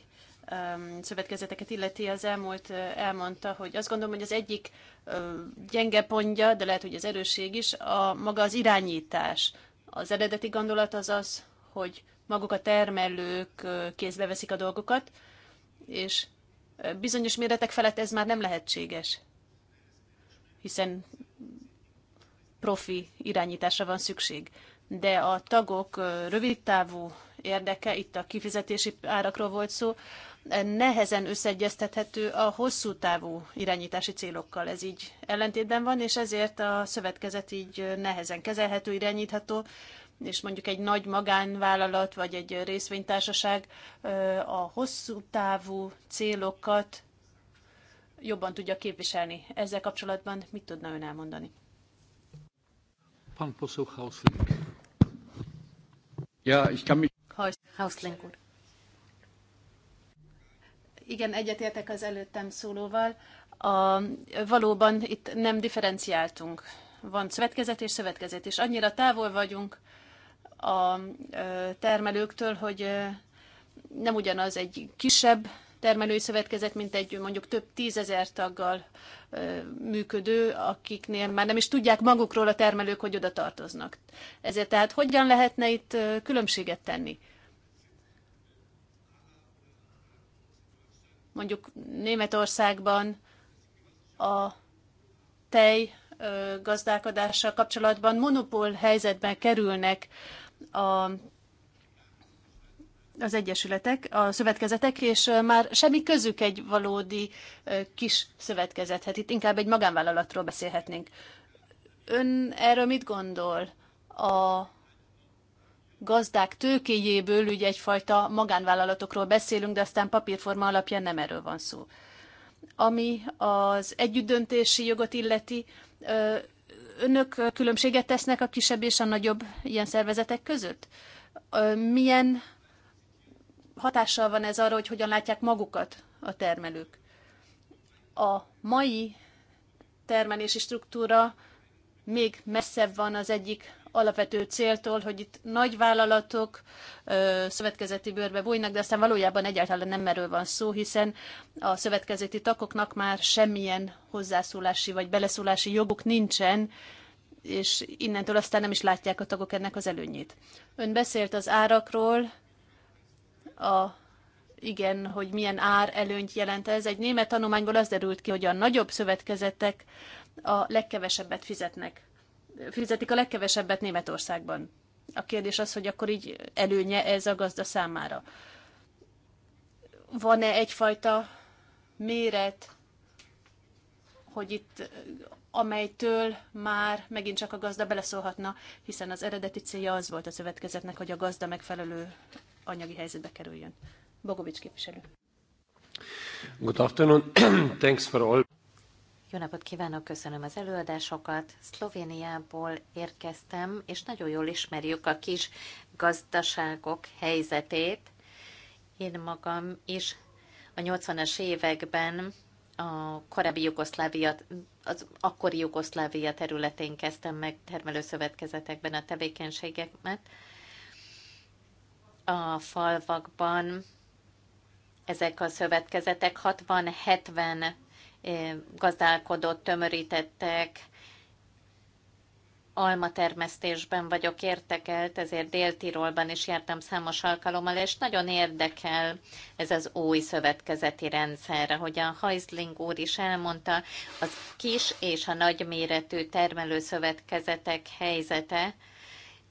um, szövetkezeteket illeti, az elmúlt elmondta, hogy azt gondolom, hogy az egyik gyenge pontja, de lehet, hogy az erőség is, a maga az irányítás. Az eredeti gondolat az az, hogy maguk a termelők kézbe veszik a dolgokat, és bizonyos méretek felett ez már nem lehetséges, hiszen profi irányításra van szükség de a tagok rövidtávú érdeke, itt a kifizetési árakról volt szó, nehezen összeegyeztethető a hosszú távú irányítási célokkal. Ez így ellentétben van, és ezért a szövetkezet így nehezen kezelhető, irányítható, és mondjuk egy nagy magánvállalat vagy egy részvénytársaság a hosszú távú célokat jobban tudja képviselni. Ezzel kapcsolatban mit tudna ön elmondani? Pan poseł Ja, ich kann mich... úr. Igen, egyetértek az előttem szólóval. A, valóban itt nem differenciáltunk. Van szövetkezet és szövetkezet, és annyira távol vagyunk a termelőktől, hogy nem ugyanaz egy kisebb termelői szövetkezet, mint egy mondjuk több tízezer taggal működő, akiknél már nem is tudják magukról a termelők, hogy oda tartoznak. Ezért tehát hogyan lehetne itt különbséget tenni? Mondjuk Németországban a tej gazdálkodással kapcsolatban monopól helyzetben kerülnek a az egyesületek, a szövetkezetek, és már semmi közük egy valódi kis szövetkezethet. Itt inkább egy magánvállalatról beszélhetnénk. Ön erről mit gondol? A gazdák tőkéjéből ugye egyfajta magánvállalatokról beszélünk, de aztán papírforma alapján nem erről van szó. Ami az együttdöntési jogot illeti, önök különbséget tesznek a kisebb és a nagyobb ilyen szervezetek között? Milyen hatással van ez arra, hogy hogyan látják magukat a termelők. A mai termelési struktúra még messzebb van az egyik alapvető céltól, hogy itt nagy vállalatok ö, szövetkezeti bőrbe bújnak, de aztán valójában egyáltalán nem erről van szó, hiszen a szövetkezeti takoknak már semmilyen hozzászólási vagy beleszólási joguk nincsen, és innentől aztán nem is látják a tagok ennek az előnyét. Ön beszélt az árakról, a igen, hogy milyen ár előnyt jelent ez. Egy német tanulmányból az derült ki, hogy a nagyobb szövetkezetek a legkevesebbet fizetnek. Fizetik a legkevesebbet Németországban. A kérdés az, hogy akkor így előnye ez a gazda számára. Van-e egyfajta méret, hogy itt amelytől már megint csak a gazda beleszólhatna, hiszen az eredeti célja az volt a szövetkezetnek, hogy a gazda megfelelő anyagi helyzetbe kerüljön. Bogovics képviselő. Good afternoon. Thanks for all. Jó napot kívánok, köszönöm az előadásokat. Szlovéniából érkeztem, és nagyon jól ismerjük a kis gazdaságok helyzetét. Én magam is a 80-as években a korábbi Jugoszlávia, az akkori Jugoszlávia területén kezdtem meg termelőszövetkezetekben a tevékenységemet, a falvakban ezek a szövetkezetek 60-70 eh, gazdálkodót tömörítettek, almatermesztésben vagyok értekelt, ezért Dél-Tirolban is jártam számos alkalommal, és nagyon érdekel ez az új szövetkezeti rendszer. ahogy a Heisling úr is elmondta, az kis és a nagyméretű termelőszövetkezetek helyzete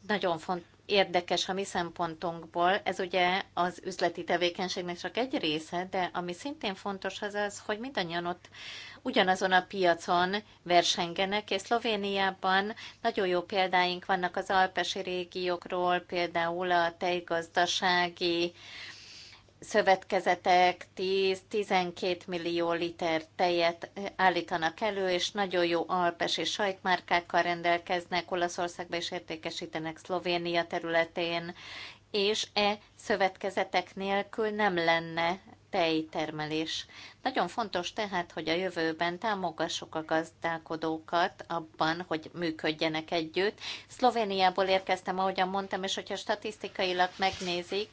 nagyon font, érdekes a mi szempontunkból, ez ugye az üzleti tevékenységnek csak egy része, de ami szintén fontos az az, hogy mindannyian ott ugyanazon a piacon versengenek, és Szlovéniában nagyon jó példáink vannak az alpesi régiókról, például a tejgazdasági szövetkezetek 10-12 millió liter tejet állítanak elő, és nagyon jó alpes és sajtmárkákkal rendelkeznek, Olaszországba is értékesítenek Szlovénia területén, és e szövetkezetek nélkül nem lenne tejtermelés. Nagyon fontos tehát, hogy a jövőben támogassuk a gazdálkodókat abban, hogy működjenek együtt. Szlovéniából érkeztem, ahogyan mondtam, és hogyha statisztikailag megnézik,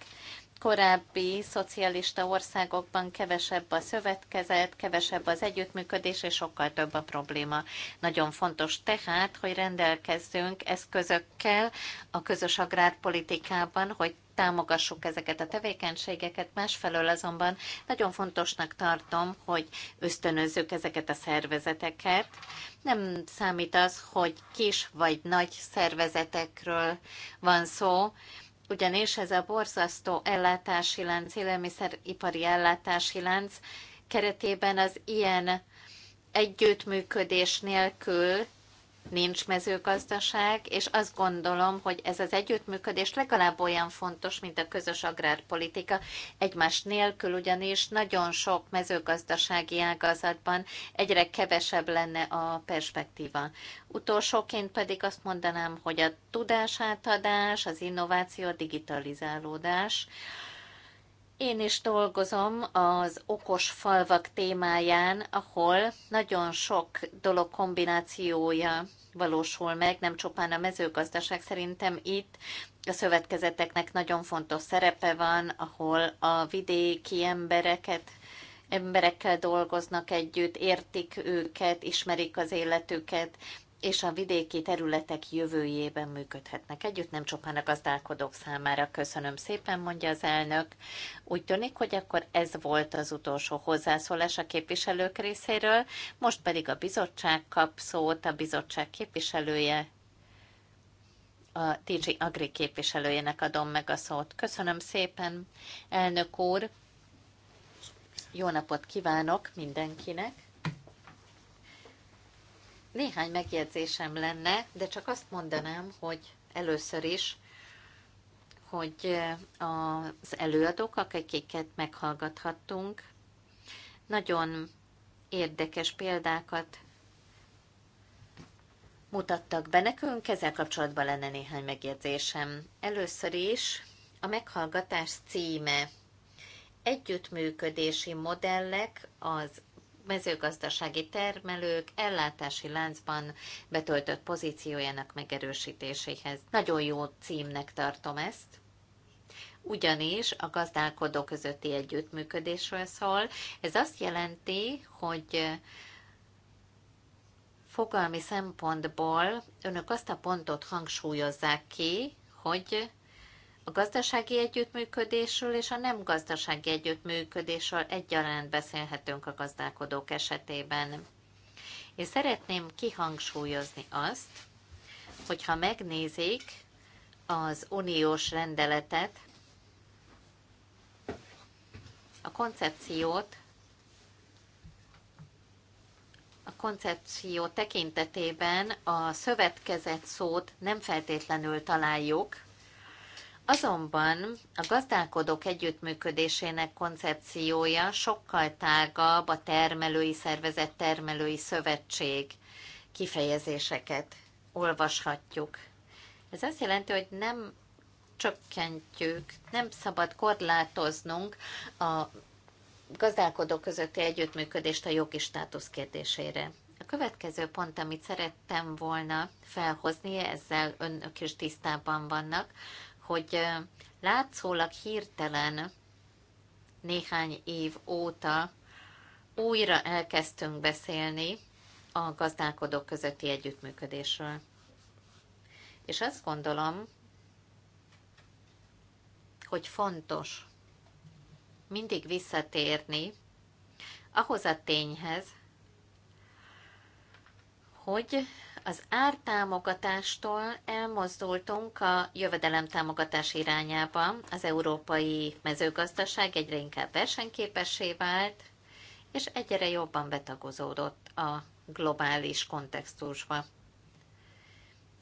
korábbi szocialista országokban kevesebb a szövetkezet, kevesebb az együttműködés, és sokkal több a probléma. Nagyon fontos tehát, hogy rendelkezzünk eszközökkel a közös agrárpolitikában, hogy támogassuk ezeket a tevékenységeket, másfelől azonban nagyon fontosnak tartom, hogy ösztönözzük ezeket a szervezeteket. Nem számít az, hogy kis vagy nagy szervezetekről van szó, ugyanis ez a borzasztó ellátási lánc, élelmiszeripari ellátási lánc keretében az ilyen együttműködés nélkül nincs mezőgazdaság, és azt gondolom, hogy ez az együttműködés legalább olyan fontos, mint a közös agrárpolitika. Egymás nélkül ugyanis nagyon sok mezőgazdasági ágazatban egyre kevesebb lenne a perspektíva. Utolsóként pedig azt mondanám, hogy a tudásátadás, az innováció, a digitalizálódás, én is dolgozom az okos falvak témáján, ahol nagyon sok dolog kombinációja valósul meg, nem csupán a mezőgazdaság. Szerintem itt a szövetkezeteknek nagyon fontos szerepe van, ahol a vidéki embereket emberekkel dolgoznak együtt, értik őket, ismerik az életüket, és a vidéki területek jövőjében működhetnek együtt, nem csupán a gazdálkodók számára. Köszönöm szépen, mondja az elnök. Úgy tűnik, hogy akkor ez volt az utolsó hozzászólás a képviselők részéről, most pedig a bizottság kap szót, a bizottság képviselője, a TG Agri képviselőjének adom meg a szót. Köszönöm szépen, elnök úr! Jó napot kívánok mindenkinek! Néhány megjegyzésem lenne, de csak azt mondanám, hogy először is, hogy eh, az előadók, akiket meghallgathattunk, nagyon érdekes példákat mutattak be nekünk, ezzel kapcsolatban lenne néhány megjegyzésem. Először is a meghallgatás címe Együttműködési modellek az mezőgazdasági termelők ellátási láncban betöltött pozíciójának megerősítéséhez. Nagyon jó címnek tartom ezt, ugyanis a gazdálkodó közötti együttműködésről szól. Ez azt jelenti, hogy fogalmi szempontból önök azt a pontot hangsúlyozzák ki, hogy a gazdasági együttműködésről és a nem gazdasági együttműködésről egyaránt beszélhetünk a gazdálkodók esetében. Én szeretném kihangsúlyozni azt, hogyha megnézik az uniós rendeletet, a koncepciót, a koncepció tekintetében a szövetkezett szót nem feltétlenül találjuk, Azonban a gazdálkodók együttműködésének koncepciója sokkal tágabb a termelői szervezet, termelői szövetség kifejezéseket olvashatjuk. Ez azt jelenti, hogy nem csökkentjük, nem szabad korlátoznunk a gazdálkodók közötti együttműködést a jogi státusz kérdésére. A következő pont, amit szerettem volna felhozni, ezzel önök is tisztában vannak, hogy látszólag hirtelen néhány év óta újra elkezdtünk beszélni a gazdálkodók közötti együttműködésről. És azt gondolom, hogy fontos mindig visszatérni ahhoz a tényhez, hogy az ártámogatástól elmozdultunk a jövedelemtámogatás irányába. Az európai mezőgazdaság egyre inkább versenyképessé vált, és egyre jobban betagozódott a globális kontextusba.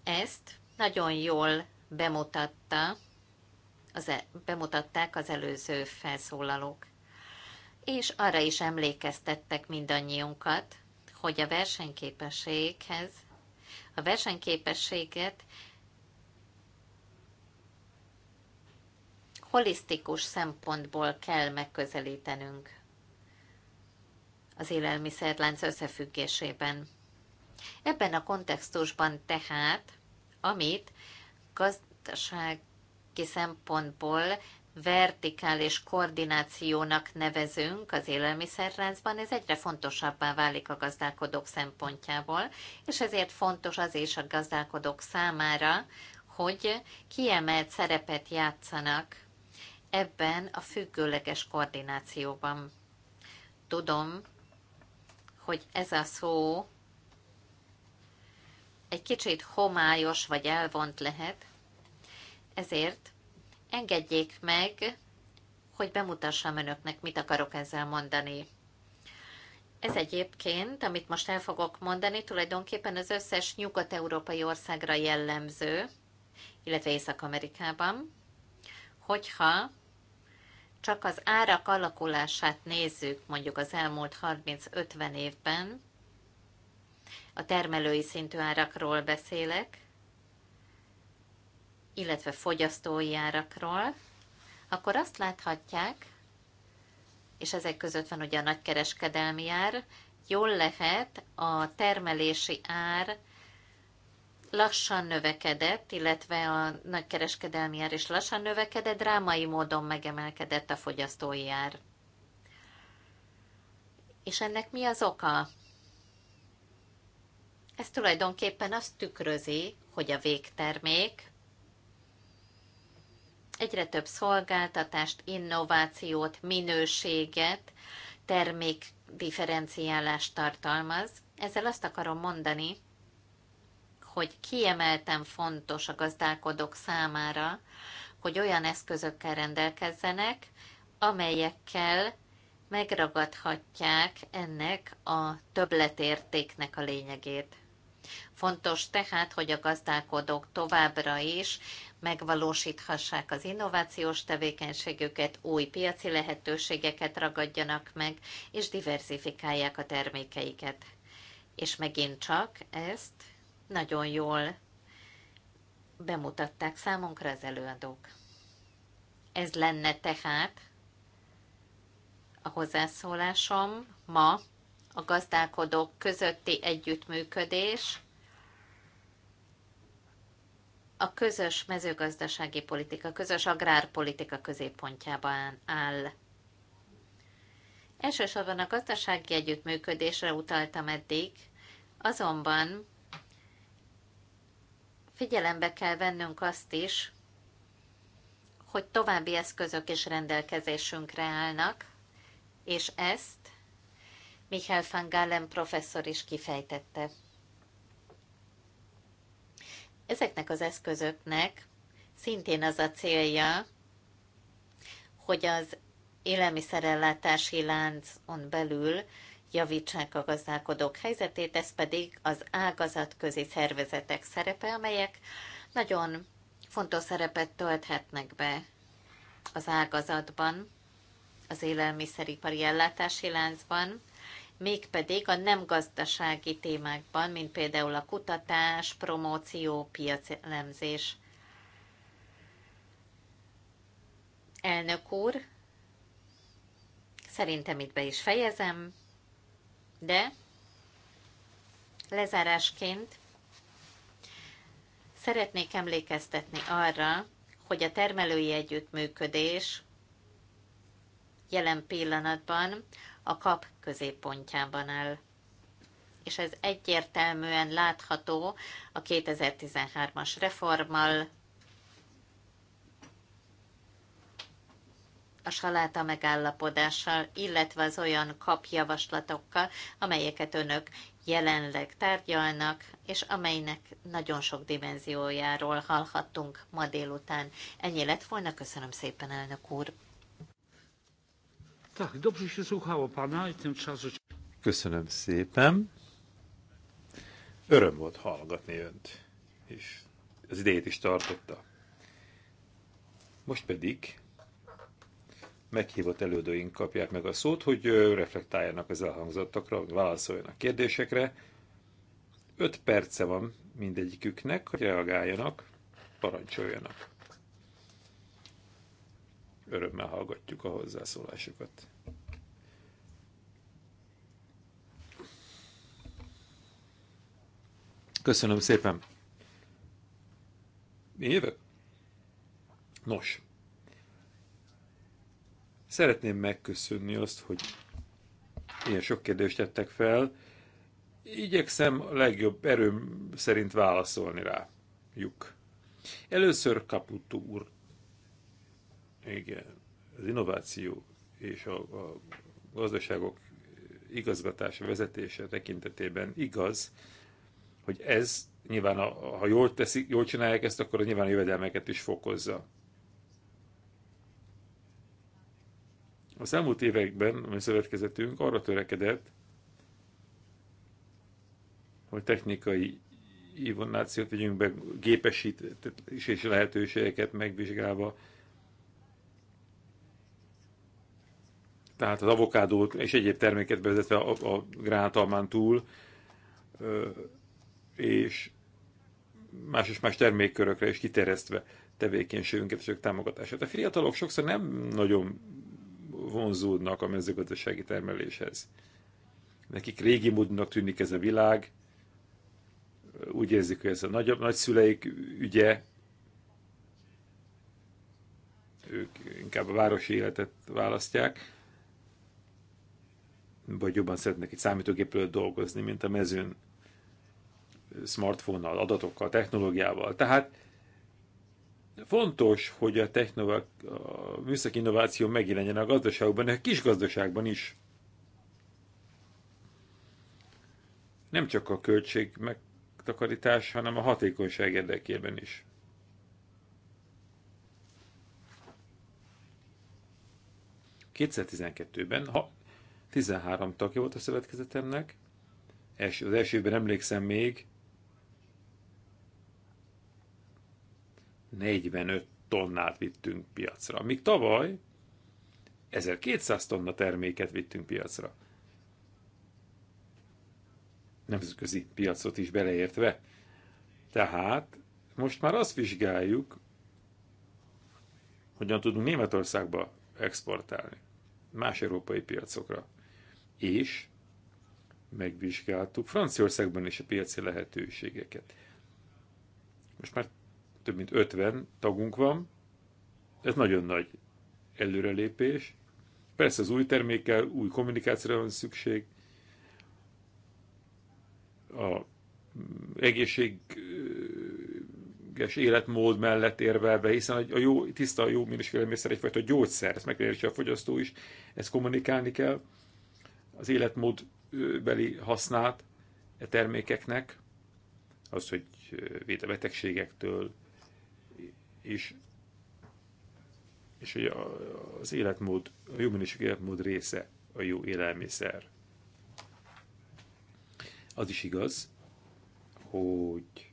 Ezt nagyon jól bemutatta, az, e- bemutatták az előző felszólalók, és arra is emlékeztettek mindannyiunkat, hogy a versenyképességhez a versenyképességet holisztikus szempontból kell megközelítenünk az élelmiszerlánc összefüggésében. Ebben a kontextusban tehát, amit gazdasági szempontból vertikális koordinációnak nevezünk az élelmiszerláncban, ez egyre fontosabbá válik a gazdálkodók szempontjából, és ezért fontos az is a gazdálkodók számára, hogy kiemelt szerepet játszanak ebben a függőleges koordinációban. Tudom, hogy ez a szó egy kicsit homályos vagy elvont lehet, ezért Engedjék meg, hogy bemutassam önöknek, mit akarok ezzel mondani. Ez egyébként, amit most el fogok mondani, tulajdonképpen az összes nyugat-európai országra jellemző, illetve Észak-Amerikában, hogyha csak az árak alakulását nézzük mondjuk az elmúlt 30-50 évben, a termelői szintű árakról beszélek, illetve fogyasztói árakról, akkor azt láthatják, és ezek között van ugye a nagykereskedelmi ár, jól lehet a termelési ár lassan növekedett, illetve a nagykereskedelmi ár is lassan növekedett, drámai módon megemelkedett a fogyasztói ár. És ennek mi az oka? Ez tulajdonképpen azt tükrözi, hogy a végtermék egyre több szolgáltatást, innovációt, minőséget, termék differenciálást tartalmaz. Ezzel azt akarom mondani, hogy kiemelten fontos a gazdálkodók számára, hogy olyan eszközökkel rendelkezzenek, amelyekkel megragadhatják ennek a többletértéknek a lényegét. Fontos tehát, hogy a gazdálkodók továbbra is megvalósíthassák az innovációs tevékenységüket, új piaci lehetőségeket ragadjanak meg, és diversifikálják a termékeiket. És megint csak ezt nagyon jól bemutatták számunkra az előadók. Ez lenne tehát a hozzászólásom ma a gazdálkodók közötti együttműködés a közös mezőgazdasági politika, a közös agrárpolitika középpontjában áll. Elsősorban a gazdasági együttműködésre utaltam eddig, azonban figyelembe kell vennünk azt is, hogy további eszközök is rendelkezésünkre állnak, és ezt Michael van Galen professzor is kifejtette. Ezeknek az eszközöknek szintén az a célja, hogy az élelmiszerellátási láncon belül javítsák a gazdálkodók helyzetét, ez pedig az ágazatközi szervezetek szerepe, amelyek nagyon fontos szerepet tölthetnek be az ágazatban, az élelmiszeripari ellátási láncban, mégpedig a nem gazdasági témákban, mint például a kutatás, promóció, piacelemzés. Elnök úr, szerintem itt be is fejezem, de lezárásként szeretnék emlékeztetni arra, hogy a termelői együttműködés jelen pillanatban a kap középpontjában áll. És ez egyértelműen látható a 2013-as reformmal, a saláta megállapodással, illetve az olyan kapjavaslatokkal, amelyeket önök jelenleg tárgyalnak, és amelynek nagyon sok dimenziójáról hallhattunk ma délután. Ennyi lett volna, köszönöm szépen, elnök úr! Köszönöm szépen. Öröm volt hallgatni önt, és az idejét is tartotta. Most pedig meghívott elődőink kapják meg a szót, hogy reflektáljanak az elhangzottakra, válaszoljanak kérdésekre. Öt perce van mindegyiküknek, hogy reagáljanak, parancsoljanak örömmel hallgatjuk a hozzászólásokat. Köszönöm szépen. Mi jövök? Nos, szeretném megköszönni azt, hogy ilyen sok kérdést tettek fel. Igyekszem a legjobb erőm szerint válaszolni rá. Juk. Először Caputo úr igen, az innováció és a, a gazdaságok igazgatása, vezetése tekintetében igaz, hogy ez nyilván, a, ha jól, teszik, jól csinálják ezt, akkor nyilván a jövedelmeket is fokozza. Az elmúlt években ami szövetkezetünk arra törekedett, hogy technikai innovációt vegyünk be, gépesítési lehetőségeket megvizsgálva, tehát az avokádót és egyéb terméket bevezetve a, a gránátalmán túl, és más és más termékkörökre is kiterjesztve tevékenységünket és ők támogatását. A fiatalok sokszor nem nagyon vonzódnak a mezőgazdasági termeléshez. Nekik régi módnak tűnik ez a világ, úgy érzik, hogy ez a nagy, nagyszüleik ügye, ők inkább a városi életet választják vagy jobban szeretnek egy számítógépről dolgozni, mint a mezőn smartphone-nal, adatokkal, technológiával. Tehát fontos, hogy a, a műszaki innováció megjelenjen a gazdaságban, de a kis gazdaságban is. Nem csak a költség megtakarítás, hanem a hatékonyság érdekében is. kétszer ben ha 13 tagja volt a szövetkezetemnek, az első évben emlékszem még, 45 tonnát vittünk piacra. Míg tavaly 1200 tonna terméket vittünk piacra. Nemzetközi piacot is beleértve. Tehát most már azt vizsgáljuk, hogyan tudunk Németországba exportálni, más európai piacokra és megvizsgáltuk Franciaországban is a piaci lehetőségeket. Most már több mint 50 tagunk van, ez nagyon nagy előrelépés. Persze az új termékkel, új kommunikációra van szükség, a egészséges életmód mellett érvelve, hiszen a jó, tiszta, jó minőségű élelmiszer egyfajta gyógyszer, ezt megértse a fogyasztó is, ezt kommunikálni kell az életmódbeli hasznát e termékeknek, az, hogy véd a betegségektől, és, és hogy az életmód, a jó minőség életmód része a jó élelmiszer. Az is igaz, hogy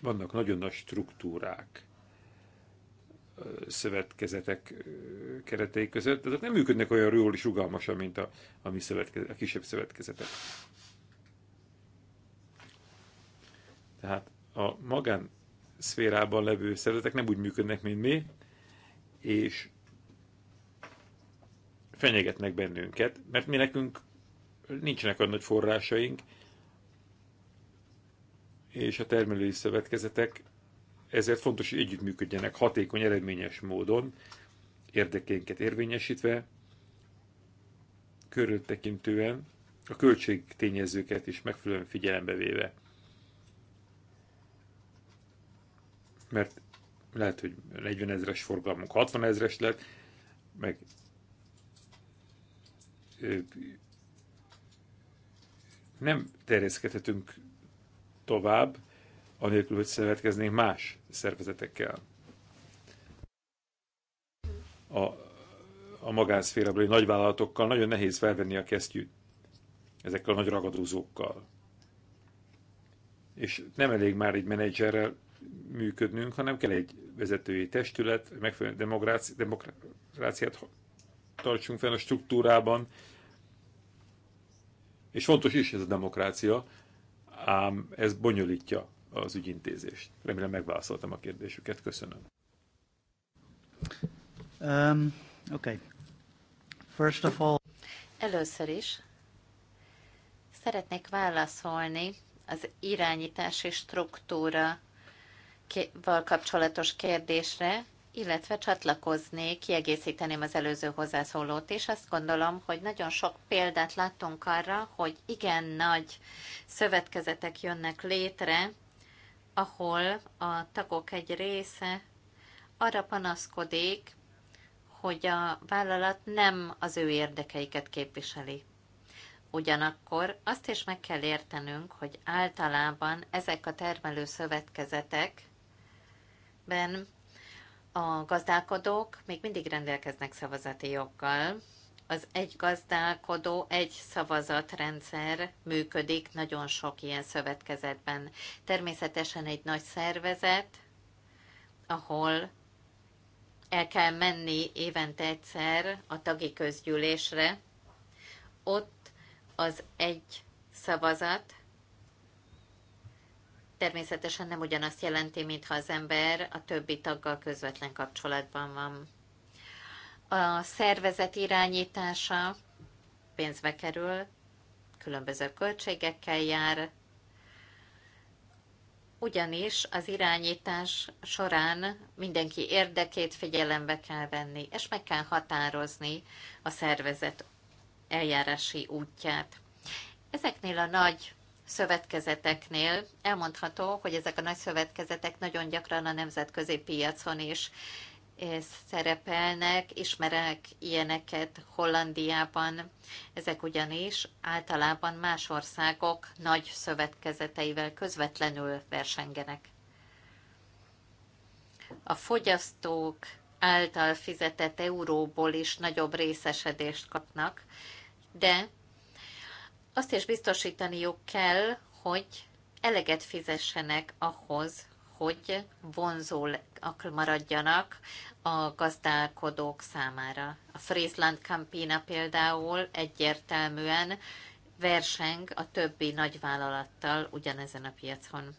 vannak nagyon nagy struktúrák, szövetkezetek keretei között, azok nem működnek olyan jól és rugalmasan, mint a, a, mi szövetkez, a kisebb szövetkezetek. Tehát a magán szférában levő szervezetek nem úgy működnek, mint mi, és fenyegetnek bennünket, mert mi nekünk nincsenek olyan nagy forrásaink, és a termelői szövetkezetek ezért fontos, hogy együttműködjenek hatékony, eredményes módon, érdekeinket érvényesítve, körültekintően, a költségtényezőket is megfelelően figyelembe véve. Mert lehet, hogy 40 ezres forgalmunk 60 ezres lett, meg nem terjeszkedhetünk tovább, anélkül, hogy szövetkeznénk más szervezetekkel. A, a magánszférabeli nagyvállalatokkal nagyon nehéz felvenni a kesztyűt ezekkel a nagy ragadozókkal. És nem elég már egy menedzserrel működnünk, hanem kell egy vezetői testület, megfelelő demokráci, demokráciát tartsunk fenn a struktúrában. És fontos is ez a demokrácia, ám ez bonyolítja az ügyintézést. Remélem megválaszoltam a kérdésüket. Köszönöm. Um, okay. First of all... Először is szeretnék válaszolni az irányítási struktúra val kapcsolatos kérdésre, illetve csatlakoznék, kiegészíteném az előző hozzászólót, és azt gondolom, hogy nagyon sok példát láttunk arra, hogy igen nagy szövetkezetek jönnek létre, ahol a tagok egy része arra panaszkodik, hogy a vállalat nem az ő érdekeiket képviseli. Ugyanakkor azt is meg kell értenünk, hogy általában ezek a termelő szövetkezetekben a gazdálkodók még mindig rendelkeznek szavazati joggal, az egy gazdálkodó, egy szavazatrendszer működik nagyon sok ilyen szövetkezetben. Természetesen egy nagy szervezet, ahol el kell menni évente egyszer a tagi közgyűlésre. Ott az egy szavazat természetesen nem ugyanazt jelenti, mintha az ember a többi taggal közvetlen kapcsolatban van a szervezet irányítása pénzbe kerül, különböző költségekkel jár, ugyanis az irányítás során mindenki érdekét figyelembe kell venni, és meg kell határozni a szervezet eljárási útját. Ezeknél a nagy szövetkezeteknél elmondható, hogy ezek a nagy szövetkezetek nagyon gyakran a nemzetközi piacon is szerepelnek, ismerek ilyeneket Hollandiában. Ezek ugyanis általában más országok nagy szövetkezeteivel közvetlenül versengenek. A fogyasztók által fizetett euróból is nagyobb részesedést kapnak, de azt is biztosítaniuk kell, hogy eleget fizessenek ahhoz, hogy vonzó maradjanak a gazdálkodók számára. A Friesland Campina például egyértelműen verseng a többi nagyvállalattal ugyanezen a piacon.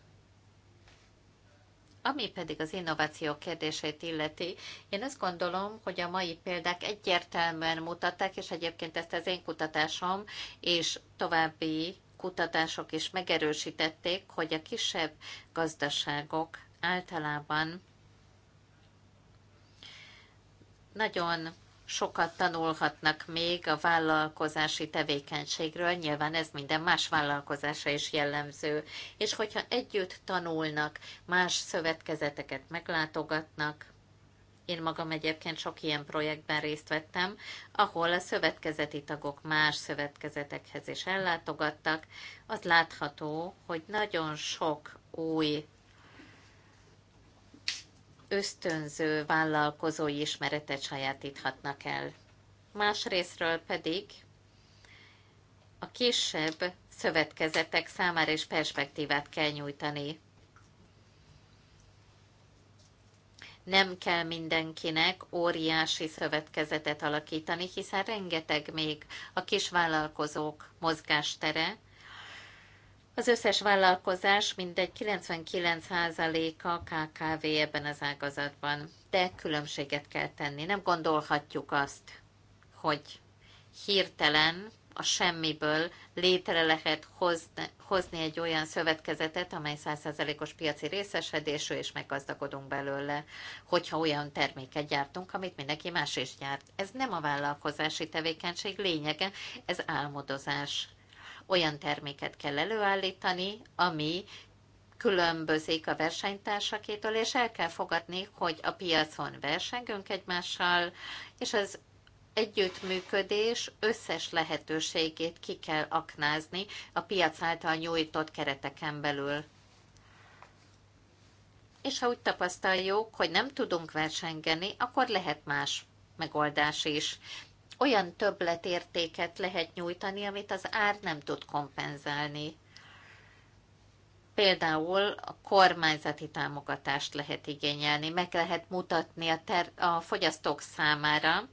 Ami pedig az innováció kérdését illeti, én azt gondolom, hogy a mai példák egyértelműen mutatták, és egyébként ezt az én kutatásom és további kutatások is megerősítették, hogy a kisebb gazdaságok általában nagyon sokat tanulhatnak még a vállalkozási tevékenységről, nyilván ez minden más vállalkozása is jellemző, és hogyha együtt tanulnak, más szövetkezeteket meglátogatnak, én magam egyébként sok ilyen projektben részt vettem, ahol a szövetkezeti tagok más szövetkezetekhez is ellátogattak. Az látható, hogy nagyon sok új ösztönző vállalkozói ismeretet sajátíthatnak el. Másrésztről pedig a kisebb szövetkezetek számára is perspektívát kell nyújtani. nem kell mindenkinek óriási szövetkezetet alakítani, hiszen rengeteg még a kisvállalkozók mozgástere. Az összes vállalkozás mindegy 99%-a KKV ebben az ágazatban, de különbséget kell tenni. Nem gondolhatjuk azt, hogy hirtelen a semmiből létre lehet hozni, hozni egy olyan szövetkezetet, amely 100%-os piaci részesedésű, és meggazdagodunk belőle, hogyha olyan terméket gyártunk, amit mindenki más is gyárt. Ez nem a vállalkozási tevékenység lényege, ez álmodozás. Olyan terméket kell előállítani, ami különbözik a versenytársakétől, és el kell fogadni, hogy a piacon versengünk egymással, és az együttműködés összes lehetőségét ki kell aknázni a piac által nyújtott kereteken belül. És ha úgy tapasztaljuk, hogy nem tudunk versengeni, akkor lehet más megoldás is. Olyan többletértéket lehet nyújtani, amit az ár nem tud kompenzálni. Például a kormányzati támogatást lehet igényelni, meg lehet mutatni a, ter- a fogyasztók számára,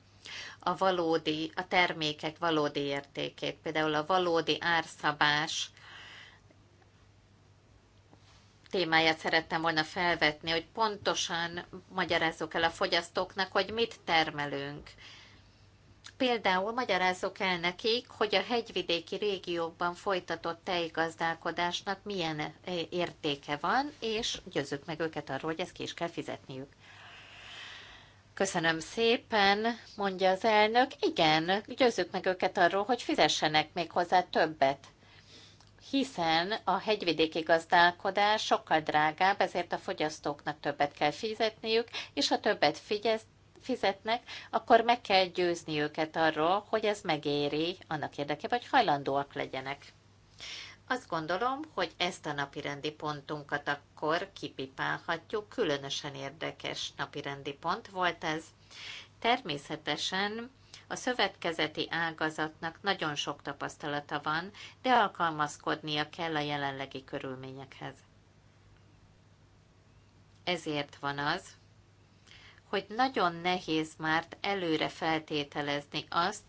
a valódi, a termékek valódi értékét, például a valódi árszabás témáját szerettem volna felvetni, hogy pontosan magyarázzuk el a fogyasztóknak, hogy mit termelünk. Például magyarázzuk el nekik, hogy a hegyvidéki régiókban folytatott tejgazdálkodásnak milyen eh, értéke van, és győzzük meg őket arról, hogy ezt ki is kell fizetniük. Köszönöm szépen, mondja az elnök. Igen, győzzük meg őket arról, hogy fizessenek még hozzá többet hiszen a hegyvidéki gazdálkodás sokkal drágább, ezért a fogyasztóknak többet kell fizetniük, és ha többet figyez, fizetnek, akkor meg kell győzni őket arról, hogy ez megéri annak érdekében, hogy hajlandóak legyenek. Azt gondolom, hogy ezt a napirendi pontunkat akkor kipipálhatjuk, különösen érdekes napirendi pont volt ez. Természetesen a szövetkezeti ágazatnak nagyon sok tapasztalata van, de alkalmazkodnia kell a jelenlegi körülményekhez. Ezért van az, hogy nagyon nehéz már előre feltételezni azt,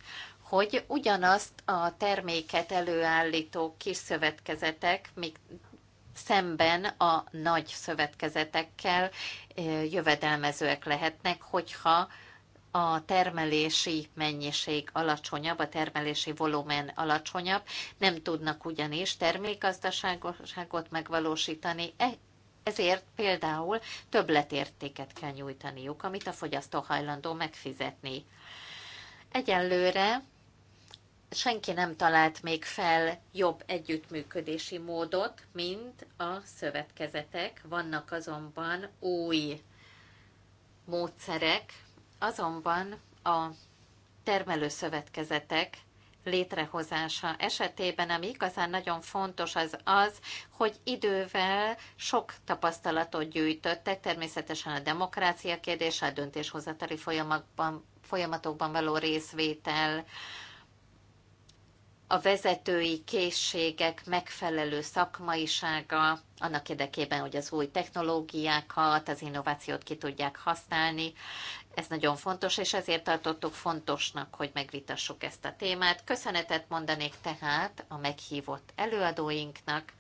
hogy ugyanazt a terméket előállító kis szövetkezetek, még szemben a nagy szövetkezetekkel jövedelmezőek lehetnek, hogyha a termelési mennyiség alacsonyabb, a termelési volumen alacsonyabb, nem tudnak ugyanis termékgazdaságot megvalósítani, e, ezért például többletértéket kell nyújtaniuk, amit a fogyasztó hajlandó megfizetni. Egyelőre senki nem talált még fel jobb együttműködési módot, mint a szövetkezetek. Vannak azonban új módszerek, azonban a termelőszövetkezetek létrehozása esetében, ami igazán nagyon fontos, az az, hogy idővel sok tapasztalatot gyűjtöttek, természetesen a demokrácia kérdése, a döntéshozatali folyamatokban való részvétel, a vezetői készségek megfelelő szakmaisága, annak érdekében, hogy az új technológiákat, az innovációt ki tudják használni. Ez nagyon fontos, és ezért tartottuk fontosnak, hogy megvitassuk ezt a témát. Köszönetet mondanék tehát a meghívott előadóinknak,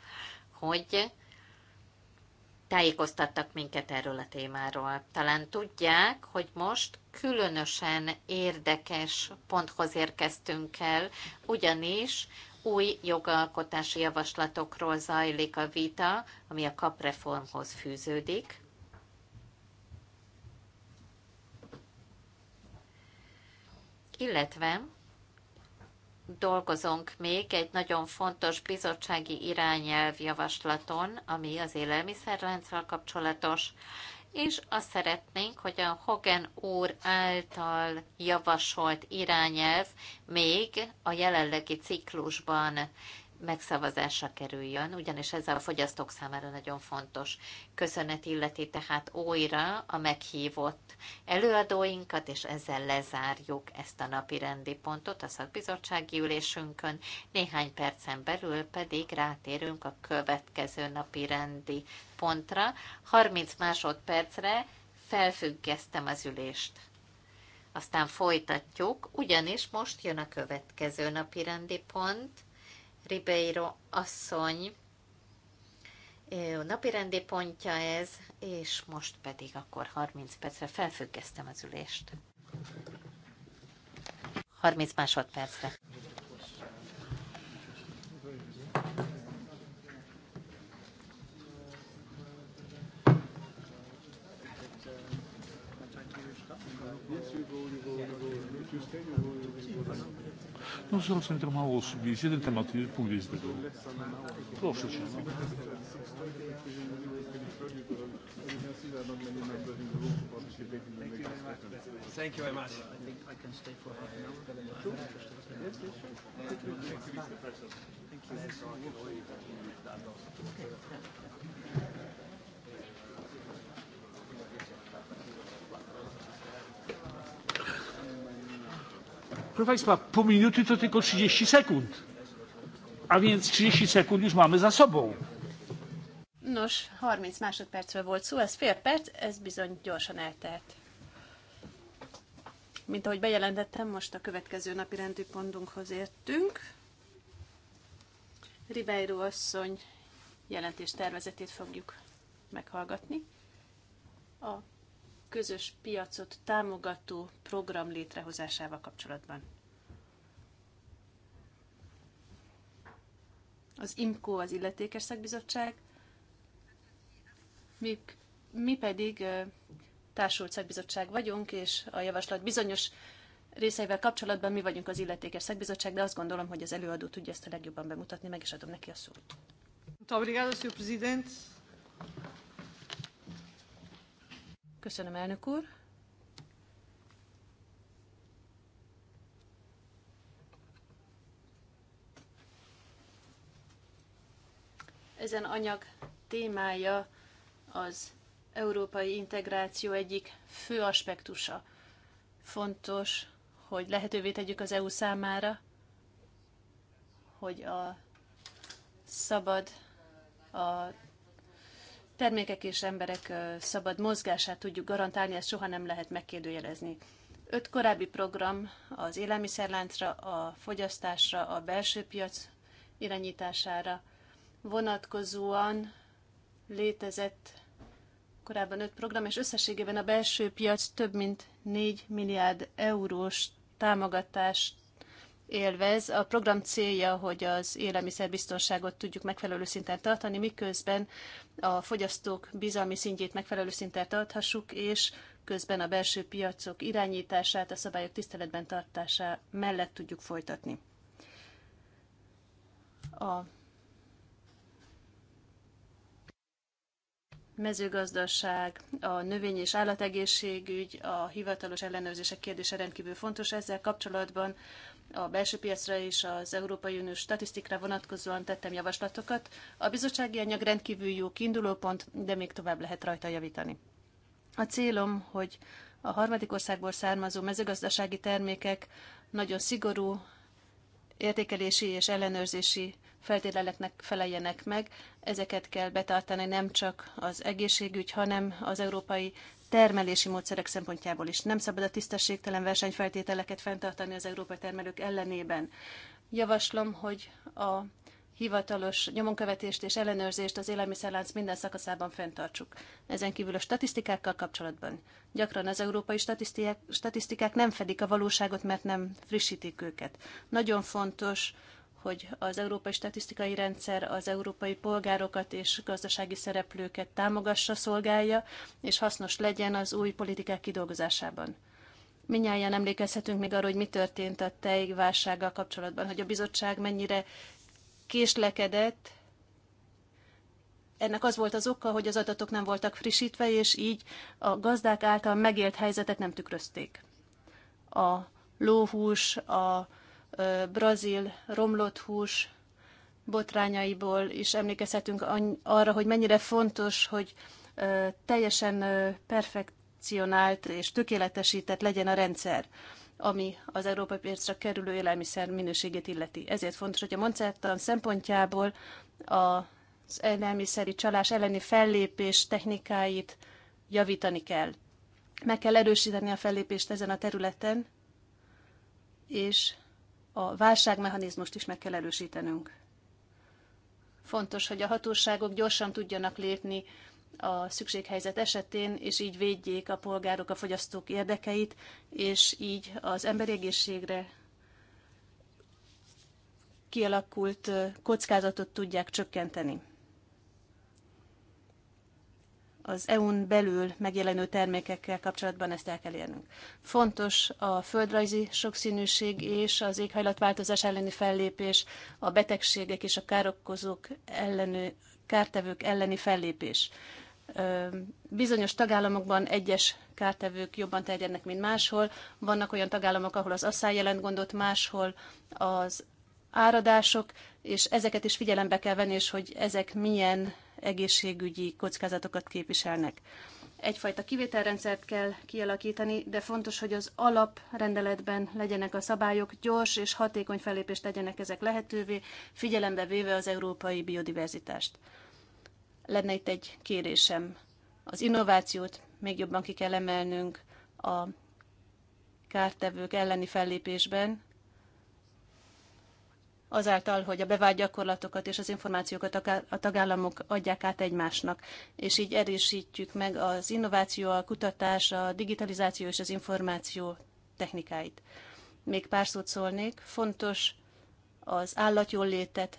hogy tájékoztattak minket erről a témáról. Talán tudják, hogy most különösen érdekes ponthoz érkeztünk el, ugyanis új jogalkotási javaslatokról zajlik a vita, ami a kapreformhoz fűződik. Illetve dolgozunk még egy nagyon fontos bizottsági irányelv javaslaton, ami az élelmiszerlánccal kapcsolatos, és azt szeretnénk, hogy a Hogan úr által javasolt irányelv még a jelenlegi ciklusban megszavazásra kerüljön, ugyanis ez a fogyasztók számára nagyon fontos. Köszönet illeti tehát újra a meghívott előadóinkat, és ezzel lezárjuk ezt a napi rendi pontot a szakbizottsági ülésünkön. Néhány percen belül pedig rátérünk a következő napi rendi pontra. 30 másodpercre felfüggesztem az ülést. Aztán folytatjuk, ugyanis most jön a következő napi rendi pont, Ribeiro asszony napirendi pontja ez, és most pedig akkor 30 percre felfüggesztem az ülést. 30 másodpercre. Yes, you No zresztą to mało osób jest. Jeden temat, punkt jest tego. Proszę cię. Thank you very much. I think I can stay for half an hour. Thank you, Thank you. Proszę Państwa, pół minuty to tylko 30 sekund. A więc 30 sekund już mamy za sobą. Nos, 30 másodpercről volt szó, ez fél perc, ez bizony gyorsan eltelt. Mint ahogy bejelentettem, most a következő napi rendű pontunkhoz értünk. Ribeiro asszony jelentés tervezetét fogjuk meghallgatni. A közös piacot támogató program létrehozásával kapcsolatban. Az IMCO az illetékes szakbizottság, mi, mi pedig társult szakbizottság vagyunk, és a javaslat bizonyos részeivel kapcsolatban mi vagyunk az illetékes szakbizottság, de azt gondolom, hogy az előadó tudja ezt a legjobban bemutatni, meg is adom neki a szót. Köszönöm, elnök úr. Ezen anyag témája az európai integráció egyik fő aspektusa. Fontos, hogy lehetővé tegyük az EU számára, hogy a szabad, a termékek és emberek szabad mozgását tudjuk garantálni, ezt soha nem lehet megkérdőjelezni. Öt korábbi program az élelmiszerláncra, a fogyasztásra, a belső piac irányítására vonatkozóan létezett korábban öt program, és összességében a belső piac több mint 4 milliárd eurós támogatást élvez. A program célja, hogy az élelmiszerbiztonságot tudjuk megfelelő szinten tartani, miközben a fogyasztók bizalmi szintjét megfelelő szinten tarthassuk, és közben a belső piacok irányítását a szabályok tiszteletben tartása mellett tudjuk folytatni. A mezőgazdaság, a növény- és állategészségügy, a hivatalos ellenőrzések kérdése rendkívül fontos. Ezzel kapcsolatban a belső piacra és az Európai Uniós statisztikra vonatkozóan tettem javaslatokat. A bizottsági anyag rendkívül jó kiindulópont, de még tovább lehet rajta javítani. A célom, hogy a harmadik országból származó mezőgazdasági termékek nagyon szigorú értékelési és ellenőrzési feltételeknek feleljenek meg. Ezeket kell betartani nem csak az egészségügy, hanem az európai termelési módszerek szempontjából is. Nem szabad a tisztességtelen versenyfeltételeket fenntartani az európai termelők ellenében. Javaslom, hogy a hivatalos nyomonkövetést és ellenőrzést az élelmiszerlánc minden szakaszában fenntartsuk. Ezen kívül a statisztikákkal kapcsolatban. Gyakran az európai statisztikák, statisztikák nem fedik a valóságot, mert nem frissítik őket. Nagyon fontos hogy az Európai Statisztikai Rendszer az európai polgárokat és gazdasági szereplőket támogassa, szolgálja, és hasznos legyen az új politikák kidolgozásában. Minnyáján emlékezhetünk még arra, hogy mi történt a válsággal kapcsolatban, hogy a bizottság mennyire késlekedett, ennek az volt az oka, hogy az adatok nem voltak frissítve, és így a gazdák által megélt helyzetet nem tükrözték. A lóhús, a brazil romlott hús botrányaiból is emlékezhetünk arra, hogy mennyire fontos, hogy teljesen perfekcionált és tökéletesített legyen a rendszer, ami az európai piacra kerülő élelmiszer minőségét illeti. Ezért fontos, hogy a Monsanto szempontjából az élelmiszeri csalás elleni fellépés technikáit javítani kell. Meg kell erősíteni a fellépést ezen a területen, és a válságmechanizmust is meg kell erősítenünk. Fontos, hogy a hatóságok gyorsan tudjanak lépni a szükséghelyzet esetén, és így védjék a polgárok, a fogyasztók érdekeit, és így az emberi egészségre kialakult kockázatot tudják csökkenteni az EU-n belül megjelenő termékekkel kapcsolatban ezt el kell érnünk. Fontos a földrajzi sokszínűség és az éghajlatváltozás elleni fellépés, a betegségek és a károkozók elleni kártevők elleni fellépés. Bizonyos tagállamokban egyes kártevők jobban terjednek, mint máshol. Vannak olyan tagállamok, ahol az asszály jelent gondot, máshol az áradások, és ezeket is figyelembe kell venni, és hogy ezek milyen egészségügyi kockázatokat képviselnek. Egyfajta kivételrendszert kell kialakítani, de fontos, hogy az alaprendeletben legyenek a szabályok, gyors és hatékony fellépést tegyenek ezek lehetővé, figyelembe véve az európai biodiverzitást. Lenne itt egy kérésem. Az innovációt még jobban ki kell emelnünk a kártevők elleni fellépésben, azáltal, hogy a bevált gyakorlatokat és az információkat a tagállamok adják át egymásnak, és így erősítjük meg az innováció, a kutatás, a digitalizáció és az információ technikáit. Még pár szót szólnék. Fontos az állatjólétet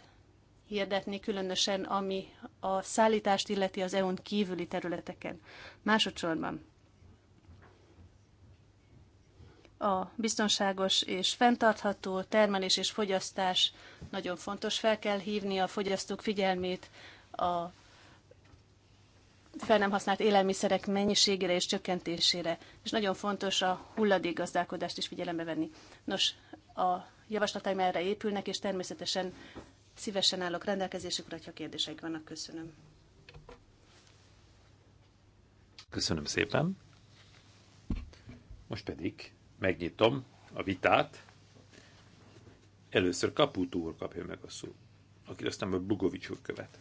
hirdetni, különösen ami a szállítást illeti az EU-n kívüli területeken. Másodszorban a biztonságos és fenntartható termelés és fogyasztás nagyon fontos. Fel kell hívni a fogyasztók figyelmét a fel nem használt élelmiszerek mennyiségére és csökkentésére, és nagyon fontos a hulladékgazdálkodást is figyelembe venni. Nos, a javaslataim erre épülnek, és természetesen szívesen állok rendelkezésükre, ha kérdéseik vannak. Köszönöm. Köszönöm szépen. Most pedig Megnyitom a vitát. Először Kaput úr kapja meg a szót, aki aztán a Bugovics úr követ.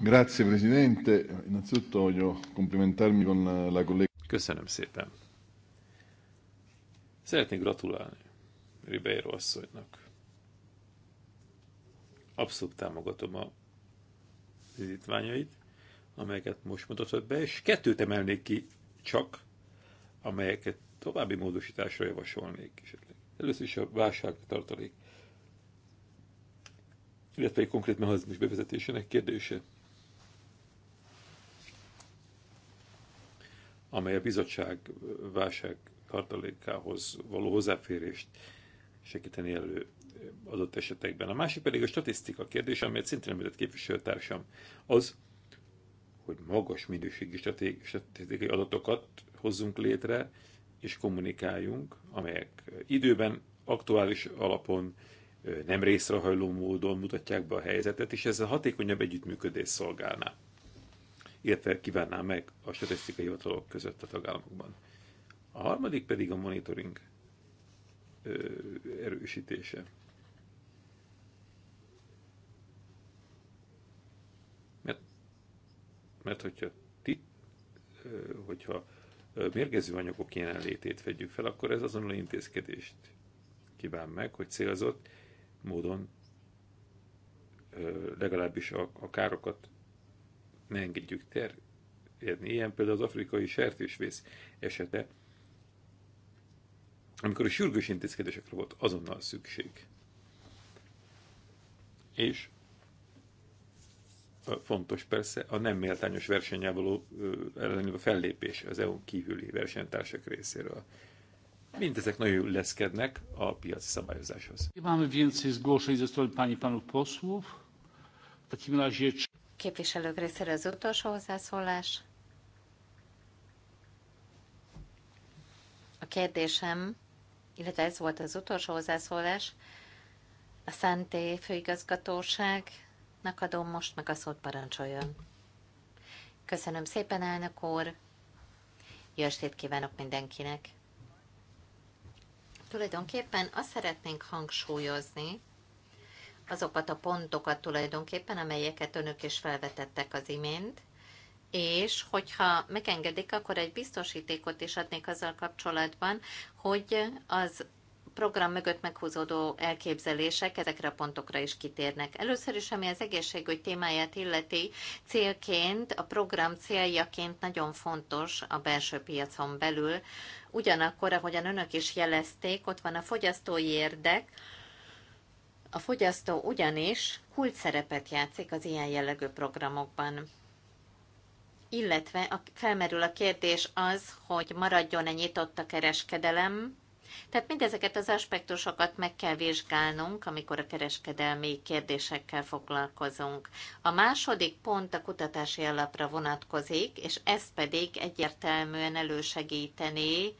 Grazie Presidente, innanzitutto voglio complimentarmi con la collega. Köszönöm szépen. Szeretnék gratulálni Ribeiro asszonynak. Abszolút támogatom a vizitványait, amelyeket most mutatott be, és kettőt emelnék ki csak, amelyeket további módosításra javasolnék esetleg. Először is a válságtartalék, illetve egy konkrét mechanizmus bevezetésének kérdése, amely a bizottság válságtartalékához való hozzáférést segíteni elő adott esetekben. A másik pedig a statisztika kérdése, amelyet szintén említett képviselőtársam, az, hogy magas minőségi statisztikai adatokat hozzunk létre, és kommunikáljunk, amelyek időben, aktuális alapon, nem részrehajló módon mutatják be a helyzetet, és ezzel hatékonyabb együttműködés szolgálná, illetve kívánná meg a statisztikai hivatalok között a tagállamokban. A harmadik pedig a monitoring erősítése. Mert, mert hogyha ti, hogyha mérgező anyagok jelenlétét vegyük fel, akkor ez azonnal intézkedést kíván meg, hogy célzott módon legalábbis a, a károkat ne engedjük terjedni. Ilyen például az afrikai sertésvész esete, amikor a sürgős intézkedésekre volt azonnal szükség. És fontos persze a nem méltányos versenyel való a fellépés az EU-n kívüli versenytársak részéről. Mindezek nagyon leszkednek a piaci szabályozáshoz. pani Képviselők részéről az utolsó hozzászólás. A kérdésem, illetve ez volt az utolsó hozzászólás, a Szenté Főigazgatóság Nak adom most meg a szót, parancsoljon. Köszönöm szépen, elnök úr. Jó estét kívánok mindenkinek. Tulajdonképpen azt szeretnénk hangsúlyozni, azokat a pontokat tulajdonképpen, amelyeket önök is felvetettek az imént, és hogyha megengedik, akkor egy biztosítékot is adnék azzal kapcsolatban, hogy az program mögött meghúzódó elképzelések ezekre a pontokra is kitérnek. Először is, ami az egészségügy témáját illeti, célként, a program céljaként nagyon fontos a belső piacon belül. Ugyanakkor, ahogyan önök is jelezték, ott van a fogyasztói érdek, a fogyasztó ugyanis kult szerepet játszik az ilyen jellegű programokban. Illetve a, felmerül a kérdés az, hogy maradjon-e nyitott a kereskedelem, tehát mindezeket az aspektusokat meg kell vizsgálnunk, amikor a kereskedelmi kérdésekkel foglalkozunk. A második pont a kutatási alapra vonatkozik, és ez pedig egyértelműen elősegíteni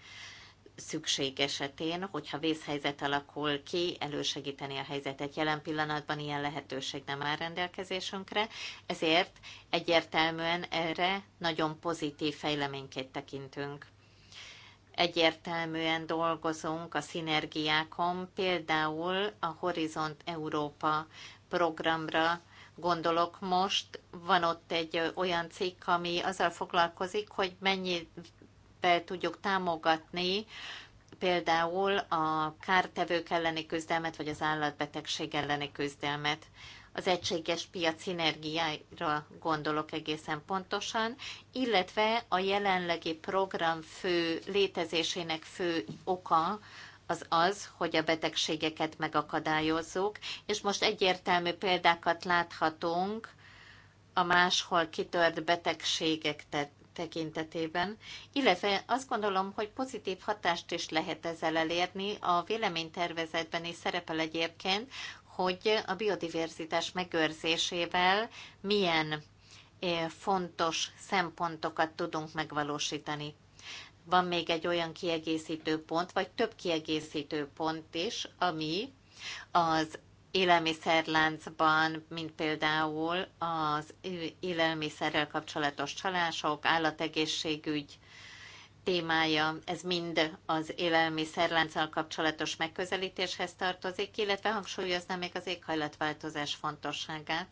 szükség esetén, hogyha vészhelyzet alakul ki, elősegíteni a helyzetet. Jelen pillanatban ilyen lehetőség nem áll rendelkezésünkre, ezért egyértelműen erre nagyon pozitív fejleményként tekintünk egyértelműen dolgozunk a szinergiákon, például a Horizont Európa programra gondolok most. Van ott egy olyan cikk, ami azzal foglalkozik, hogy mennyivel tudjuk támogatni például a kártevők elleni küzdelmet, vagy az állatbetegség elleni küzdelmet az egységes piac szinergiára gondolok egészen pontosan, illetve a jelenlegi program fő létezésének fő oka, az az, hogy a betegségeket megakadályozzuk, és most egyértelmű példákat láthatunk a máshol kitört betegségek te- tekintetében, illetve azt gondolom, hogy pozitív hatást is lehet ezzel elérni. A véleménytervezetben is szerepel egyébként, hogy a biodiverzitás megőrzésével milyen eh, fontos szempontokat tudunk megvalósítani. Van még egy olyan kiegészítő pont, vagy több kiegészítő pont is, ami az élelmiszerláncban, mint például az élelmiszerrel kapcsolatos csalások, állategészségügy, témája, ez mind az élelmiszerlánccal kapcsolatos megközelítéshez tartozik, illetve hangsúlyozna még az éghajlatváltozás fontosságát.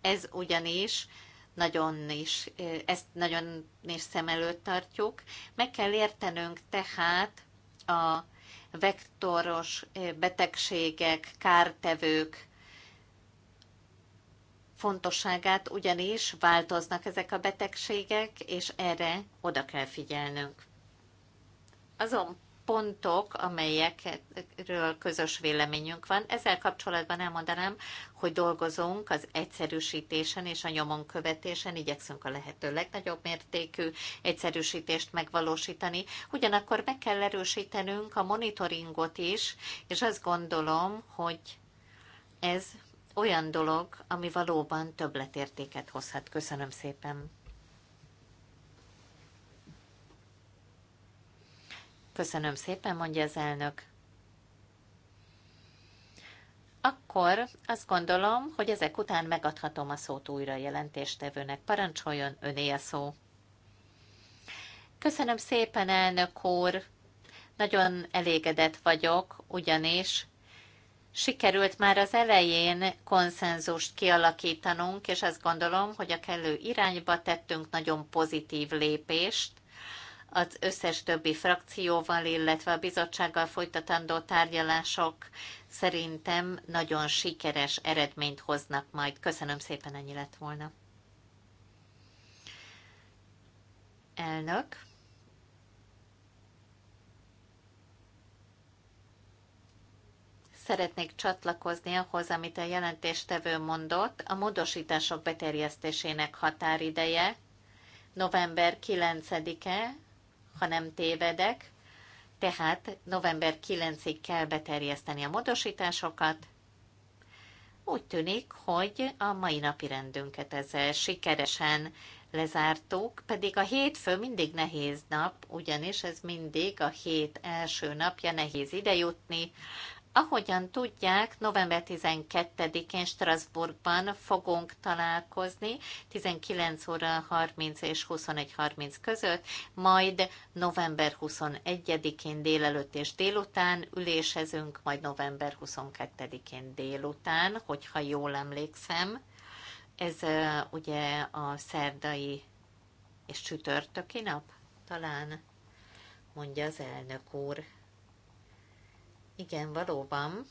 Ez ugyanis nagyon is, ezt nagyon is szem előtt tartjuk. Meg kell értenünk tehát a vektoros betegségek, kártevők, fontosságát, ugyanis változnak ezek a betegségek, és erre oda kell figyelnünk azon pontok, amelyekről közös véleményünk van. Ezzel kapcsolatban elmondanám, hogy dolgozunk az egyszerűsítésen és a nyomon követésen, igyekszünk a lehető legnagyobb mértékű egyszerűsítést megvalósítani. Ugyanakkor meg kell erősítenünk a monitoringot is, és azt gondolom, hogy ez olyan dolog, ami valóban többletértéket hozhat. Köszönöm szépen! Köszönöm szépen, mondja az elnök. Akkor azt gondolom, hogy ezek után megadhatom a szót újra a jelentéstevőnek. Parancsoljon öné a szó. Köszönöm szépen, elnök úr. Nagyon elégedett vagyok, ugyanis sikerült már az elején konszenzust kialakítanunk, és azt gondolom, hogy a kellő irányba tettünk nagyon pozitív lépést, az összes többi frakcióval, illetve a bizottsággal folytatandó tárgyalások szerintem nagyon sikeres eredményt hoznak majd. Köszönöm szépen, ennyi lett volna. Elnök. szeretnék csatlakozni ahhoz, amit a jelentéstevő mondott, a módosítások beterjesztésének határideje november 9-e, ha nem tévedek, tehát november 9-ig kell beterjeszteni a módosításokat. Úgy tűnik, hogy a mai napi rendünket ezzel sikeresen lezártuk, pedig a hétfő mindig nehéz nap, ugyanis ez mindig a hét első napja, nehéz idejutni, Ahogyan tudják, november 12-én Strasbourgban fogunk találkozni 19 óra 30 és 21.30 között, majd november 21-én délelőtt és délután ülésezünk, majd november 22-én délután, hogyha jól emlékszem. Ez ugye a szerdai és csütörtöki nap, talán, mondja az elnök úr. Igen, valóban.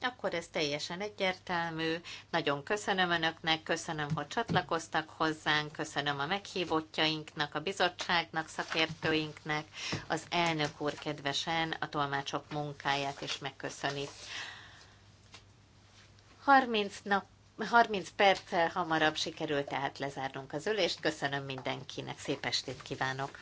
Akkor ez teljesen egyértelmű. Nagyon köszönöm Önöknek, köszönöm, hogy csatlakoztak hozzánk, köszönöm a meghívottjainknak, a bizottságnak, szakértőinknek, az elnök úr kedvesen a tolmácsok munkáját is megköszöni. 30 nap 30 perccel hamarabb sikerült tehát lezárnunk az ülést. Köszönöm mindenkinek, szép estét kívánok!